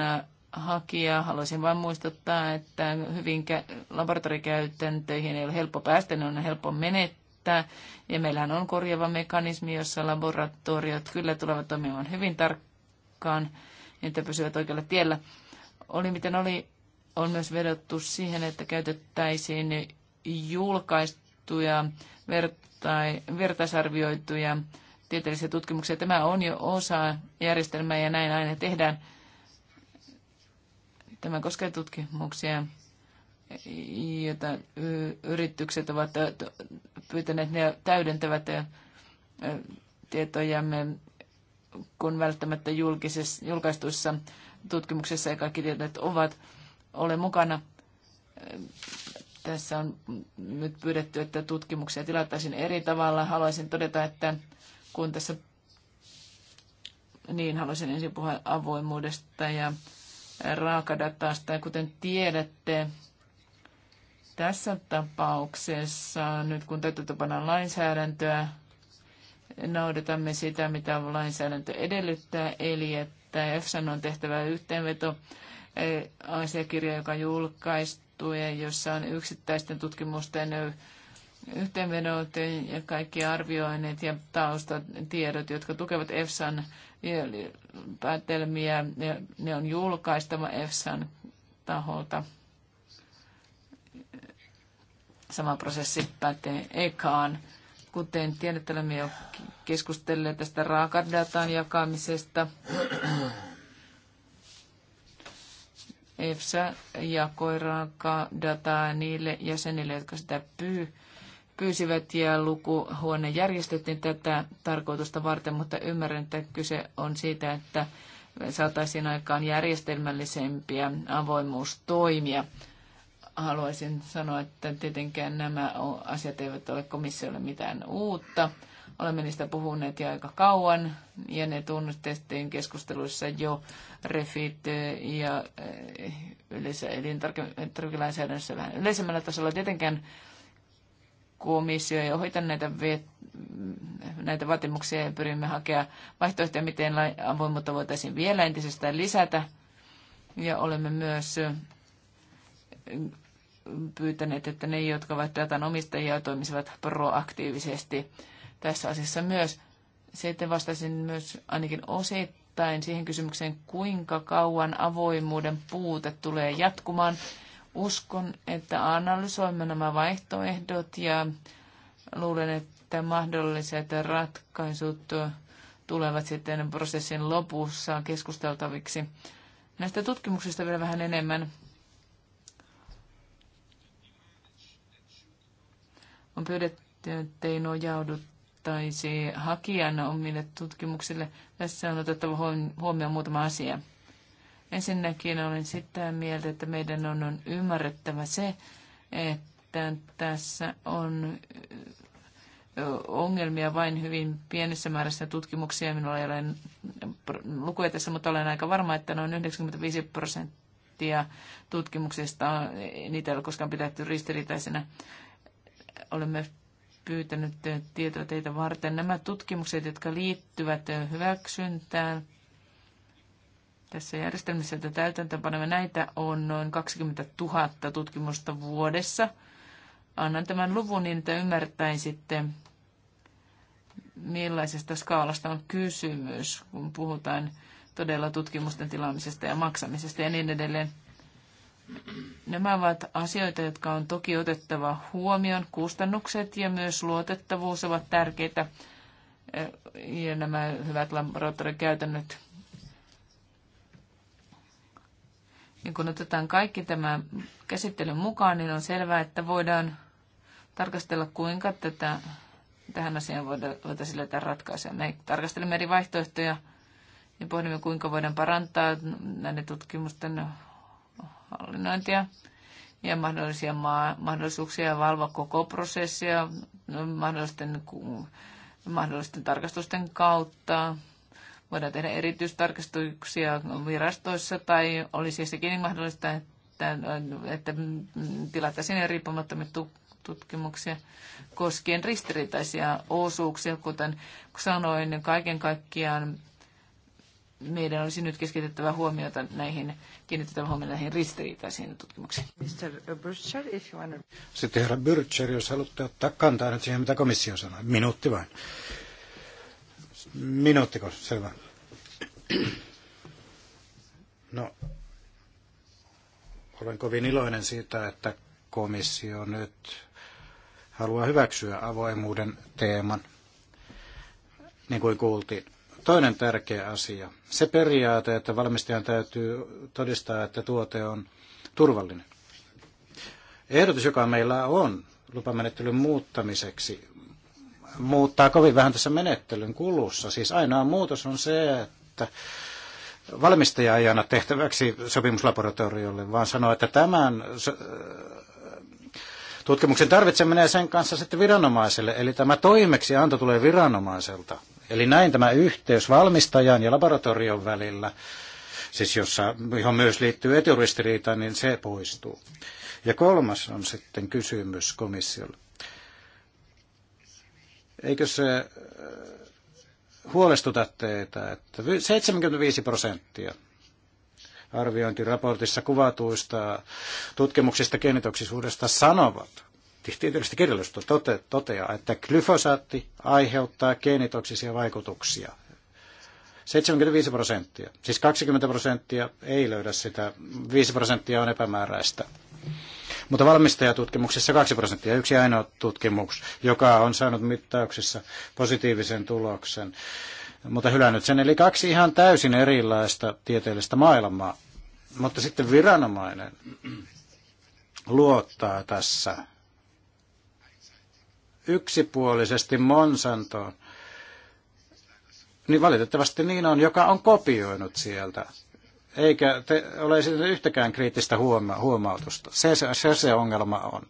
[SPEAKER 3] hakijaa. Haluaisin vain muistuttaa, että hyvin laboratorikäytäntöihin ei ole helppo päästä, ne on helppo menettää. Ja meillähän on korjava mekanismi, jossa laboratoriot kyllä tulevat toimimaan hyvin tarkkaan, niin että pysyvät oikealla tiellä. Oli miten oli, on myös vedottu siihen, että käytettäisiin julkaistuja vertai, vertaisarvioituja tieteellisiä tutkimuksia. Tämä on jo osa järjestelmää ja näin aina tehdään. Tämä koskee tutkimuksia, joita yritykset ovat pyytäneet. Ne täydentävät tietojamme, kun välttämättä julkaistuissa tutkimuksessa ja kaikki tiedot ovat ole mukana. Tässä on nyt pyydetty, että tutkimuksia tilattaisiin eri tavalla. Haluaisin todeta, että kun tässä niin haluaisin ensin puhua avoimuudesta ja raakadatasta. Ja kuten tiedätte, tässä tapauksessa, nyt kun täytäntöpannaan lainsäädäntöä, noudatamme sitä, mitä lainsäädäntö edellyttää, eli että EFSAn on tehtävä yhteenveto asiakirja, joka julkaistu ja jossa on yksittäisten tutkimusten yhteenvedot ja kaikki arvioinnit ja taustatiedot, jotka tukevat EFSAn päätelmiä, ne on julkaistava EFSAn taholta. Sama prosessi pätee ekaan. Kuten tiedät, olemme jo keskustelleet tästä raakadatan jakamisesta EFSA jakoi raakaa dataa niille jäsenille, jotka sitä pyy, pyysivät ja lukuhuone järjestettiin tätä tarkoitusta varten, mutta ymmärrän, että kyse on siitä, että saataisiin aikaan järjestelmällisempiä avoimuustoimia. Haluaisin sanoa, että tietenkään nämä asiat eivät ole komissiolle mitään uutta. Olemme niistä puhuneet jo aika kauan ja ne tunnistettiin keskusteluissa jo refit eh, ja eh, yleensä elintarvikelainsäädännössä vähän yleisemmällä tasolla. Tietenkään komissio ei ohita näitä, näitä vaatimuksia ja pyrimme hakemaan vaihtoehtoja, miten avoimuutta voitaisiin vielä entisestään lisätä. Ja olemme myös eh, pyytäneet, että ne, jotka ovat datan omistajia, toimisivat proaktiivisesti tässä asiassa myös. Sitten vastasin myös ainakin osittain siihen kysymykseen, kuinka kauan avoimuuden puute tulee jatkumaan. Uskon, että analysoimme nämä vaihtoehdot ja luulen, että mahdolliset ratkaisut tulevat sitten prosessin lopussa keskusteltaviksi. Näistä tutkimuksista vielä vähän enemmän. On pyydetty, ettei nojaudu vastaisi hakijan omille tutkimuksille. Tässä on otettava huomioon muutama asia. Ensinnäkin olen sitä mieltä, että meidän on, ymmärrettävä se, että tässä on ongelmia vain hyvin pienessä määrässä tutkimuksia. Minulla ei ole lukuja tässä, mutta olen aika varma, että noin 95 prosenttia tutkimuksista niitä ei ole koskaan pidetty ristiriitaisena. Olemme pyytänyt tietoa teitä varten. Nämä tutkimukset, jotka liittyvät hyväksyntään tässä järjestelmässä, että täytäntöönpanemme, näitä on noin 20 000 tutkimusta vuodessa. Annan tämän luvun niin, että ymmärtäisitte, millaisesta skaalasta on kysymys, kun puhutaan todella tutkimusten tilaamisesta ja maksamisesta ja niin edelleen. Nämä ovat asioita, jotka on toki otettava huomioon. Kustannukset ja myös luotettavuus ovat tärkeitä. Eh, ja nämä hyvät laboratoriokäytännöt. Ja kun otetaan kaikki tämä käsittelyn mukaan, niin on selvää, että voidaan tarkastella, kuinka tätä, tähän asiaan voitaisiin löytää ratkaisuja. Me tarkastelemme eri vaihtoehtoja ja pohdimme, kuinka voidaan parantaa näiden tutkimusten hallinnointia ja mahdollisia maa, mahdollisuuksia valvoa koko prosessia no, mahdollisten, mahdollisten tarkastusten kautta. Voidaan tehdä erityistarkastuksia virastoissa tai olisi sekin mahdollista, että, että tilattaisiin riippumattomia tutkimuksia koskien ristiriitaisia osuuksia. Kuten sanoin, kaiken kaikkiaan meidän olisi nyt keskitettävä huomiota näihin, kiinnitettävä huomiota näihin ristiriitaisiin tutkimuksiin. Mr. Burcher, if you want
[SPEAKER 2] Sitten herra Bircher, jos haluatte ottaa kantaa nyt siihen, mitä komissio sanoi. Minuutti vain. Minuuttiko? Selvä. No, olen kovin iloinen siitä, että komissio nyt haluaa hyväksyä avoimuuden teeman, niin kuin kuultiin Toinen tärkeä asia, se periaate, että valmistajan täytyy todistaa, että tuote on turvallinen. Ehdotus, joka meillä on lupamenettelyn muuttamiseksi, muuttaa kovin vähän tässä menettelyn kulussa. Siis ainoa muutos on se, että valmistaja ei anna tehtäväksi sopimuslaboratoriolle, vaan sanoo, että tämän äh, tutkimuksen tarvitseminen ja sen kanssa sitten viranomaiselle. Eli tämä toimeksianto tulee viranomaiselta Eli näin tämä yhteys valmistajan ja laboratorion välillä, siis jossa, johon myös liittyy eturistiriita, niin se poistuu. Ja kolmas on sitten kysymys komissiolle. Eikö se äh, huolestuta teitä, että 75 prosenttia arviointiraportissa kuvatuista tutkimuksista genetoksisuudesta sanovat, tieteellistä kirjallisuutta tote, toteaa, että glyfosaatti aiheuttaa geenitoksisia vaikutuksia. 75 prosenttia, siis 20 prosenttia ei löydä sitä, 5 prosenttia on epämääräistä. Mutta valmistajatutkimuksessa 2 prosenttia, yksi ainoa tutkimus, joka on saanut mittauksissa positiivisen tuloksen, mutta hylännyt sen. Eli kaksi ihan täysin erilaista tieteellistä maailmaa. Mutta sitten viranomainen luottaa tässä yksipuolisesti Monsantoon, niin valitettavasti niin on, joka on kopioinut sieltä. Eikä te ole yhtäkään kriittistä huoma- huomautusta. Se se, se ongelma on.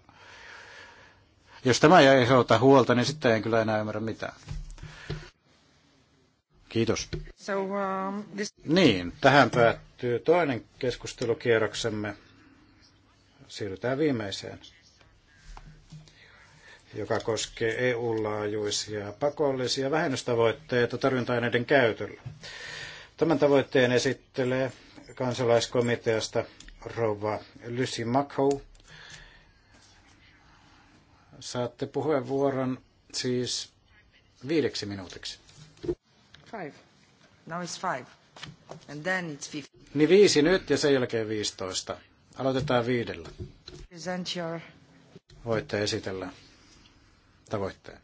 [SPEAKER 2] Jos tämä ei aiheuta huolta, niin sitten en kyllä enää ymmärrä mitään. Kiitos.
[SPEAKER 3] So, um, this...
[SPEAKER 2] Niin, tähän päättyy toinen keskustelukierroksemme. Siirrytään viimeiseen joka koskee EU-laajuisia pakollisia vähennystavoitteita torjunta-aineiden käytöllä. Tämän tavoitteen esittelee kansalaiskomiteasta rouva Lucy Makho. Saatte puheenvuoron siis viideksi minuutiksi.
[SPEAKER 1] Five. Now it's five. And then it's
[SPEAKER 2] Niin viisi nyt ja sen jälkeen viisitoista. Aloitetaan viidellä. Voitte esitellä tavoitteen.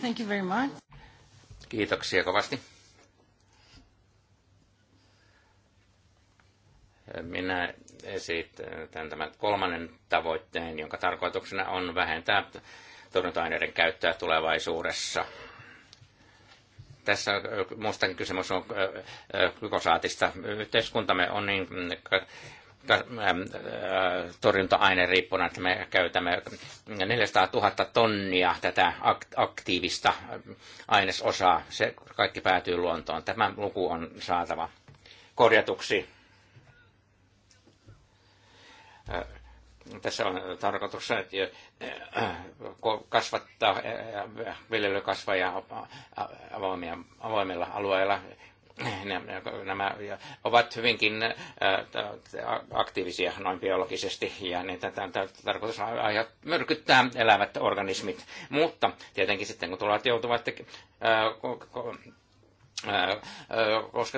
[SPEAKER 3] Thank you very much.
[SPEAKER 1] Kiitoksia kovasti. Minä esitän tämän kolmannen tavoitteen, jonka tarkoituksena on vähentää torjunta-aineiden käyttöä tulevaisuudessa. Tässä äh, muistan kysymys on äh, äh, glykosaatista. Yhteiskuntamme on niin torjunta-aine riippuna, että me käytämme 400 000 tonnia tätä aktiivista ainesosaa. Se kaikki päätyy luontoon. Tämä luku on saatava korjatuksi tässä on tarkoitus kasvattaa viljelykasvajia avoimilla alueilla. Nämä ovat hyvinkin aktiivisia noin biologisesti ja niitä tarkoitus myrkyttää elävät organismit. Mutta tietenkin sitten kun tulevat joutuvat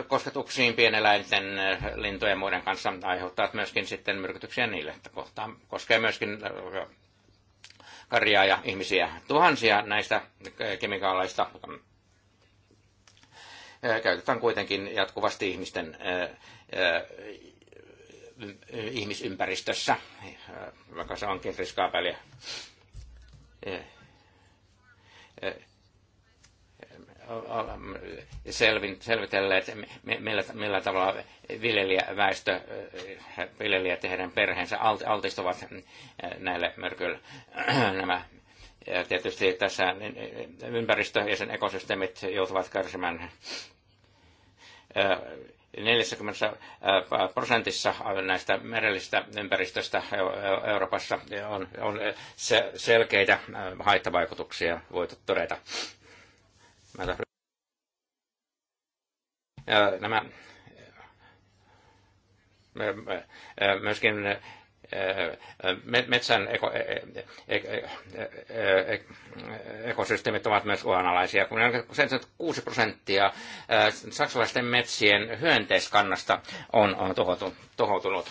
[SPEAKER 1] kosketuksiin pieneläinten, lintujen ja muiden kanssa aiheuttavat myöskin sitten myrkytyksiä niille. Kohtaan koskee myöskin karjaa ja ihmisiä. Tuhansia näistä kemikaaleista käytetään kuitenkin jatkuvasti ihmisten ihmisympäristössä, vaikka se onkin riskaapelia selvitelleet, millä, millä tavalla viljelijäväestö, äh, viljelijät ja heidän perheensä altistuvat äh, näille myrkyille. Nämä ja tietysti tässä äh, ympäristö ja sen ekosysteemit joutuvat kärsimään 40 prosentissa näistä merellisistä ympäristöstä Euroopassa on, on selkeitä haittavaikutuksia voitu todeta. Nämä myöskin metsän ekosysteemit ovat myös uhanalaisia. Kun 76 prosenttia saksalaisten metsien hyönteiskannasta on, on tuhoutunut.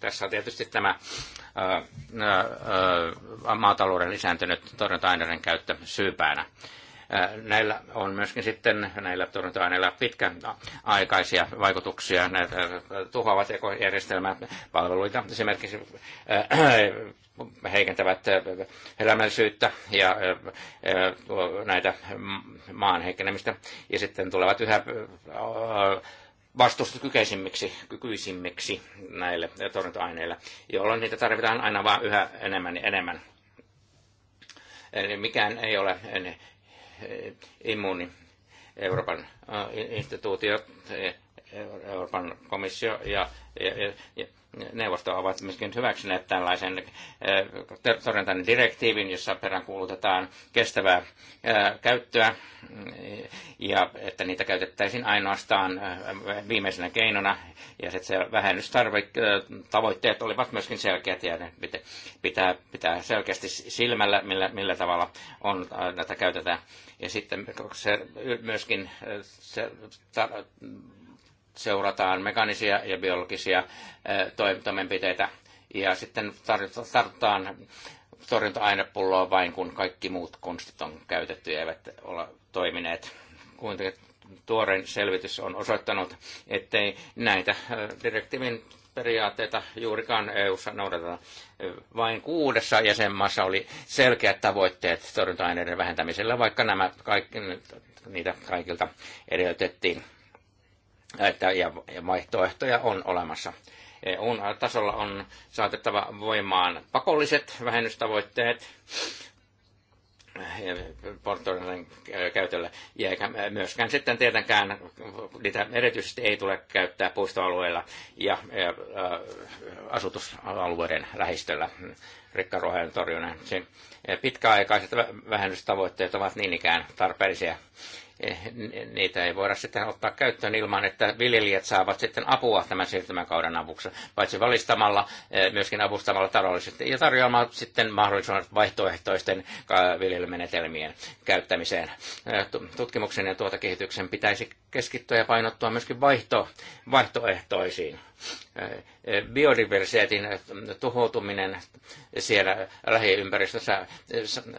[SPEAKER 1] Tässä on tietysti tämä maatalouden lisääntynyt torjunta-aineiden käyttö syypäänä. Näillä on myöskin sitten, näillä torjunta-aineilla pitkäaikaisia vaikutuksia, näitä tuhoavat palveluita, esimerkiksi heikentävät elämällisyyttä ja näitä maan heikkenemistä, ja sitten tulevat yhä vastustuskykyisimmiksi kykyisimmiksi näille torjunta-aineille, jolloin niitä tarvitaan aina vain yhä enemmän ja enemmän. Eli mikään ei ole immuuni. Euroopan äh, instituutiot, Euroopan komissio ja, ja, ja, neuvosto ovat myöskin hyväksyneet tällaisen äh, torjuntainen direktiivin, jossa peräänkuulutetaan kestävää äh, käyttöä mm, ja että niitä käytettäisiin ainoastaan äh, viimeisenä keinona ja että se vähennystavoitteet olivat myöskin selkeät ja ne pitää, pitää selkeästi silmällä, millä, millä tavalla on, näitä käytetään. Ja sitten se myöskin se, ta, seurataan mekanisia ja biologisia eh, toimenpiteitä ja sitten tartutaan torjunta ainepulloa vain, kun kaikki muut konstit on käytetty ja eivät ole toimineet. Kuitenkin tuorein selvitys on osoittanut, ettei näitä eh, direktiivin periaatteita juurikaan EU-ssa noudateta. Vain kuudessa jäsenmaassa oli selkeät tavoitteet torjunta-aineiden vähentämisellä, vaikka nämä kaikki, niitä kaikilta edellytettiin että, ja, vaihtoehtoja on olemassa. EUn tasolla on saatettava voimaan pakolliset vähennystavoitteet e, portoiden e, käytölle. Ja eikä myöskään sitten tietenkään, niitä erityisesti ei tule käyttää puistoalueilla ja, ja e, asutusalueiden lähistöllä rikkaruohojen torjunnan. Pitkäaikaiset vähennystavoitteet ovat niin ikään tarpeellisia Eh, niitä ei voida sitten ottaa käyttöön ilman, että viljelijät saavat sitten apua tämän siirtymäkauden avuksi, paitsi valistamalla, eh, myöskin avustamalla taloudellisesti ja tarjoamaan sitten mahdollisuudet vaihtoehtoisten viljelymenetelmien käyttämiseen. Eh, tutkimuksen ja tuota kehityksen pitäisi keskittyä ja painottua myöskin vaihto, vaihtoehtoisiin biodiversiteetin tuhoutuminen siellä lähiympäristössä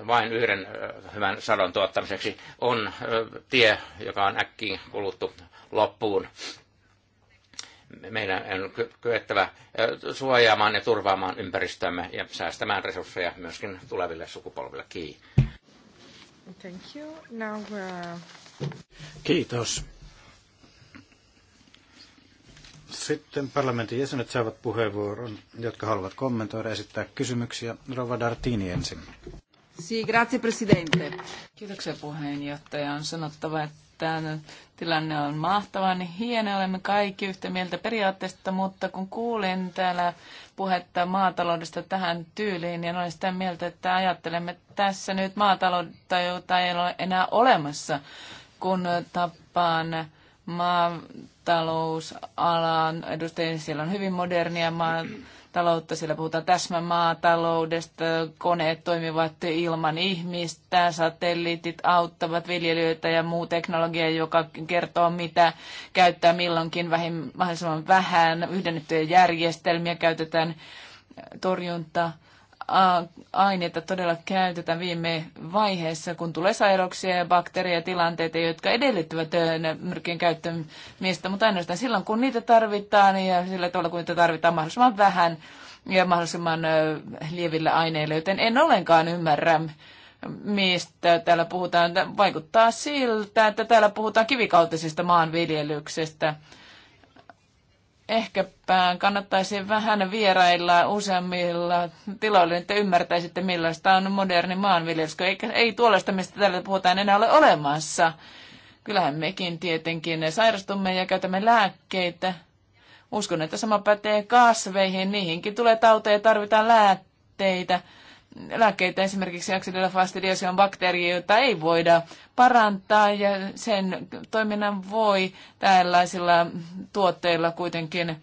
[SPEAKER 1] vain yhden hyvän sadon tuottamiseksi on tie, joka on äkkiin kuluttu loppuun. Meidän on kyettävä suojaamaan ja turvaamaan ympäristöämme ja säästämään resursseja myöskin tuleville sukupolville.
[SPEAKER 2] Kiitos. Uh, sitten parlamentin jäsenet saavat puheenvuoron, jotka haluavat kommentoida ja esittää kysymyksiä. Rova Dartini ensin.
[SPEAKER 3] Si, grazie presidente. Kiitoksia puheenjohtaja. On sanottava, että tilanne on mahtavan niin hieno. Olemme kaikki yhtä mieltä periaatteesta, mutta kun kuulin täällä puhetta maataloudesta tähän tyyliin, niin olen sitä mieltä, että ajattelemme tässä nyt maataloutta, jota ei ole enää olemassa, kun tapaan maatalousalan edustajia. Siellä on hyvin modernia maataloutta. Siellä puhutaan täsmämaataloudesta. Koneet toimivat ilman ihmistä. Satelliitit auttavat viljelijöitä ja muu teknologia, joka kertoo, mitä käyttää milloinkin vähin, mahdollisimman vähän. Yhdennettyjä järjestelmiä käytetään torjunta aineita todella käytetään viime vaiheessa, kun tulee sairauksia ja bakteereja tilanteita, jotka edellyttävät myrkkien käyttämistä, mutta ainoastaan silloin, kun niitä tarvitaan ja sillä tavalla, kun niitä tarvitaan mahdollisimman vähän ja mahdollisimman lievillä aineilla, joten en ollenkaan ymmärrä, mistä täällä puhutaan. Vaikuttaa siltä, että täällä puhutaan kivikautisesta maanviljelyksestä ehkäpä kannattaisi vähän vierailla useammilla tiloilla, että ymmärtäisitte millaista on moderni maanviljelys, ei, ei tuollaista, mistä täällä puhutaan enää ole olemassa. Kyllähän mekin tietenkin sairastumme ja käytämme lääkkeitä. Uskon, että sama pätee kasveihin, niihinkin tulee tauteja ja tarvitaan lääkkeitä lääkkeitä, esimerkiksi fastidiosi on bakteeri, jota ei voida parantaa ja sen toiminnan voi tällaisilla tuotteilla kuitenkin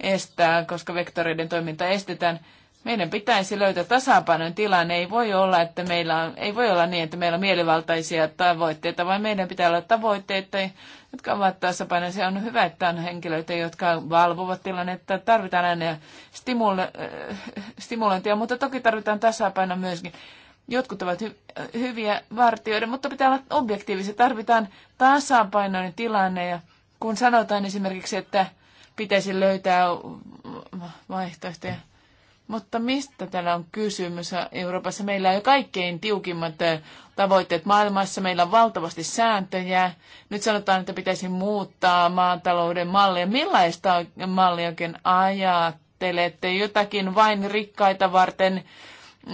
[SPEAKER 3] estää, koska vektoreiden toiminta estetään. Meidän pitäisi löytää tasapainon tilanne. Ei voi olla, että meillä on, ei voi olla niin, että meillä on mielivaltaisia tavoitteita, vaan meidän pitää olla tavoitteita, jotka ovat se On hyvä, että on henkilöitä, jotka valvovat tilannetta. Tarvitaan aina stimule- äh, stimulointia, mutta toki tarvitaan tasapaino myöskin. Jotkut ovat hy- hyviä vartijoita, mutta pitää olla objektiivisia. Tarvitaan tasapainoinen tilanne ja kun sanotaan esimerkiksi, että pitäisi löytää vaihtoehtoja, mutta mistä täällä on kysymys? Euroopassa meillä on jo kaikkein tiukimmat eh, tavoitteet maailmassa. Meillä on valtavasti sääntöjä. Nyt sanotaan, että pitäisi muuttaa maatalouden mallia. Millaista mallia oikein ajattelette? Jotakin vain rikkaita varten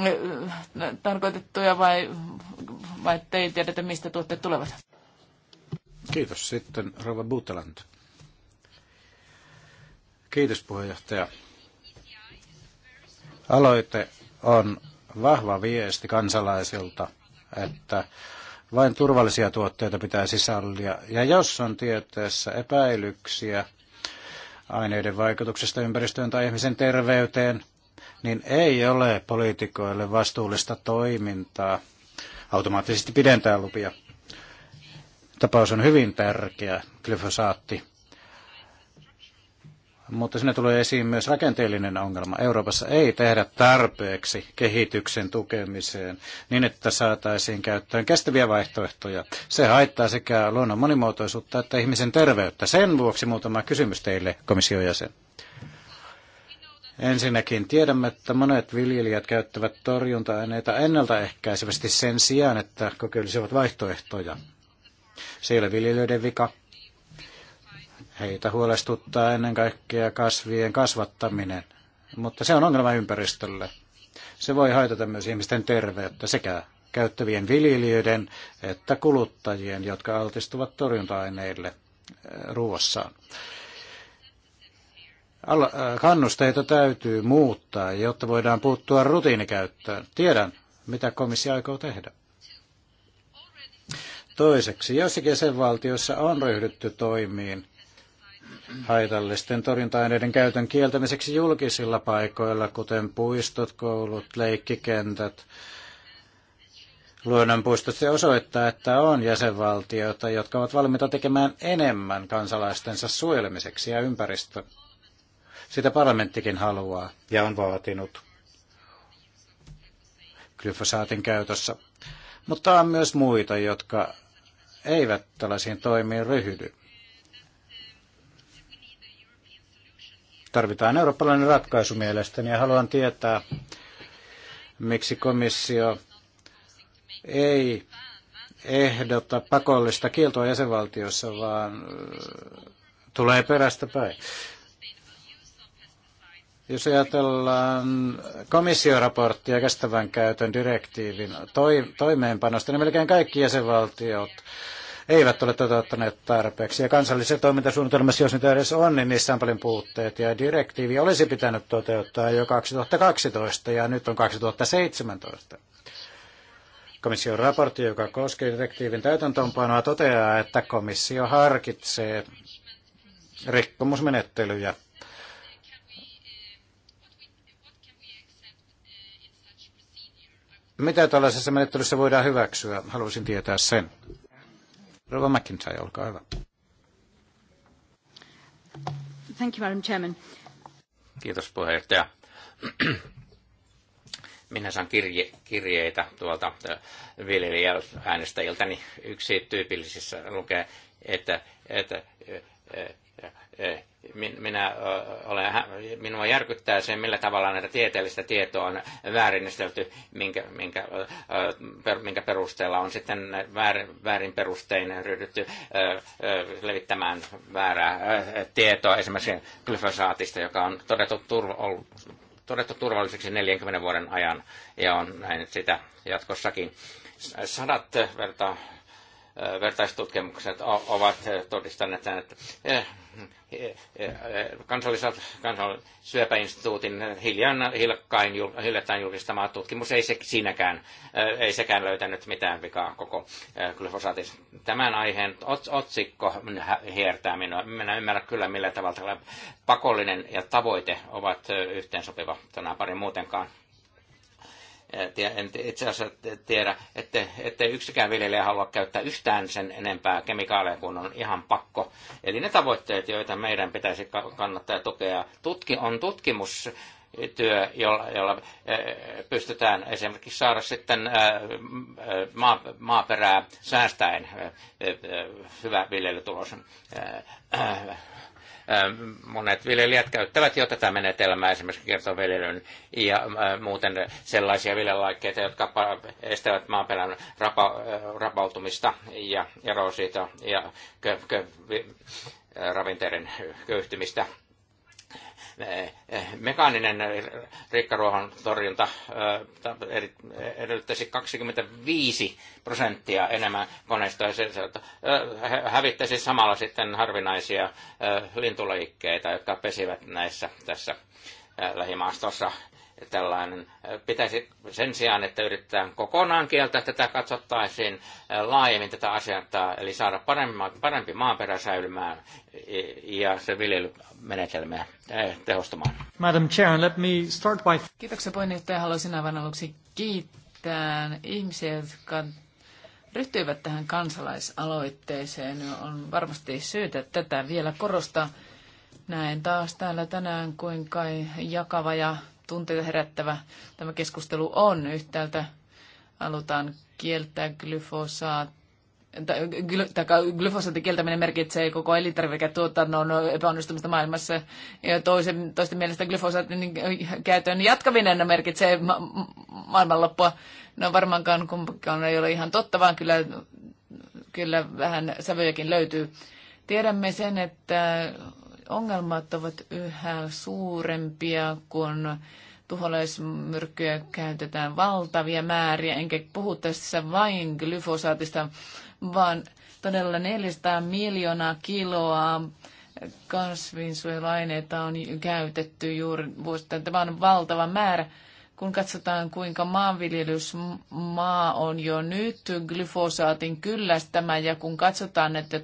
[SPEAKER 3] eh, tarkoitettuja vai, vai te ei tiedetä, mistä tuotteet tulevat?
[SPEAKER 2] Kiitos. Sitten Rova Buteland. Kiitos puheenjohtaja. Aloite on vahva viesti kansalaisilta, että vain turvallisia tuotteita pitää sisällä Ja jos on tieteessä epäilyksiä aineiden vaikutuksesta ympäristöön tai ihmisen terveyteen, niin ei ole poliitikoille vastuullista toimintaa automaattisesti pidentää lupia. Tapaus on hyvin tärkeä, glyfosaatti, mutta sinne tulee esiin myös rakenteellinen ongelma. Euroopassa ei tehdä tarpeeksi kehityksen tukemiseen niin, että saataisiin käyttöön kestäviä vaihtoehtoja. Se haittaa sekä luonnon monimuotoisuutta että ihmisen terveyttä. Sen vuoksi muutama kysymys teille, komission jäsen. Ensinnäkin tiedämme, että monet viljelijät käyttävät torjunta-aineita ennaltaehkäisevästi sen sijaan, että kokeilisivat vaihtoehtoja. Se ei ole viljelijöiden vika, Heitä huolestuttaa ennen kaikkea kasvien kasvattaminen, mutta se on ongelma ympäristölle. Se voi haitata myös ihmisten terveyttä sekä käyttävien viljelijöiden että kuluttajien, jotka altistuvat torjunta-aineille eh, ruoassaan. Eh, kannusteita täytyy muuttaa, jotta voidaan puuttua rutiinikäyttöön. Tiedän, mitä komissio aikoo tehdä. Toiseksi, joissakin jäsenvaltioissa on ryhdytty toimiin haitallisten torjunta-aineiden käytön kieltämiseksi julkisilla paikoilla, kuten puistot, koulut, leikkikentät, luonnonpuistot. Se osoittaa, että on jäsenvaltioita, jotka ovat valmiita tekemään enemmän kansalaistensa suojelemiseksi ja ympäristö. Sitä parlamenttikin haluaa ja on vaatinut glyfosaatin käytössä. Mutta on myös muita, jotka eivät tällaisiin toimiin ryhdy. Tarvitaan eurooppalainen ratkaisu mielestäni ja haluan tietää, miksi komissio ei ehdota pakollista kieltoa jäsenvaltiossa, vaan äh, tulee perästä päin. Jos ajatellaan komissioraporttia kestävän käytön direktiivin toimeenpanosta, niin melkein kaikki jäsenvaltiot eivät ole toteuttaneet tarpeeksi. Ja kansallisessa toimintasuunnitelmassa, jos niitä edes on, niin niissä on paljon puutteet. Ja direktiivi olisi pitänyt toteuttaa jo 2012 ja nyt on 2017. Komission raportti, joka koskee direktiivin täytäntöönpanoa, toteaa, että komissio harkitsee rikkomusmenettelyjä Mitä tällaisessa menettelyssä voidaan hyväksyä? Haluaisin tietää sen. Rova McIntyre, olkaa hyvä. Thank you, Madam Chairman. Kiitos puheenjohtaja.
[SPEAKER 1] Minä saan kirje, kirjeitä tuolta äh, viljelijääänestäjiltä, niin yksi tyypillisissä lukee, että, että äh, äh, minä olen, minua järkyttää se, millä tavalla näitä tieteellistä tietoa on väärinnistelty, minkä, minkä, minkä perusteella on sitten väärin, väärin perustein ryhdytty levittämään väärää tietoa esimerkiksi glyfosaatista, joka on todettu, turva, ollut, todettu turvalliseksi 40 vuoden ajan ja on näin sitä jatkossakin. Sadat verta vertaistutkimukset ovat todistaneet, että eh, eh, eh, kansalliset, kansallis- syöpäinstituutin hiljan, hilkkain, hiljattain julkistama tutkimus ei se, siinäkään, ei sekään löytänyt mitään vikaa koko glyfosaatis. Tämän aiheen otsikko hiertää minua. Minä ymmärrä kyllä millä tavalla pakollinen ja tavoite ovat yhteensopiva tänä parin muutenkaan. Eh, en itse asiassa tiedä, että, ettei yksikään viljelijä halua käyttää yhtään sen enempää kemikaaleja kuin on ihan pakko. Eli ne tavoitteet, joita meidän pitäisi kannattaa tukea, tutki, on tutkimus, työ, jolla, jolla pystytään esimerkiksi saada sitten maa, maaperää säästäen hyvä viljelytulos. Monet viljelijät käyttävät jo tätä menetelmää, esimerkiksi kertoviljelyn ja muuten sellaisia viljelaikkeita, jotka estävät maaperän rapa, rapautumista ja erosiota ja kö, kö, ravinteiden köyhtymistä mekaaninen rikkaruohon torjunta edellyttäisi 25 prosenttia enemmän koneistoa. Se hävittäisi samalla sitten harvinaisia lintulajikkeita, jotka pesivät näissä tässä lähimaastossa tällainen. Pitäisi sen sijaan, että yritetään kokonaan kieltää tätä, katsottaisiin laajemmin tätä asiaa, eli saada parempi, parempi maaperä säilymään ja se viljelymenetelmä tehostamaan.
[SPEAKER 3] Madam Chair, let me start by... Kiitoksia puheenjohtaja. Haluaisin aivan aluksi kiittää ihmisiä, jotka ryhtyivät tähän kansalaisaloitteeseen. On varmasti syytä tätä vielä korostaa. Näen taas täällä tänään, kuinka jakava ja tunteita herättävä tämä keskustelu on. Yhtäältä halutaan kieltää glyfosaat glyfosaatin kieltäminen merkitsee koko elintarviketuotannon epäonnistumista maailmassa. Ja toisen, toisten mielestä glyfosaatin käytön jatkaminen merkitsee ma- maailmanloppua. No varmaankaan kumpikaan ei ole ihan totta, vaan kyllä, kyllä vähän sävyjäkin löytyy. Tiedämme sen, että ongelmat ovat yhä suurempia, kun tuholaismyrkkyjä käytetään valtavia määriä, enkä puhu tässä vain glyfosaatista, vaan todella 400 miljoonaa kiloa kasvinsuojeluaineita on käytetty juuri vuosittain. Tämä on valtava määrä kun katsotaan kuinka maanviljelysmaa on jo nyt glyfosaatin kyllästämä ja kun katsotaan että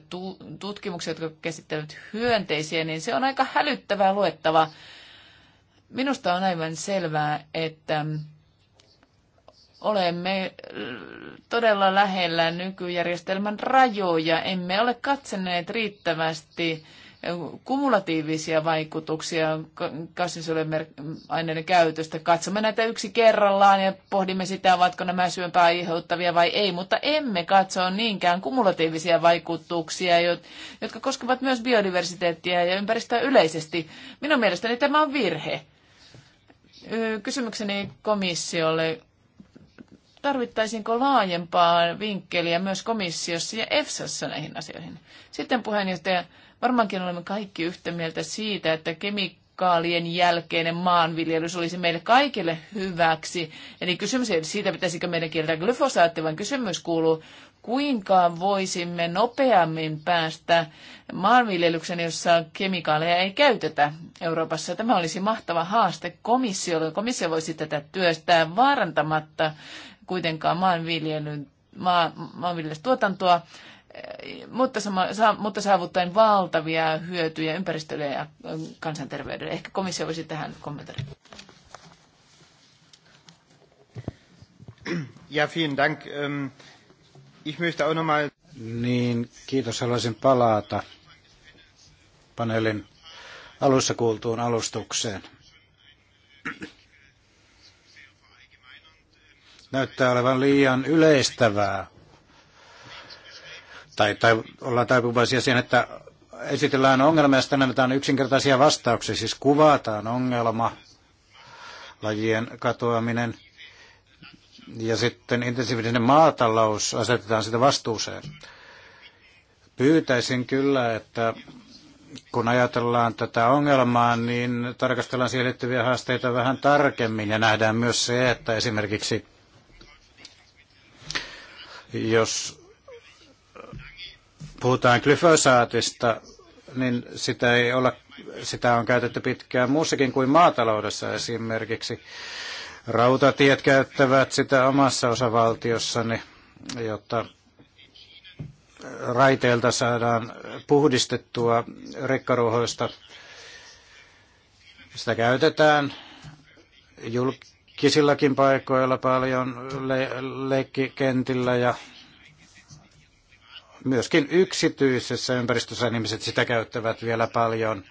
[SPEAKER 3] tutkimukset, jotka käsittävät hyönteisiä, niin se on aika hälyttävää luettava. Minusta on aivan selvää, että olemme todella lähellä nykyjärjestelmän rajoja. Emme ole katsoneet riittävästi kumulatiivisia vaikutuksia aineiden käytöstä. Katsomme näitä yksi kerrallaan ja pohdimme sitä, ovatko nämä syöpää aiheuttavia vai ei, mutta emme katso niinkään kumulatiivisia vaikutuksia, jotka koskevat myös biodiversiteettiä ja ympäristöä yleisesti. Minun mielestäni tämä on virhe. Kysymykseni komissiolle tarvittaisiinko laajempaa vinkkeliä myös komissiossa ja EFSassa näihin asioihin. Sitten puheenjohtaja Varmaankin olemme kaikki yhtä mieltä siitä, että kemikaalien jälkeinen maanviljelys olisi meille kaikille hyväksi. Eli kysymys ei ole siitä, pitäisikö meidän kieltää glyfosaatti, vaan kysymys kuuluu, kuinka voisimme nopeammin päästä maanviljelyksen, jossa kemikaaleja ei käytetä Euroopassa. Tämä olisi mahtava haaste komissiolle. Komissio voisi tätä työstää vaarantamatta kuitenkaan maanviljelyn, maa, maanviljelystuotantoa mutta, sama, sa, mutta saavuttaen valtavia hyötyjä ympäristölle ja kansanterveydelle. Ehkä komissio voisi tähän kommentoida.
[SPEAKER 2] Ja, vielen Dank. Ähm, ich möchte auch nochmal... Niin, kiitos. Haluaisin palata paneelin alussa kuultuun alustukseen. Näyttää olevan liian yleistävää tai, tai ollaan taipuvaisia siihen, että esitellään ongelmia ja sitten annetaan yksinkertaisia vastauksia, siis kuvataan ongelma, lajien katoaminen ja sitten intensiivinen maatalous asetetaan sitä vastuuseen. Pyytäisin kyllä, että kun ajatellaan tätä ongelmaa, niin tarkastellaan siihen liittyviä haasteita vähän tarkemmin ja nähdään myös se, että esimerkiksi jos puhutaan glyfosaatista, niin sitä, ei olla, sitä on käytetty pitkään muussakin kuin maataloudessa esimerkiksi. Rautatiet käyttävät sitä omassa osavaltiossani, jotta raiteilta saadaan puhdistettua rekkaruohoista. Sitä käytetään julkisillakin paikoilla paljon le- leikkikentillä ja myöskin yksityisessä ympäristössä ihmiset sitä käyttävät vielä paljon.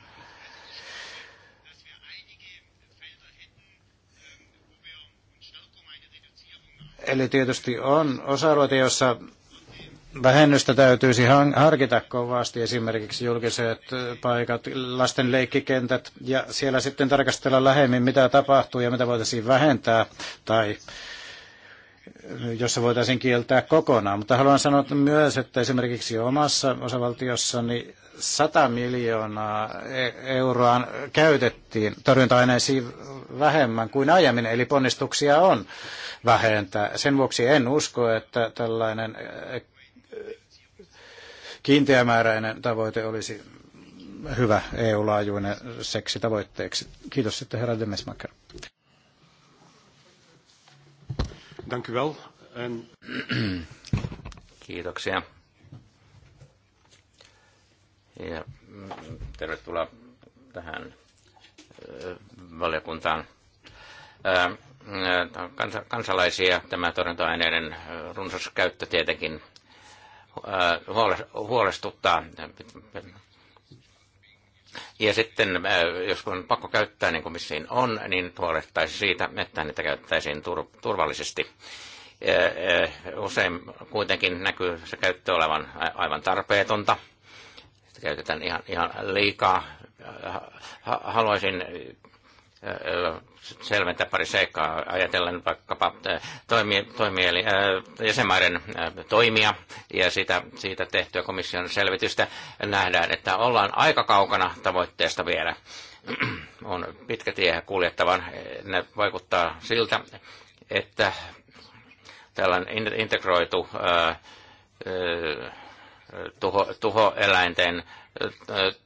[SPEAKER 2] Eli tietysti on osa-alueita, joissa vähennystä täytyisi harkita kovasti, esimerkiksi julkiset paikat, lasten leikkikentät, ja siellä sitten tarkastella lähemmin, mitä tapahtuu ja mitä voitaisiin vähentää tai jossa voitaisiin kieltää kokonaan. Mutta haluan sanoa myös, että esimerkiksi omassa osavaltiossani 100 miljoonaa e- euroa käytettiin torjunta-aineisiin vähemmän kuin aiemmin, eli ponnistuksia on vähentää. Sen vuoksi en usko, että tällainen e- kiinteämääräinen tavoite olisi hyvä EU-laajuinen seksi tavoitteeksi. Kiitos sitten herra Demesmaker.
[SPEAKER 1] Dank u wel. En... Kiitoksia. Ja mm, tervetuloa tähän valiokuntaan. Kansalaisia tämä torjunta-aineiden runsas käyttö tietenkin huolestuttaa. Ja sitten, äh, jos on pakko käyttää, niin kuin missiin on, niin huolehtaisi siitä, että niitä käyttäisiin tur- turvallisesti. Äh, äh, usein kuitenkin näkyy se käyttö olevan aivan tarpeetonta. Sitä käytetään ihan, ihan liikaa. Haluaisin selventää pari seikkaa. Ajatellen vaikkapa toimi, toimieli, jäsenmaiden toimia ja siitä, siitä tehtyä komission selvitystä nähdään, että ollaan aika kaukana tavoitteesta vielä. On pitkä tie kuljettavan. Ne vaikuttaa siltä, että tällainen integroitu tuho, tuhoeläinten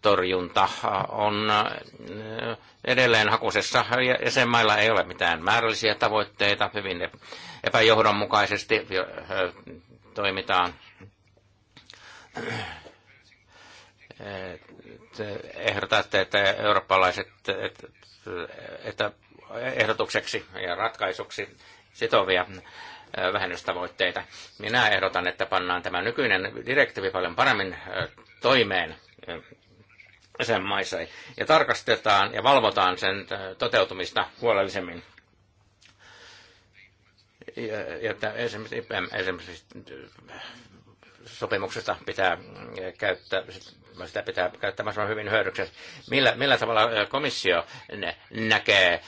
[SPEAKER 1] torjunta on eh, edelleen hakusessa. Jäsenmailla ei ole mitään määrällisiä tavoitteita, hyvin epäjohdonmukaisesti eh, toimitaan eh, ehdotatte, että eurooppalaiset, että ehdotukseksi ja ratkaisuksi sitovia vähennystavoitteita. Minä ehdotan, että pannaan tämä nykyinen direktiivi paljon paremmin toimeen sen maissa ja tarkastetaan ja valvotaan sen toteutumista huolellisemmin. Ja, ja että esimerkiksi, esimerkiksi sopimuksesta pitää käyttää, sitä pitää käyttää mahdollisimman hyvin hyödyksi. Millä, millä tavalla komissio näkee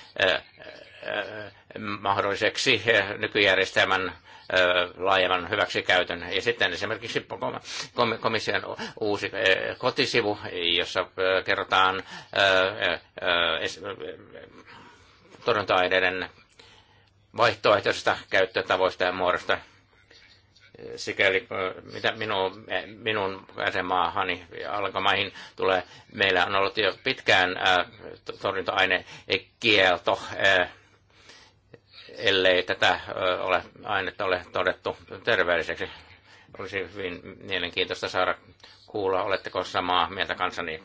[SPEAKER 1] mahdolliseksi nykyjärjestelmän laajemman hyväksikäytön. Ja sitten esimerkiksi komission uusi kotisivu, jossa kerrotaan torjunta-aineiden vaihtoehtoisista käyttötavoista ja muodosta. Sikäli mitä minun, minun jäsenmaahani ja alkamaihin tulee, meillä on ollut jo pitkään torjunta-ainekielto. Ää, ellei tätä ole, ainetta ole todettu terveelliseksi. Olisi hyvin mielenkiintoista saada kuulla, oletteko samaa mieltä kanssani.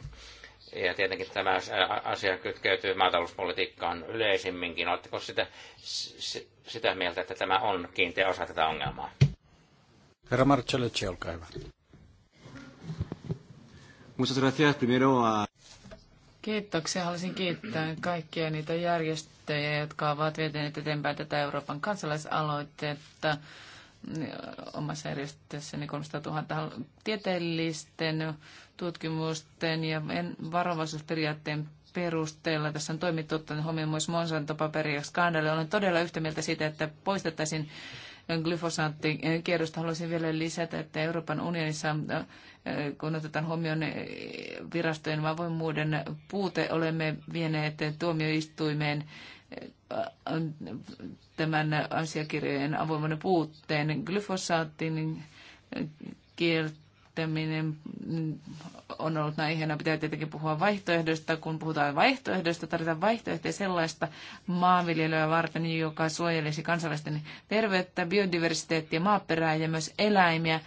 [SPEAKER 1] Ja tietenkin tämä asia kytkeytyy maatalouspolitiikkaan yleisimminkin. Oletteko sitä, sitä mieltä, että tämä on kiinteä osa tätä ongelmaa?
[SPEAKER 2] Herra Marcellecci, olkaa hyvä. Muchas gracias primero a...
[SPEAKER 3] Kiitoksia. Haluaisin kiittää kaikkia niitä järjestöjä, jotka ovat vieneet eteenpäin tätä Euroopan kansalaisaloitetta omassa järjestössäni 300 000 tieteellisten tutkimusten ja varovaisuusperiaatteen perusteella. Tässä on toimittu ottaen huomioon myös Monsanto-paperia skandaali. Olen todella yhtä mieltä siitä, että poistettaisiin glyfosaattikierrosta haluaisin vielä lisätä, että Euroopan unionissa, äh, kun otetaan huomioon äh, virastojen avoimuuden puute, olemme vieneet tuomioistuimeen äh, tämän asiakirjojen avoimuuden puutteen glyfosaattin kieltä käyttäminen on ollut aiheena. Pitää tietenkin puhua vaihtoehdosta. Kun puhutaan vaihtoehdosta, tarvitaan vaihtoehtoja sellaista maanviljelyä varten, joka suojelisi kansalaisten terveyttä, biodiversiteettiä, maaperää ja myös eläimiä.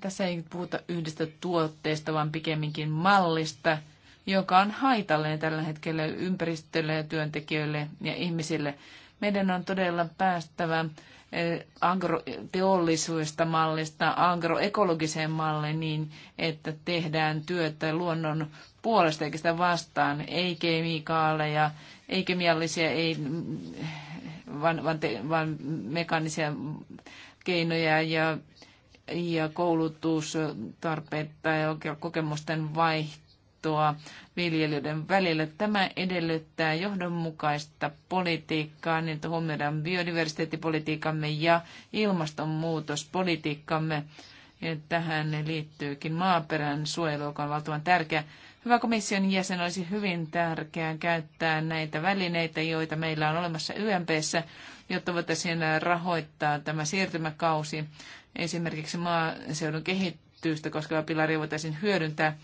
[SPEAKER 3] Tässä ei puhuta yhdestä tuotteesta, vaan pikemminkin mallista, joka on haitallinen tällä hetkellä ympäristölle ja työntekijöille ja ihmisille. Meidän on todella päästävä Eh, agroteollisuudesta mallista agroekologiseen malliin niin, että tehdään työtä luonnon puolesta eikä sitä vastaan, ei kemikaaleja, ei kemiallisia, ei, vaan, vaan, te, vaan mekaanisia keinoja ja, ja koulutustarpeita ja kokemusten vaihtoehtoja tietoa viljelijöiden välillä. Tämä edellyttää johdonmukaista politiikkaa, niin että huomioidaan biodiversiteettipolitiikkamme ja ilmastonmuutospolitiikkamme. Ja tähän liittyykin maaperän suojelu, joka on valtavan tärkeä. Hyvä komission jäsen, olisi hyvin tärkeää käyttää näitä välineitä, joita meillä on olemassa YMPssä, jotta voitaisiin rahoittaa tämä siirtymäkausi. Esimerkiksi maaseudun kehitystä koskeva pilari voitaisiin hyödyntää.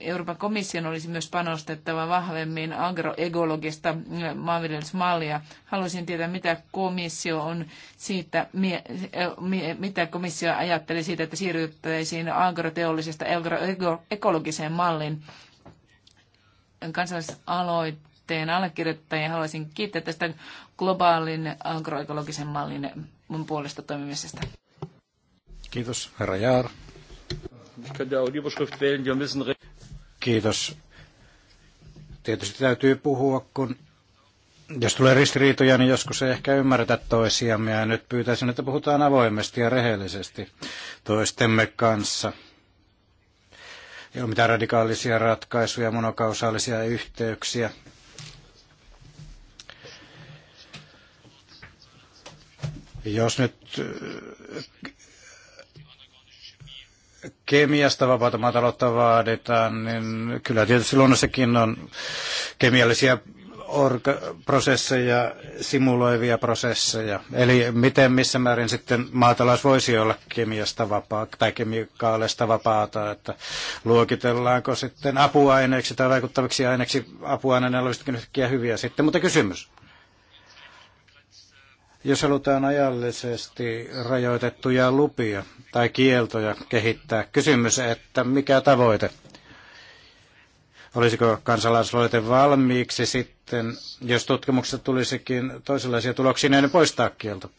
[SPEAKER 3] Euroopan komission olisi myös panostettava vahvemmin agroekologista mm, maanviljelysmallia. Haluaisin tietää, mitä komissio on siitä, mitä komissio ajatteli siitä, että siirryttäisiin agroteollisesta agroekologiseen malliin. Kansalaisaloitteen allekirjoittajia haluaisin kiittää tästä globaalin agroekologisen mallin mun puolesta toimimisesta.
[SPEAKER 2] Kiitos, herra Jaar. Kiitos. Tietysti täytyy puhua, kun jos tulee ristiriitoja, niin joskus ei ehkä ymmärretä toisiamme. Ja nyt pyytäisin, että puhutaan avoimesti ja rehellisesti toistemme kanssa. Ei ole mitään radikaalisia ratkaisuja, monokausaalisia yhteyksiä. Jos nyt kemiasta vapaata maataloutta vaaditaan, niin kyllä tietysti luonnossakin on kemiallisia orga- prosesseja, simuloivia prosesseja. Eli miten, missä määrin sitten maatalous voisi olla kemiasta vapaa tai kemikaaleista vapaata, että luokitellaanko sitten apuaineeksi tai vaikuttaviksi aineeksi apuaineena olisikin yhtäkkiä hyviä sitten. Mutta kysymys jos halutaan ajallisesti rajoitettuja lupia tai kieltoja kehittää. Kysymys, että mikä tavoite? Olisiko kansalaisaloite valmiiksi sitten, jos tutkimuksesta tulisikin toisenlaisia tuloksia, niin poistaa kielto?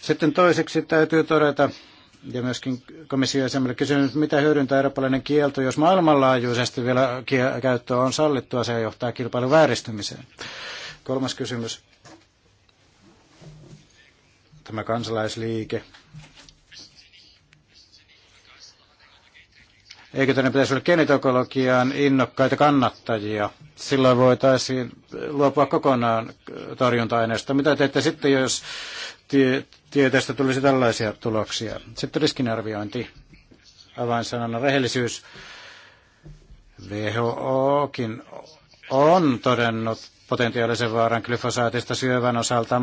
[SPEAKER 2] Sitten toiseksi täytyy todeta, ja myöskin komission jäsenelle kysynyt, mitä hyödyntää eurooppalainen kielto, jos maailmanlaajuisesti vielä käyttö on sallittua, se johtaa kilpailun vääristymiseen. Kolmas kysymys tämä kansalaisliike. Eikö tänne pitäisi olla genitokologiaan innokkaita kannattajia? Silloin voitaisiin luopua kokonaan torjunta-aineesta. Mitä teette sitten, jos tie- tieteestä tulisi tällaisia tuloksia? Sitten riskinarviointi. Avainsanana rehellisyys. WHOkin on todennut potentiaalisen vaaran glyfosaatista syövän osalta,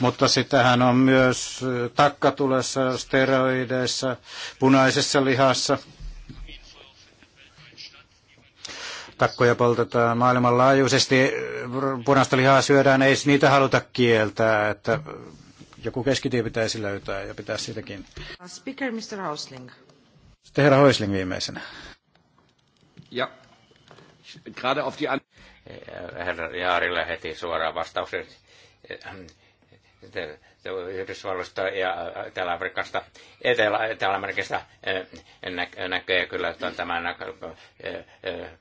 [SPEAKER 2] mutta sitähän on myös takkatulessa, steroideissa, punaisessa lihassa. Takkoja poltetaan maailmanlaajuisesti, punaista lihaa syödään, ei niitä haluta kieltää, että joku keskitie pitäisi löytää ja pitää siitäkin.
[SPEAKER 1] Uh, speaker Mr. Hausling.
[SPEAKER 2] Sitten herra Hausling viimeisenä.
[SPEAKER 1] Ja, gerade auf die... Herra Jaarille heti suoraan vastauksen Yhdysvalloista ja Etelä-Afrikasta, Etelä-Amerikasta näkee kyllä, että tämän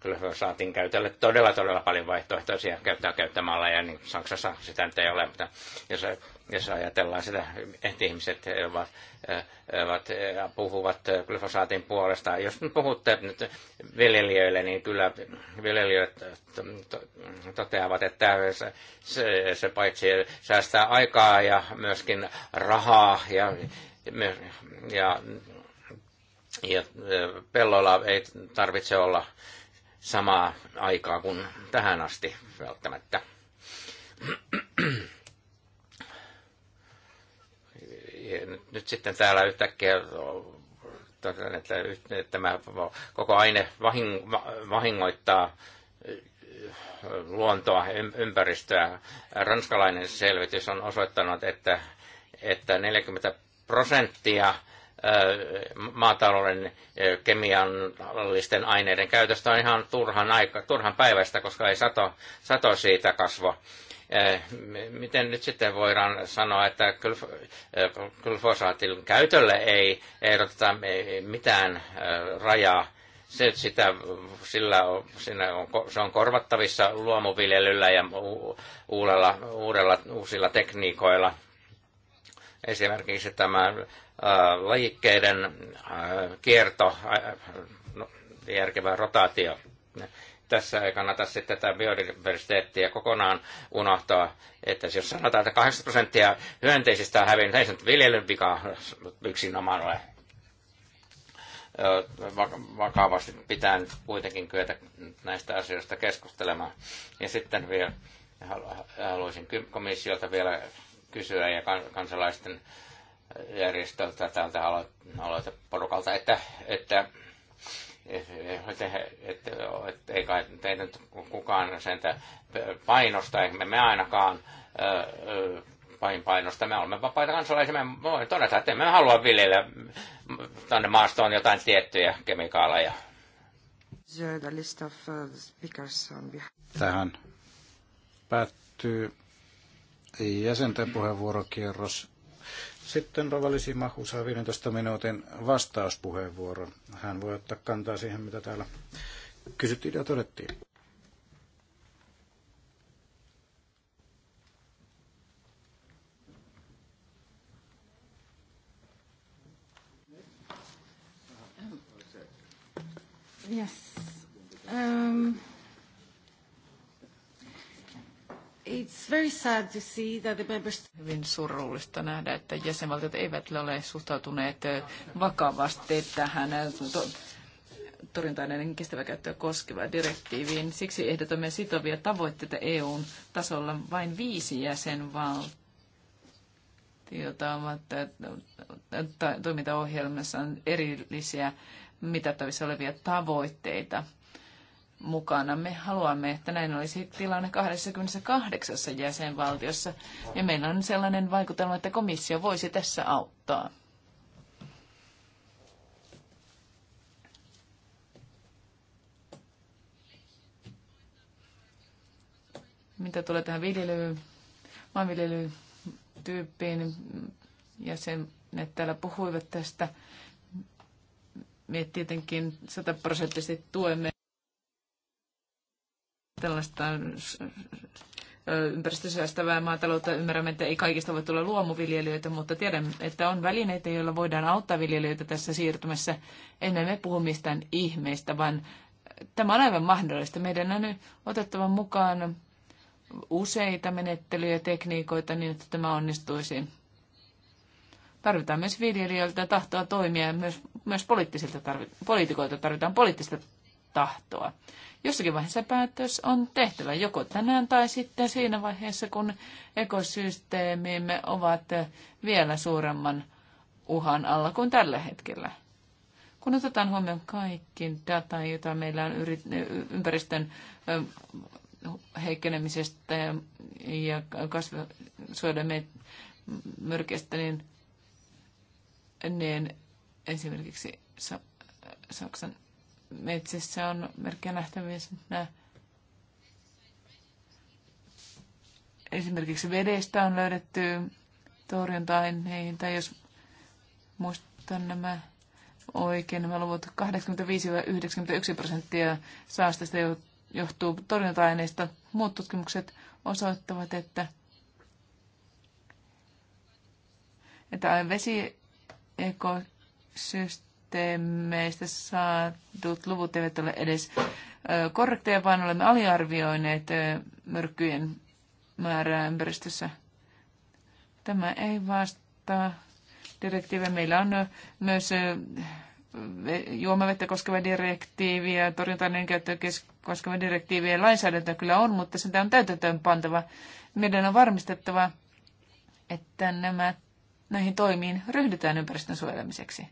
[SPEAKER 1] glyfosaatin käytölle todella, todella paljon vaihtoehtoisia käyttää käyttämällä, ja niin Saksassa sitä nyt ei ole, mutta jos jos ajatellaan sitä, että ihmiset ovat, ovat, puhuvat glyfosaatin puolesta. Jos nyt puhutte nyt viljelijöille, niin kyllä viljelijöt toteavat, että se, se, se paitsi säästää aikaa ja myöskin rahaa ja, ja, ja pelloilla ei tarvitse olla samaa aikaa kuin tähän asti välttämättä. nyt, nyt sitten täällä yhtäkkiä että tämä koko aine vahingoittaa luontoa, ympäristöä. Ranskalainen selvitys on osoittanut, että, että 40 prosenttia maatalouden kemiallisten aineiden käytöstä on ihan turhan, aika, turhan päivästä, koska ei sato, sato siitä kasvo. Eh, miten nyt sitten voidaan sanoa, että eh, glyfosaatin käytölle ei ehdoteta mitään eh, rajaa. Se, sitä, sillä on, on, se on korvattavissa luomuviljelyllä ja uudella, uudella, uusilla tekniikoilla. Esimerkiksi tämä ä, lajikkeiden ä, kierto, ä, no, järkevä rotaatio tässä ei kannata sitten tätä biodiversiteettiä kokonaan unohtaa. Että jos sanotaan, että 80 prosenttia hyönteisistä on hävinnyt, ei se nyt viljelyn vika yksinomaan ole. Vakavasti pitää nyt kuitenkin kyetä näistä asioista keskustelemaan. Ja sitten vielä haluaisin komissiolta vielä kysyä ja kansalaisten järjestöltä tältä aloiteporukalta, että, että että, että, että ei kai teitä nyt kukaan sen painosta, eikä me ainakaan pain painosta. Me olemme vapaita kansalaisia. Me voimme todeta, että emme halua viljellä tuonne maastoon jotain tiettyjä kemikaaleja.
[SPEAKER 2] Tähän päättyy jäsenten puheenvuorokierros. Sitten Rovallisi Mahu saa 15 minuutin vastauspuheenvuoron. Hän voi ottaa kantaa siihen, mitä täällä kysyttiin ja todettiin.
[SPEAKER 3] Yes. Um, It's very sad to see that the Hyvin surullista nähdä, että jäsenvaltiot eivät ole suhtautuneet eh, vakavasti tähän eh, to- torjunta-aineiden kestävä käyttöä koskevaan direktiiviin. Siksi ehdotamme sitovia tavoitteita EUn tasolla vain viisi jäsenvaltiota jota ovat eh, toimintaohjelmassa on erillisiä mitattavissa olevia tavoitteita mukana. Me haluamme, että näin olisi tilanne 28 jäsenvaltiossa, ja meillä on sellainen vaikutelma, että komissio voisi tässä auttaa. Mitä tulee tähän viljelyyn, maanviljelytyyppiin, ja sen, että täällä puhuivat tästä, me tietenkin sataprosenttisesti tuemme tällaista ympäristösäästävää maataloutta. Ymmärrämme, että ei kaikista voi tulla luomuviljelijöitä, mutta tiedän, että on välineitä, joilla voidaan auttaa viljelijöitä tässä siirtymässä. Emme me puhu mistään ihmeistä, vaan tämä on aivan mahdollista. Meidän on nyt otettava mukaan useita menettelyjä ja tekniikoita niin, että tämä onnistuisi. Tarvitaan myös viljelijöiltä tahtoa toimia ja myös, myös poliittisilta tarvi, poliitikoilta tarvitaan poliittista tahtoa. Jossakin vaiheessa päätös on tehtävä joko tänään tai sitten siinä vaiheessa, kun ekosysteemimme ovat vielä suuremman uhan alla kuin tällä hetkellä. Kun otetaan huomioon kaikki data, jota meillä on ympäristön heikkenemisestä ja myrkestä, niin, niin esimerkiksi Saksan metsissä on merkkejä nähtävissä, että esimerkiksi vedestä on löydetty torjunta-aineita, jos muistan nämä oikein, nämä luvut 85-91 prosenttia saasteista johtuu torjunta-aineista. Muut tutkimukset osoittavat, että, että vesi ekosysteemi meistä tuot luvut eivät ole edes korrekteja, vaan olemme aliarvioineet myrkkyjen määrää ympäristössä. Tämä ei vastaa direktiiviä. Meillä on myös juomavettä koskeva direktiivi ja torjuntainen käyttöä koskeva direktiivi ja lainsäädäntö kyllä on, mutta sitä on täytäntöön pantava. Meidän on varmistettava, että nämä, näihin toimiin ryhdytään ympäristön suojelemiseksi.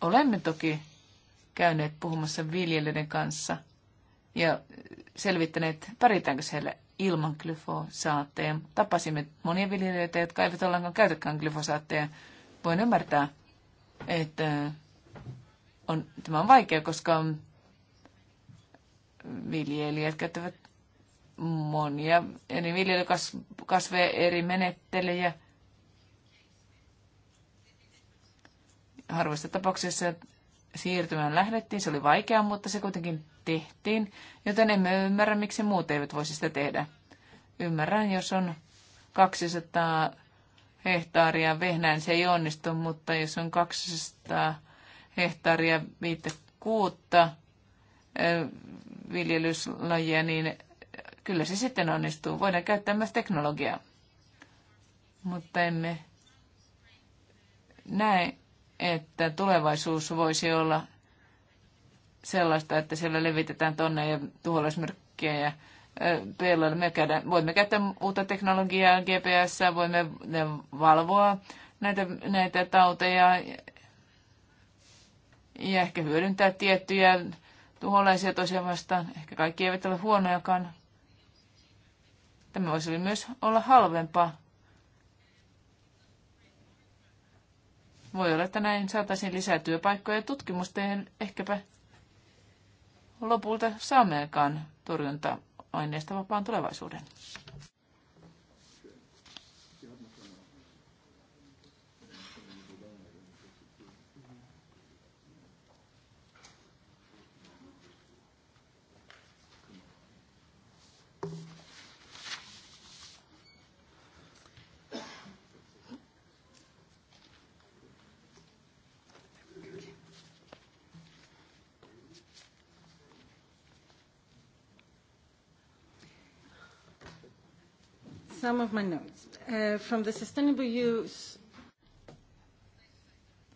[SPEAKER 3] Olemme toki käyneet puhumassa viljelijöiden kanssa ja selvittäneet, pärjätäänkö heille ilman glyfosaatteja. Tapasimme monia viljelijöitä, jotka eivät ollenkaan käytäkään glyfosaatteja. Voin ymmärtää, että on, tämä on vaikea, koska viljelijät käyttävät monia eri viljelykasveja, eri menettelyjä – harvoissa tapauksissa siirtymään lähdettiin. Se oli vaikeaa, mutta se kuitenkin tehtiin, joten emme ymmärrä, miksi muut eivät voisi sitä tehdä. Ymmärrän, jos on 200 hehtaaria vehnään, se ei onnistu, mutta jos on 200 hehtaaria viite kuutta viljelyslajia, niin kyllä se sitten onnistuu. Voidaan käyttää myös teknologiaa, mutta emme näe että tulevaisuus voisi olla sellaista, että siellä levitetään tonne ja tuholaismyrkkiä ja pelloilla. Me käydään, voimme käyttää uutta teknologiaa, GPS, voimme valvoa näitä, näitä tauteja ja ehkä hyödyntää tiettyjä tuholaisia tosiaan vastaan. Ehkä kaikki eivät ole huonojakaan. Tämä voisi myös olla halvempaa Voi olla, että näin saataisiin lisää työpaikkoja tutkimusta ja ehkäpä lopulta saammekaan torjunta-aineesta vapaan tulevaisuuden. some of my notes. Uh, from the sustainable use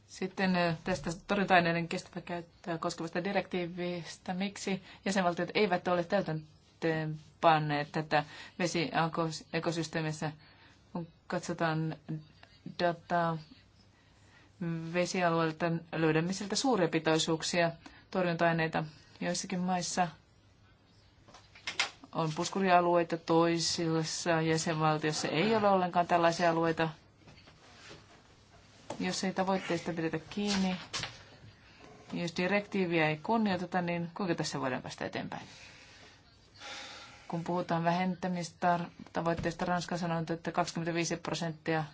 [SPEAKER 3] sitten uh, tästä torjunta-aineiden kestävä käyttöä koskevasta direktiivistä, miksi jäsenvaltiot eivät ole täytäntöön panneet tätä vesiekosysteemissä, kun katsotaan dataa vesialueelta löydämme sieltä suuria pitoisuuksia torjunta-aineita. Joissakin maissa on puskurialueita toisissa jäsenvaltioissa ei ole ollenkaan tällaisia alueita. Jos ei tavoitteista pidetä kiinni, jos direktiiviä ei kunnioiteta, niin kuinka tässä voidaan päästä eteenpäin? Kun puhutaan vähentämistä tavoitteista, Ranska sanoi, että 25 prosenttia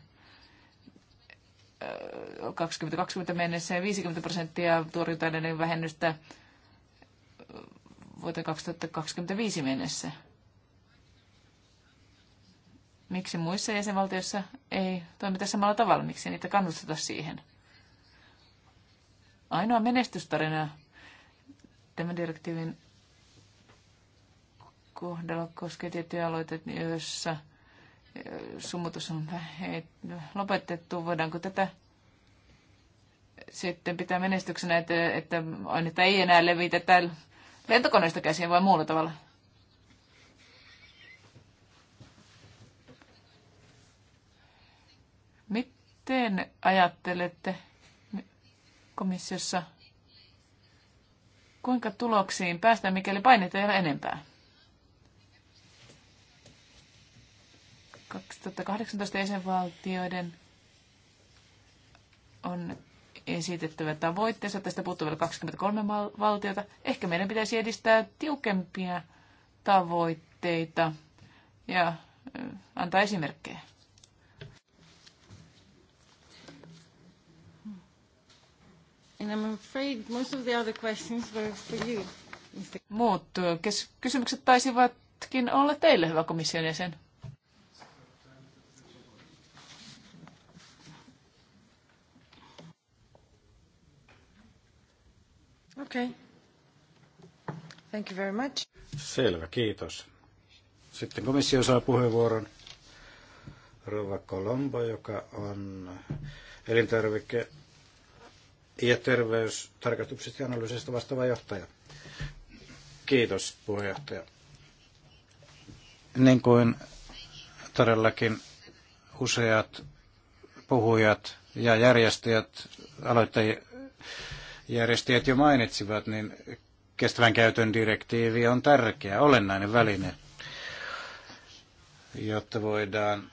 [SPEAKER 3] 2020 mennessä ja 50 prosenttia torjunta vähennystä vuoteen 2025 mennessä. Miksi muissa jäsenvaltioissa ei toimita samalla tavalla? Miksi niitä kannusteta siihen? Ainoa menestystarina tämän direktiivin kohdalla koskee tiettyjä aloita, joissa eh, sumutus on lopetettu. Voidaanko tätä sitten pitää menestyksenä, että, että ainetta ei enää levitetä Lentokoneista käsin vai muulla tavalla? Miten ajattelette komissiossa, kuinka tuloksiin päästään, mikäli painetta ei ole enempää? 2018 jäsenvaltioiden on esitettävä tavoitteensa. Tästä puuttuu vielä 23 valtiota. Ehkä meidän pitäisi edistää tiukempia tavoitteita ja antaa esimerkkejä. And I'm afraid most of the other questions were for you. Muut kysymykset taisivatkin olla teille, hyvä komission jäsen. Okay. Thank you very much.
[SPEAKER 2] Selvä, kiitos. Sitten komissio saa puheenvuoron. Rova Colombo, joka on elintarvike- ja terveystarkastuksesta ja analyysistä vastaava johtaja. Kiitos puheenjohtaja. Niin kuin todellakin useat puhujat ja järjestäjät aloittajat järjestäjät jo mainitsivat, niin kestävän käytön direktiivi on tärkeä, olennainen väline, jotta voidaan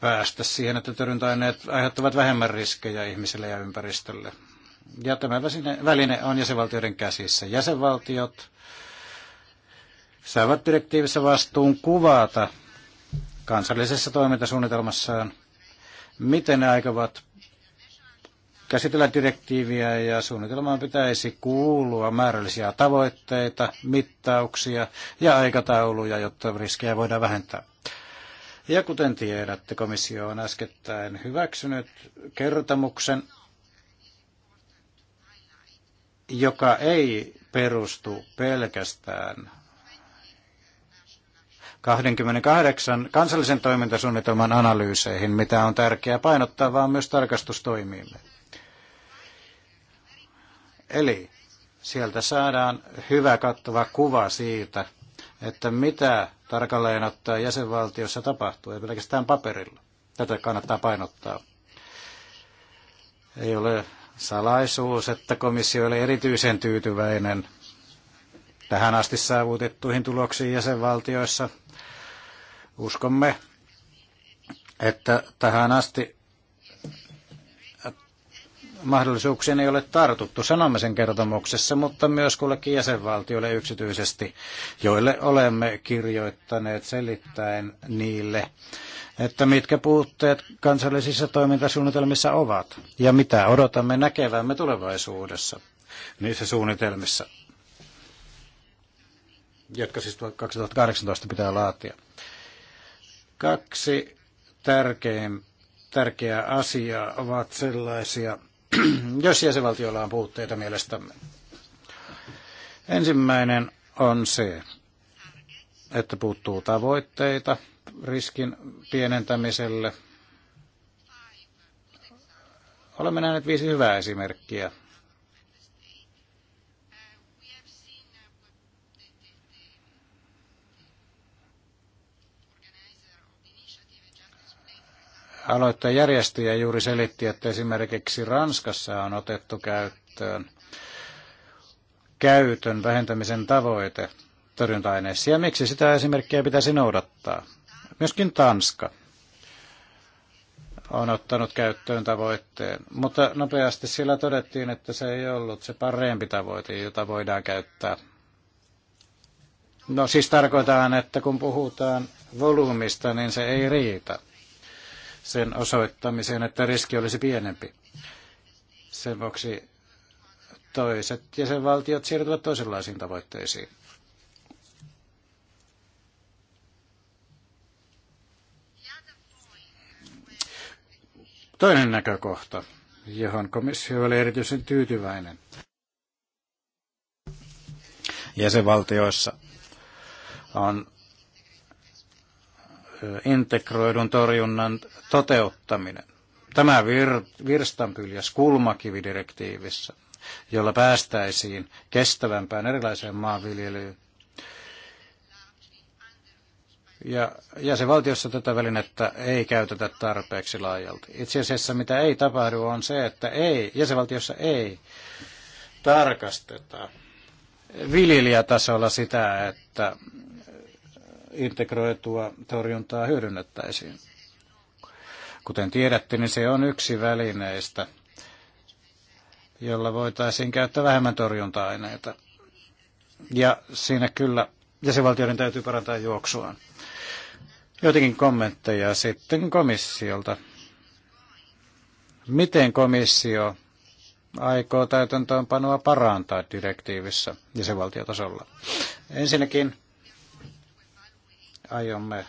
[SPEAKER 2] päästä siihen, että törjyntäaineet aiheuttavat vähemmän riskejä ihmisille ja ympäristölle. Ja tämä väline on jäsenvaltioiden käsissä. Jäsenvaltiot saavat direktiivissä vastuun kuvata kansallisessa toimintasuunnitelmassaan, miten ne aikovat käsitellä direktiiviä ja suunnitelmaan pitäisi kuulua määrällisiä tavoitteita, mittauksia ja aikatauluja, jotta riskejä voidaan vähentää. Ja kuten tiedätte, komissio on äskettäin hyväksynyt kertomuksen, joka ei perustu pelkästään 28 kansallisen toimintasuunnitelman analyyseihin, mitä on tärkeää painottaa, vaan myös tarkastustoimiimme. Eli sieltä saadaan hyvä kattava kuva siitä, että mitä tarkalleen ottaen jäsenvaltiossa tapahtuu, ei pelkästään paperilla. Tätä kannattaa painottaa. Ei ole salaisuus, että komissio oli erityisen tyytyväinen tähän asti saavutettuihin tuloksiin jäsenvaltioissa. Uskomme, että tähän asti mahdollisuuksiin ei ole tartuttu, sanomme sen kertomuksessa, mutta myös kullekin jäsenvaltiolle yksityisesti, joille olemme kirjoittaneet selittäen niille, että mitkä puutteet kansallisissa toimintasuunnitelmissa ovat ja mitä odotamme näkevämme tulevaisuudessa niissä suunnitelmissa, jotka siis 2018 pitää laatia. Kaksi tärkein, tärkeää asiaa ovat sellaisia, jos jäsenvaltioilla on puutteita mielestämme. Ensimmäinen on se, että puuttuu tavoitteita riskin pienentämiselle. Olemme nähneet viisi hyvää esimerkkiä aloitteen järjestäjä juuri selitti, että esimerkiksi Ranskassa on otettu käyttöön käytön vähentämisen tavoite torjunta-aineissa ja miksi sitä esimerkkiä pitäisi noudattaa. Myöskin Tanska on ottanut käyttöön tavoitteen, mutta nopeasti sillä todettiin, että se ei ollut se parempi tavoite, jota voidaan käyttää. No siis tarkoitaan, että kun puhutaan volyymista, niin se ei riitä sen osoittamiseen, että riski olisi pienempi. Sen vuoksi toiset jäsenvaltiot siirtyvät toisenlaisiin tavoitteisiin. Toinen näkökohta, johon komissio oli erityisen tyytyväinen jäsenvaltioissa, on integroidun torjunnan toteuttaminen. Tämä vir- virstanpyljas kulmakividirektiivissä, jolla päästäisiin kestävämpään erilaiseen maanviljelyyn. Ja jäsenvaltiossa tätä välinettä ei käytetä tarpeeksi laajalti. Itse asiassa mitä ei tapahdu on se, että ei, jäsenvaltiossa ei tarkasteta viljelijätasolla sitä, että integroitua torjuntaa hyödynnettäisiin. Kuten tiedätte, niin se on yksi välineistä, jolla voitaisiin käyttää vähemmän torjunta-aineita. Ja siinä kyllä jäsenvaltioiden täytyy parantaa juoksuaan. Jotenkin kommentteja sitten komissiolta. Miten komissio aikoo täytäntöönpanoa parantaa direktiivissä jäsenvaltiotasolla? Ensinnäkin aiomme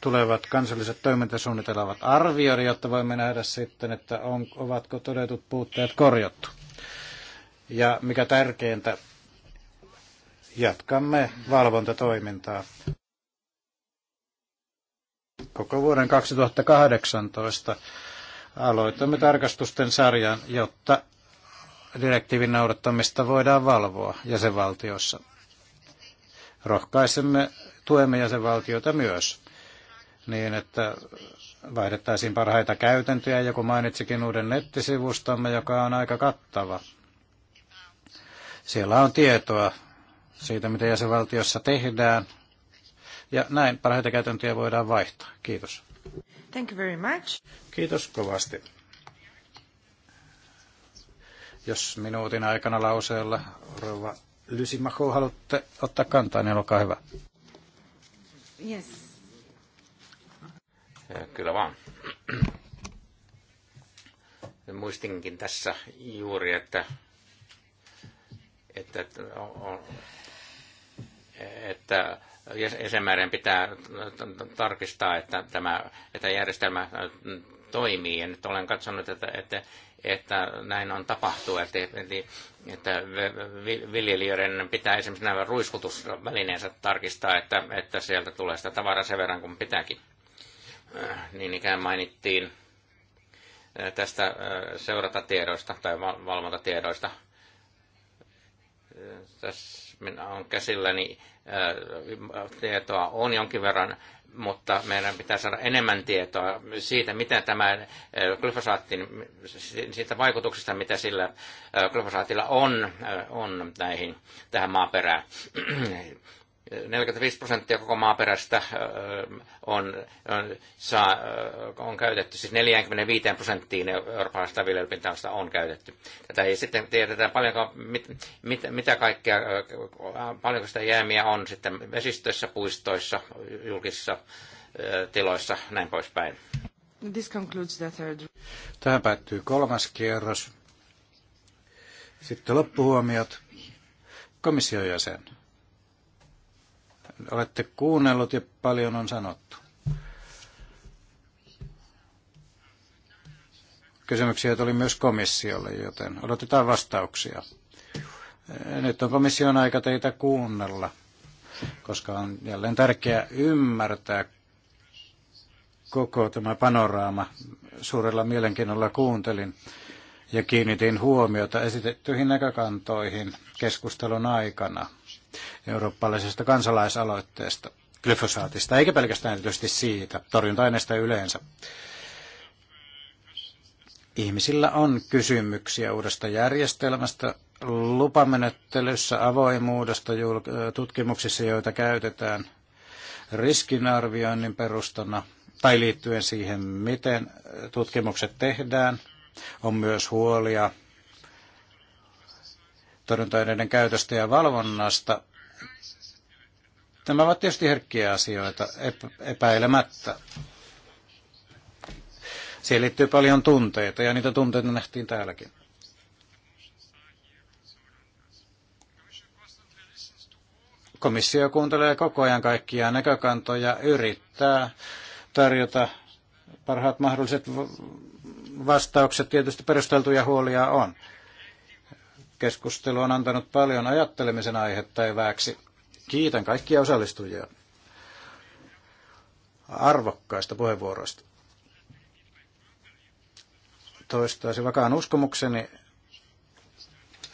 [SPEAKER 2] tulevat kansalliset toimintasuunnitelmat arvioida, jotta voimme nähdä sitten, että on, ovatko todetut puutteet korjattu. Ja mikä tärkeintä, jatkamme valvontatoimintaa. Koko vuoden 2018 aloitamme tarkastusten sarjan, jotta direktiivin noudattamista voidaan valvoa jäsenvaltiossa rohkaisemme, tuemme jäsenvaltiota myös niin, että vaihdettaisiin parhaita käytäntöjä. Joku mainitsikin uuden nettisivustamme, joka on aika kattava. Siellä on tietoa siitä, mitä jäsenvaltiossa tehdään. Ja näin parhaita käytäntöjä voidaan vaihtaa. Kiitos.
[SPEAKER 3] Thank you very much.
[SPEAKER 2] Kiitos kovasti. Jos minuutin aikana lauseella rouva Lysimaho, haluatte ottaa kantaa, niin olkaa hyvä.
[SPEAKER 1] Yes. Kyllä vaan. Muistinkin tässä juuri, että, että, että jäsenmäärän pitää tarkistaa, että tämä että järjestelmä toimii. Ja nyt olen katsonut, että, että että näin on tapahtuu, että, että viljelijöiden pitää esimerkiksi nämä ruiskutusvälineensä tarkistaa, että, että sieltä tulee sitä tavaraa sen verran kuin pitääkin. Äh, niin ikään mainittiin äh, tästä äh, seuratatiedoista tai valvontatiedoista. Tässä minä on käsilläni, äh, tietoa on jonkin verran, mutta meidän pitää saada enemmän tietoa siitä, mitä tämä äh, glyfosaattin, siitä vaikutuksista, mitä sillä äh, glyfosaatilla on, on näihin, tähän maaperään. 45 prosenttia koko maaperästä on, on, saa, on käytetty, siis 45 prosenttiin eurooppalaisesta viljelypinta on käytetty. Tätä ei sitten tiedetä paljonko, mit, mit, mitä kaikkea, paljonko sitä jäämiä on sitten vesistöissä, puistoissa, julkisissa tiloissa, näin poispäin.
[SPEAKER 3] This concludes the third.
[SPEAKER 2] Tähän päättyy kolmas kierros. Sitten loppuhuomiot. Komission jäsen. Olette kuunnellut ja paljon on sanottu. Kysymyksiä tuli myös komissiolle, joten odotetaan vastauksia. Eh, nyt on komission aika teitä kuunnella, koska on jälleen tärkeää ymmärtää koko tämä panoraama. Suurella mielenkiinnolla kuuntelin ja kiinnitin huomiota esitettyihin näkökantoihin keskustelun aikana eurooppalaisesta kansalaisaloitteesta glyfosaatista, eikä pelkästään erityisesti siitä, torjunta aineesta yleensä. Ihmisillä on kysymyksiä uudesta järjestelmästä, lupamenettelyssä, avoimuudesta, tutkimuksissa, joita käytetään riskinarvioinnin perustana tai liittyen siihen, miten tutkimukset tehdään. On myös huolia torjunta-aineiden käytöstä ja valvonnasta. Nämä ovat tietysti herkkiä asioita, epäilemättä. Siihen liittyy paljon tunteita, ja niitä tunteita nähtiin täälläkin. Komissio kuuntelee koko ajan kaikkia näkökantoja, yrittää tarjota parhaat mahdolliset vastaukset. Tietysti perusteltuja huolia on. Keskustelu on antanut paljon ajattelemisen aihetta evääksi. Kiitän kaikkia osallistujia arvokkaista puheenvuoroista. Toistaisin vakaan uskomukseni,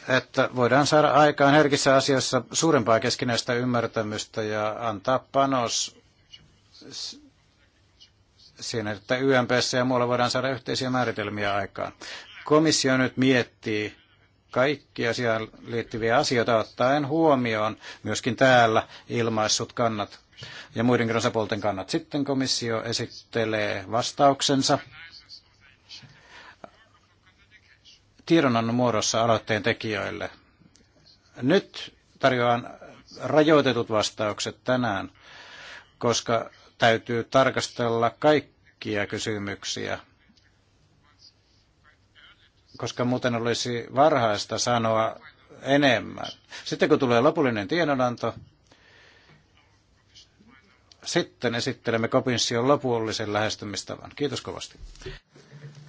[SPEAKER 2] että voidaan saada aikaan herkissä asioissa suurempaa keskinäistä ymmärtämystä ja antaa panos siinä, että YMPssä ja muualla voidaan saada yhteisiä määritelmiä aikaan. Komissio nyt miettii kaikki asiaan liittyviä asioita ottaen huomioon myöskin täällä ilmaissut kannat ja muidenkin osapuolten kannat. Sitten komissio esittelee vastauksensa tiedonannon muodossa aloitteen tekijöille. Nyt tarjoan rajoitetut vastaukset tänään, koska täytyy tarkastella kaikkia kysymyksiä koska muuten olisi varhaista sanoa enemmän. Sitten kun tulee lopullinen tiedonanto, sitten esittelemme komission lopullisen lähestymistavan. Kiitos kovasti.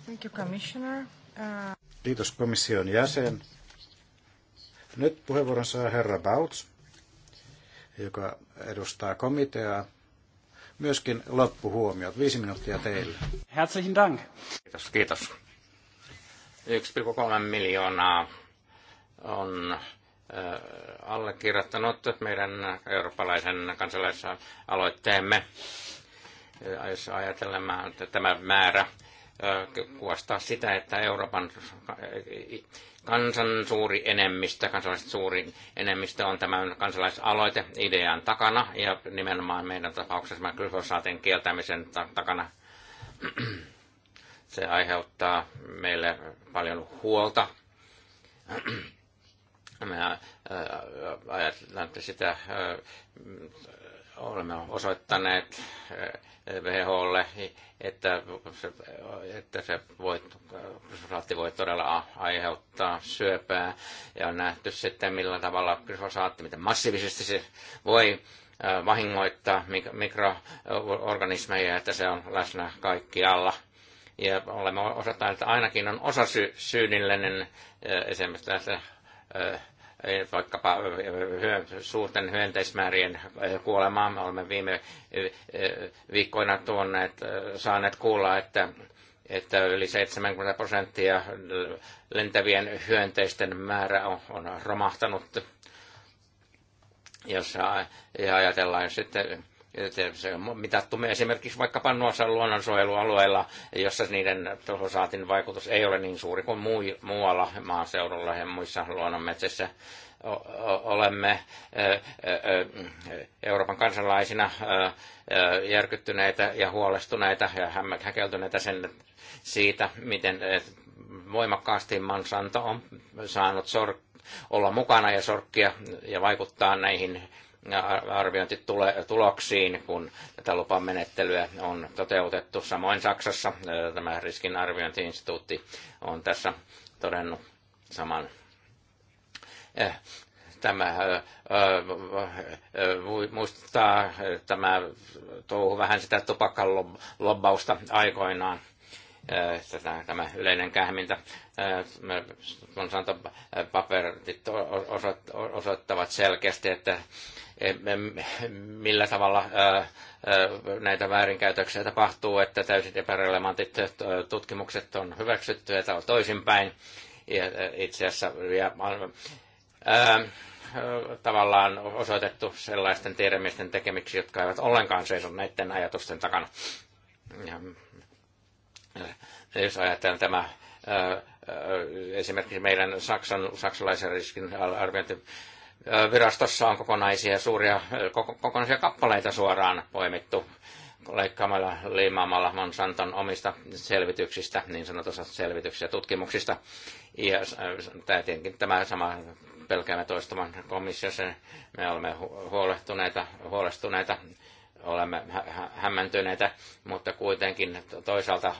[SPEAKER 1] Thank you, Commissioner. Uh...
[SPEAKER 2] Kiitos komission jäsen. Nyt puheenvuoron saa herra Bautz, joka edustaa komiteaa. Myöskin loppuhuomiot. Viisi minuuttia teille. Herzlichen Dank. Kiitos, kiitos.
[SPEAKER 1] 1,3 miljoonaa on äh, allekirjoittanut meidän eurooppalaisen kansalaisaloitteemme. Äh, jos ajatellaan tämä määrä, äh, kuvastaa sitä, että Euroopan kansan suuri enemmistö, kansalaiset suuri enemmistö on tämän kansalaisaloite idean takana ja nimenomaan meidän tapauksessa glyfosaatin kieltämisen takana. Se aiheuttaa meille paljon huolta. Me äh, äh, ajatellaan, että sitä äh, olemme osoittaneet WHOlle, että se, että se voi, voi todella aiheuttaa syöpää. Ja on nähty sitten, millä tavalla glyfosaatti, miten massiivisesti se voi vahingoittaa mikroorganismeja, että se on läsnä kaikkialla – ja olemme osataan, että ainakin on osa sy- syynillinen esimerkiksi tässä vaikkapa suurten hyönteismäärien kuolemaan. Me olemme viime viikkoina tuoneet, saaneet kuulla, että, että yli 70 prosenttia lentävien hyönteisten määrä on, on romahtanut. Jos ja ajatellaan sitten mitattu esimerkiksi vaikkapa noissa luonnonsuojelualueilla, jossa niiden tuhosaatin vaikutus ei ole niin suuri kuin muualla maaseudulla ja muissa luonnonmetsissä olemme Euroopan kansalaisina järkyttyneitä ja huolestuneita ja häkeltyneitä sen siitä, miten voimakkaasti Monsanto on saanut sor- olla mukana ja sorkkia ja vaikuttaa näihin arviointituloksiin, kun tätä lupamenettelyä on toteutettu. Samoin Saksassa tämä riskinarviointiinstituutti on tässä todennut saman. Tämä muistuttaa tämä touhu vähän sitä tupakkalobbausta aikoinaan tämä yleinen kähmintä, paperit osoittavat selkeästi, että millä tavalla näitä väärinkäytöksiä tapahtuu, että täysin epärelevantit tutkimukset on hyväksytty ja toisinpäin. itse asiassa ja, ää, tavallaan osoitettu sellaisten tiedemiesten tekemiksi, jotka eivät ollenkaan seiso näiden ajatusten takana. Ja jos ajatellaan tämä esimerkiksi meidän Saksan, saksalaisen riskin arviointi, virastossa on kokonaisia suuria, kokonaisia kappaleita suoraan poimittu leikkaamalla, liimaamalla Monsanton omista selvityksistä, niin sanotusta selvityksistä ja tutkimuksista. Ja tämä tietenkin tämä sama pelkäämme toistamaan komissiossa. Me olemme huolestuneita, huolestuneita olemme hä- hämmentyneitä, mutta kuitenkin toisaalta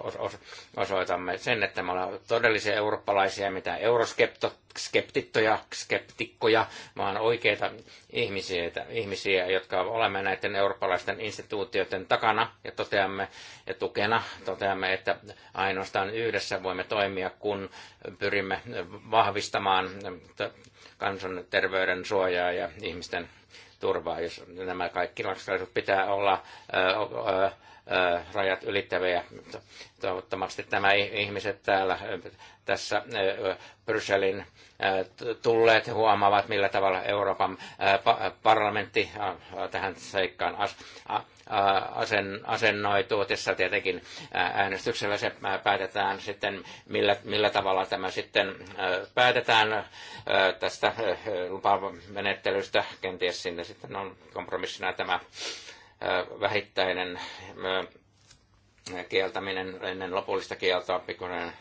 [SPEAKER 1] osoitamme sen, että me ollaan todellisia eurooppalaisia, mitä euroskeptittoja, skeptikkoja, vaan oikeita ihmisiä, ihmisiä, jotka olemme näiden eurooppalaisten instituutioiden takana ja toteamme ja tukena toteamme, että ainoastaan yhdessä voimme toimia, kun pyrimme vahvistamaan kansanterveyden suojaa ja ihmisten turvaa, jos nämä kaikki ratkaisut pitää olla ää, ää, rajat ylittäviä. Toivottavasti nämä ihmiset täällä tässä Brysselin tulleet huomaavat, millä tavalla Euroopan parlamentti tähän seikkaan Äh, asen, asennoituu. Tässä tietenkin äh, äänestyksellä se äh, päätetään sitten, millä, millä tavalla tämä sitten päätetään tästä lupamenettelystä. Kenties sinne sitten on kompromissina tämä vähittäinen kieltäminen ennen lopullista kieltoa, pikkuinen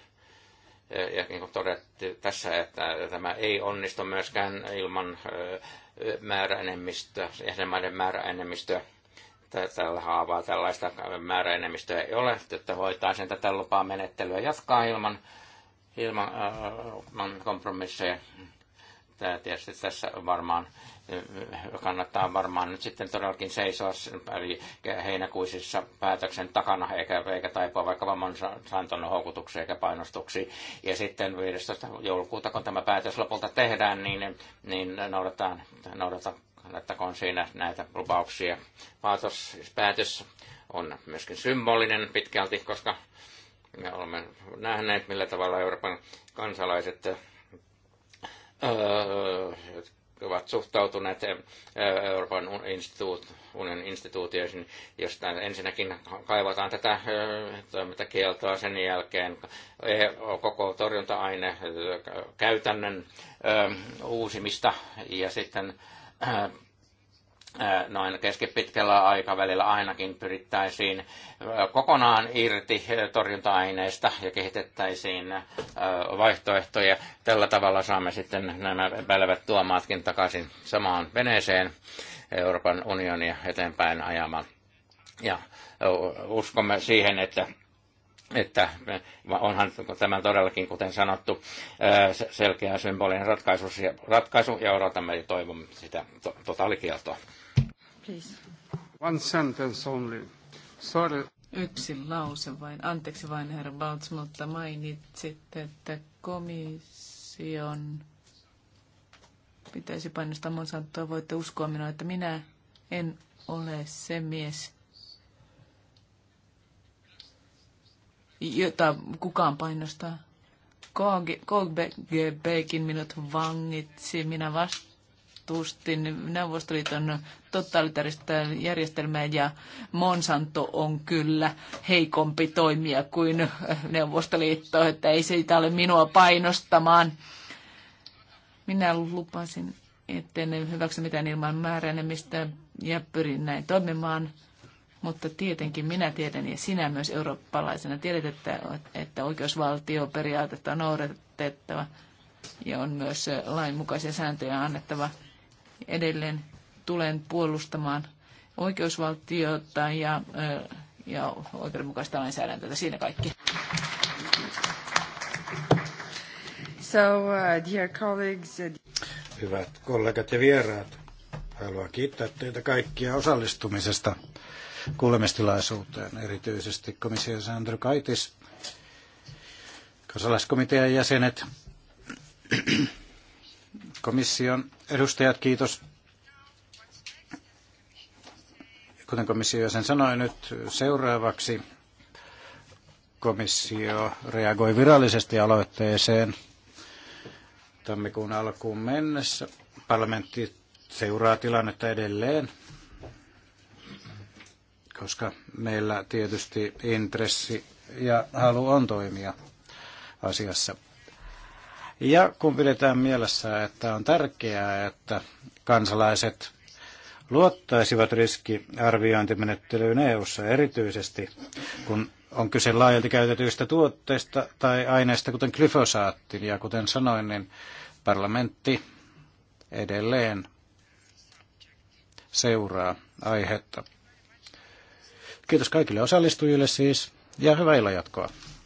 [SPEAKER 1] ja niin kuin todettiin tässä, että tämä ei onnistu myöskään ilman määräenemmistöä, jäsenmaiden määräenemmistöä tällä haavaa tällaista määräenemmistöä ei ole, että hoitaa sen tätä lupaa menettelyä jatkaa ilman, ilman äh, kompromisseja tietysti tässä varmaan kannattaa varmaan nyt sitten todellakin seisoa eli heinäkuisissa päätöksen takana, eikä, eikä taipua vaikka Monsanton houkutuksiin eikä painostuksiin. Ja sitten 15. joulukuuta, kun tämä päätös lopulta tehdään, niin, niin noudataan, noudata, kannattakoon siinä näitä lupauksia. Päätös, siis päätös on myöskin symbolinen pitkälti, koska me olemme nähneet, millä tavalla Euroopan kansalaiset Öö, jotka ovat suhtautuneet öö, Euroopan unionin instituutioihin, josta ensinnäkin kaivataan tätä öö, toimintakieltoa, sen jälkeen e koko torjunta-aine käytännön uusimista ja sitten noin keskipitkällä aikavälillä ainakin pyrittäisiin kokonaan irti torjunta-aineista ja kehitettäisiin vaihtoehtoja. Tällä tavalla saamme sitten nämä välevät tuomaatkin takaisin samaan veneeseen Euroopan unionia eteenpäin ajamaan. Ja uskomme siihen, että että onhan tämä todellakin, kuten sanottu, selkeä symbolinen ratkaisu, ratkaisu ja odotamme ja toivomme sitä totaalikieltoa
[SPEAKER 3] please. One sentence only. Sorry. Yksi lause vain. Anteeksi vain, herra Baltz, mutta mainitsitte, että komission pitäisi painostaa Monsantoa. Voitte uskoa minua, että minä en ole se mies, jota kukaan painostaa. KGBkin minut vangitsi. Minä vasta vastusti niin Neuvostoliiton totalitaarista järjestelmää ja Monsanto on kyllä heikompi toimija kuin Neuvostoliitto, että ei siitä ole minua painostamaan. Minä lupasin, etten hyväksy mitään ilman määränemistä ja pyrin näin toimimaan. Mutta tietenkin minä tiedän ja sinä myös eurooppalaisena tiedät, että, että oikeusvaltioperiaatetta on noudatettava ja on myös lainmukaisia sääntöjä annettava edelleen tulen puolustamaan oikeusvaltiota ja, ja oikeudenmukaista lainsäädäntöä. Siinä kaikki. So, uh, dear colleagues,
[SPEAKER 2] uh, Hyvät kollegat ja vieraat, haluan kiittää teitä kaikkia osallistumisesta kuulemistilaisuuteen, erityisesti komission Sandro Kaitis, kansalaiskomitean jäsenet, Komission edustajat, kiitos. Kuten komissio sen sanoi, nyt seuraavaksi komissio reagoi virallisesti aloitteeseen tammikuun alkuun mennessä. Parlamentti seuraa tilannetta edelleen, koska meillä tietysti intressi ja halu on toimia asiassa. Ja kun pidetään mielessä, että on tärkeää, että kansalaiset luottaisivat riskiarviointimenettelyyn EU-ssa erityisesti, kun on kyse laajalti käytetyistä tuotteista tai aineista, kuten glyfosaatti. Ja kuten sanoin, niin parlamentti edelleen seuraa aihetta. Kiitos kaikille osallistujille siis ja hyvää illanjatkoa.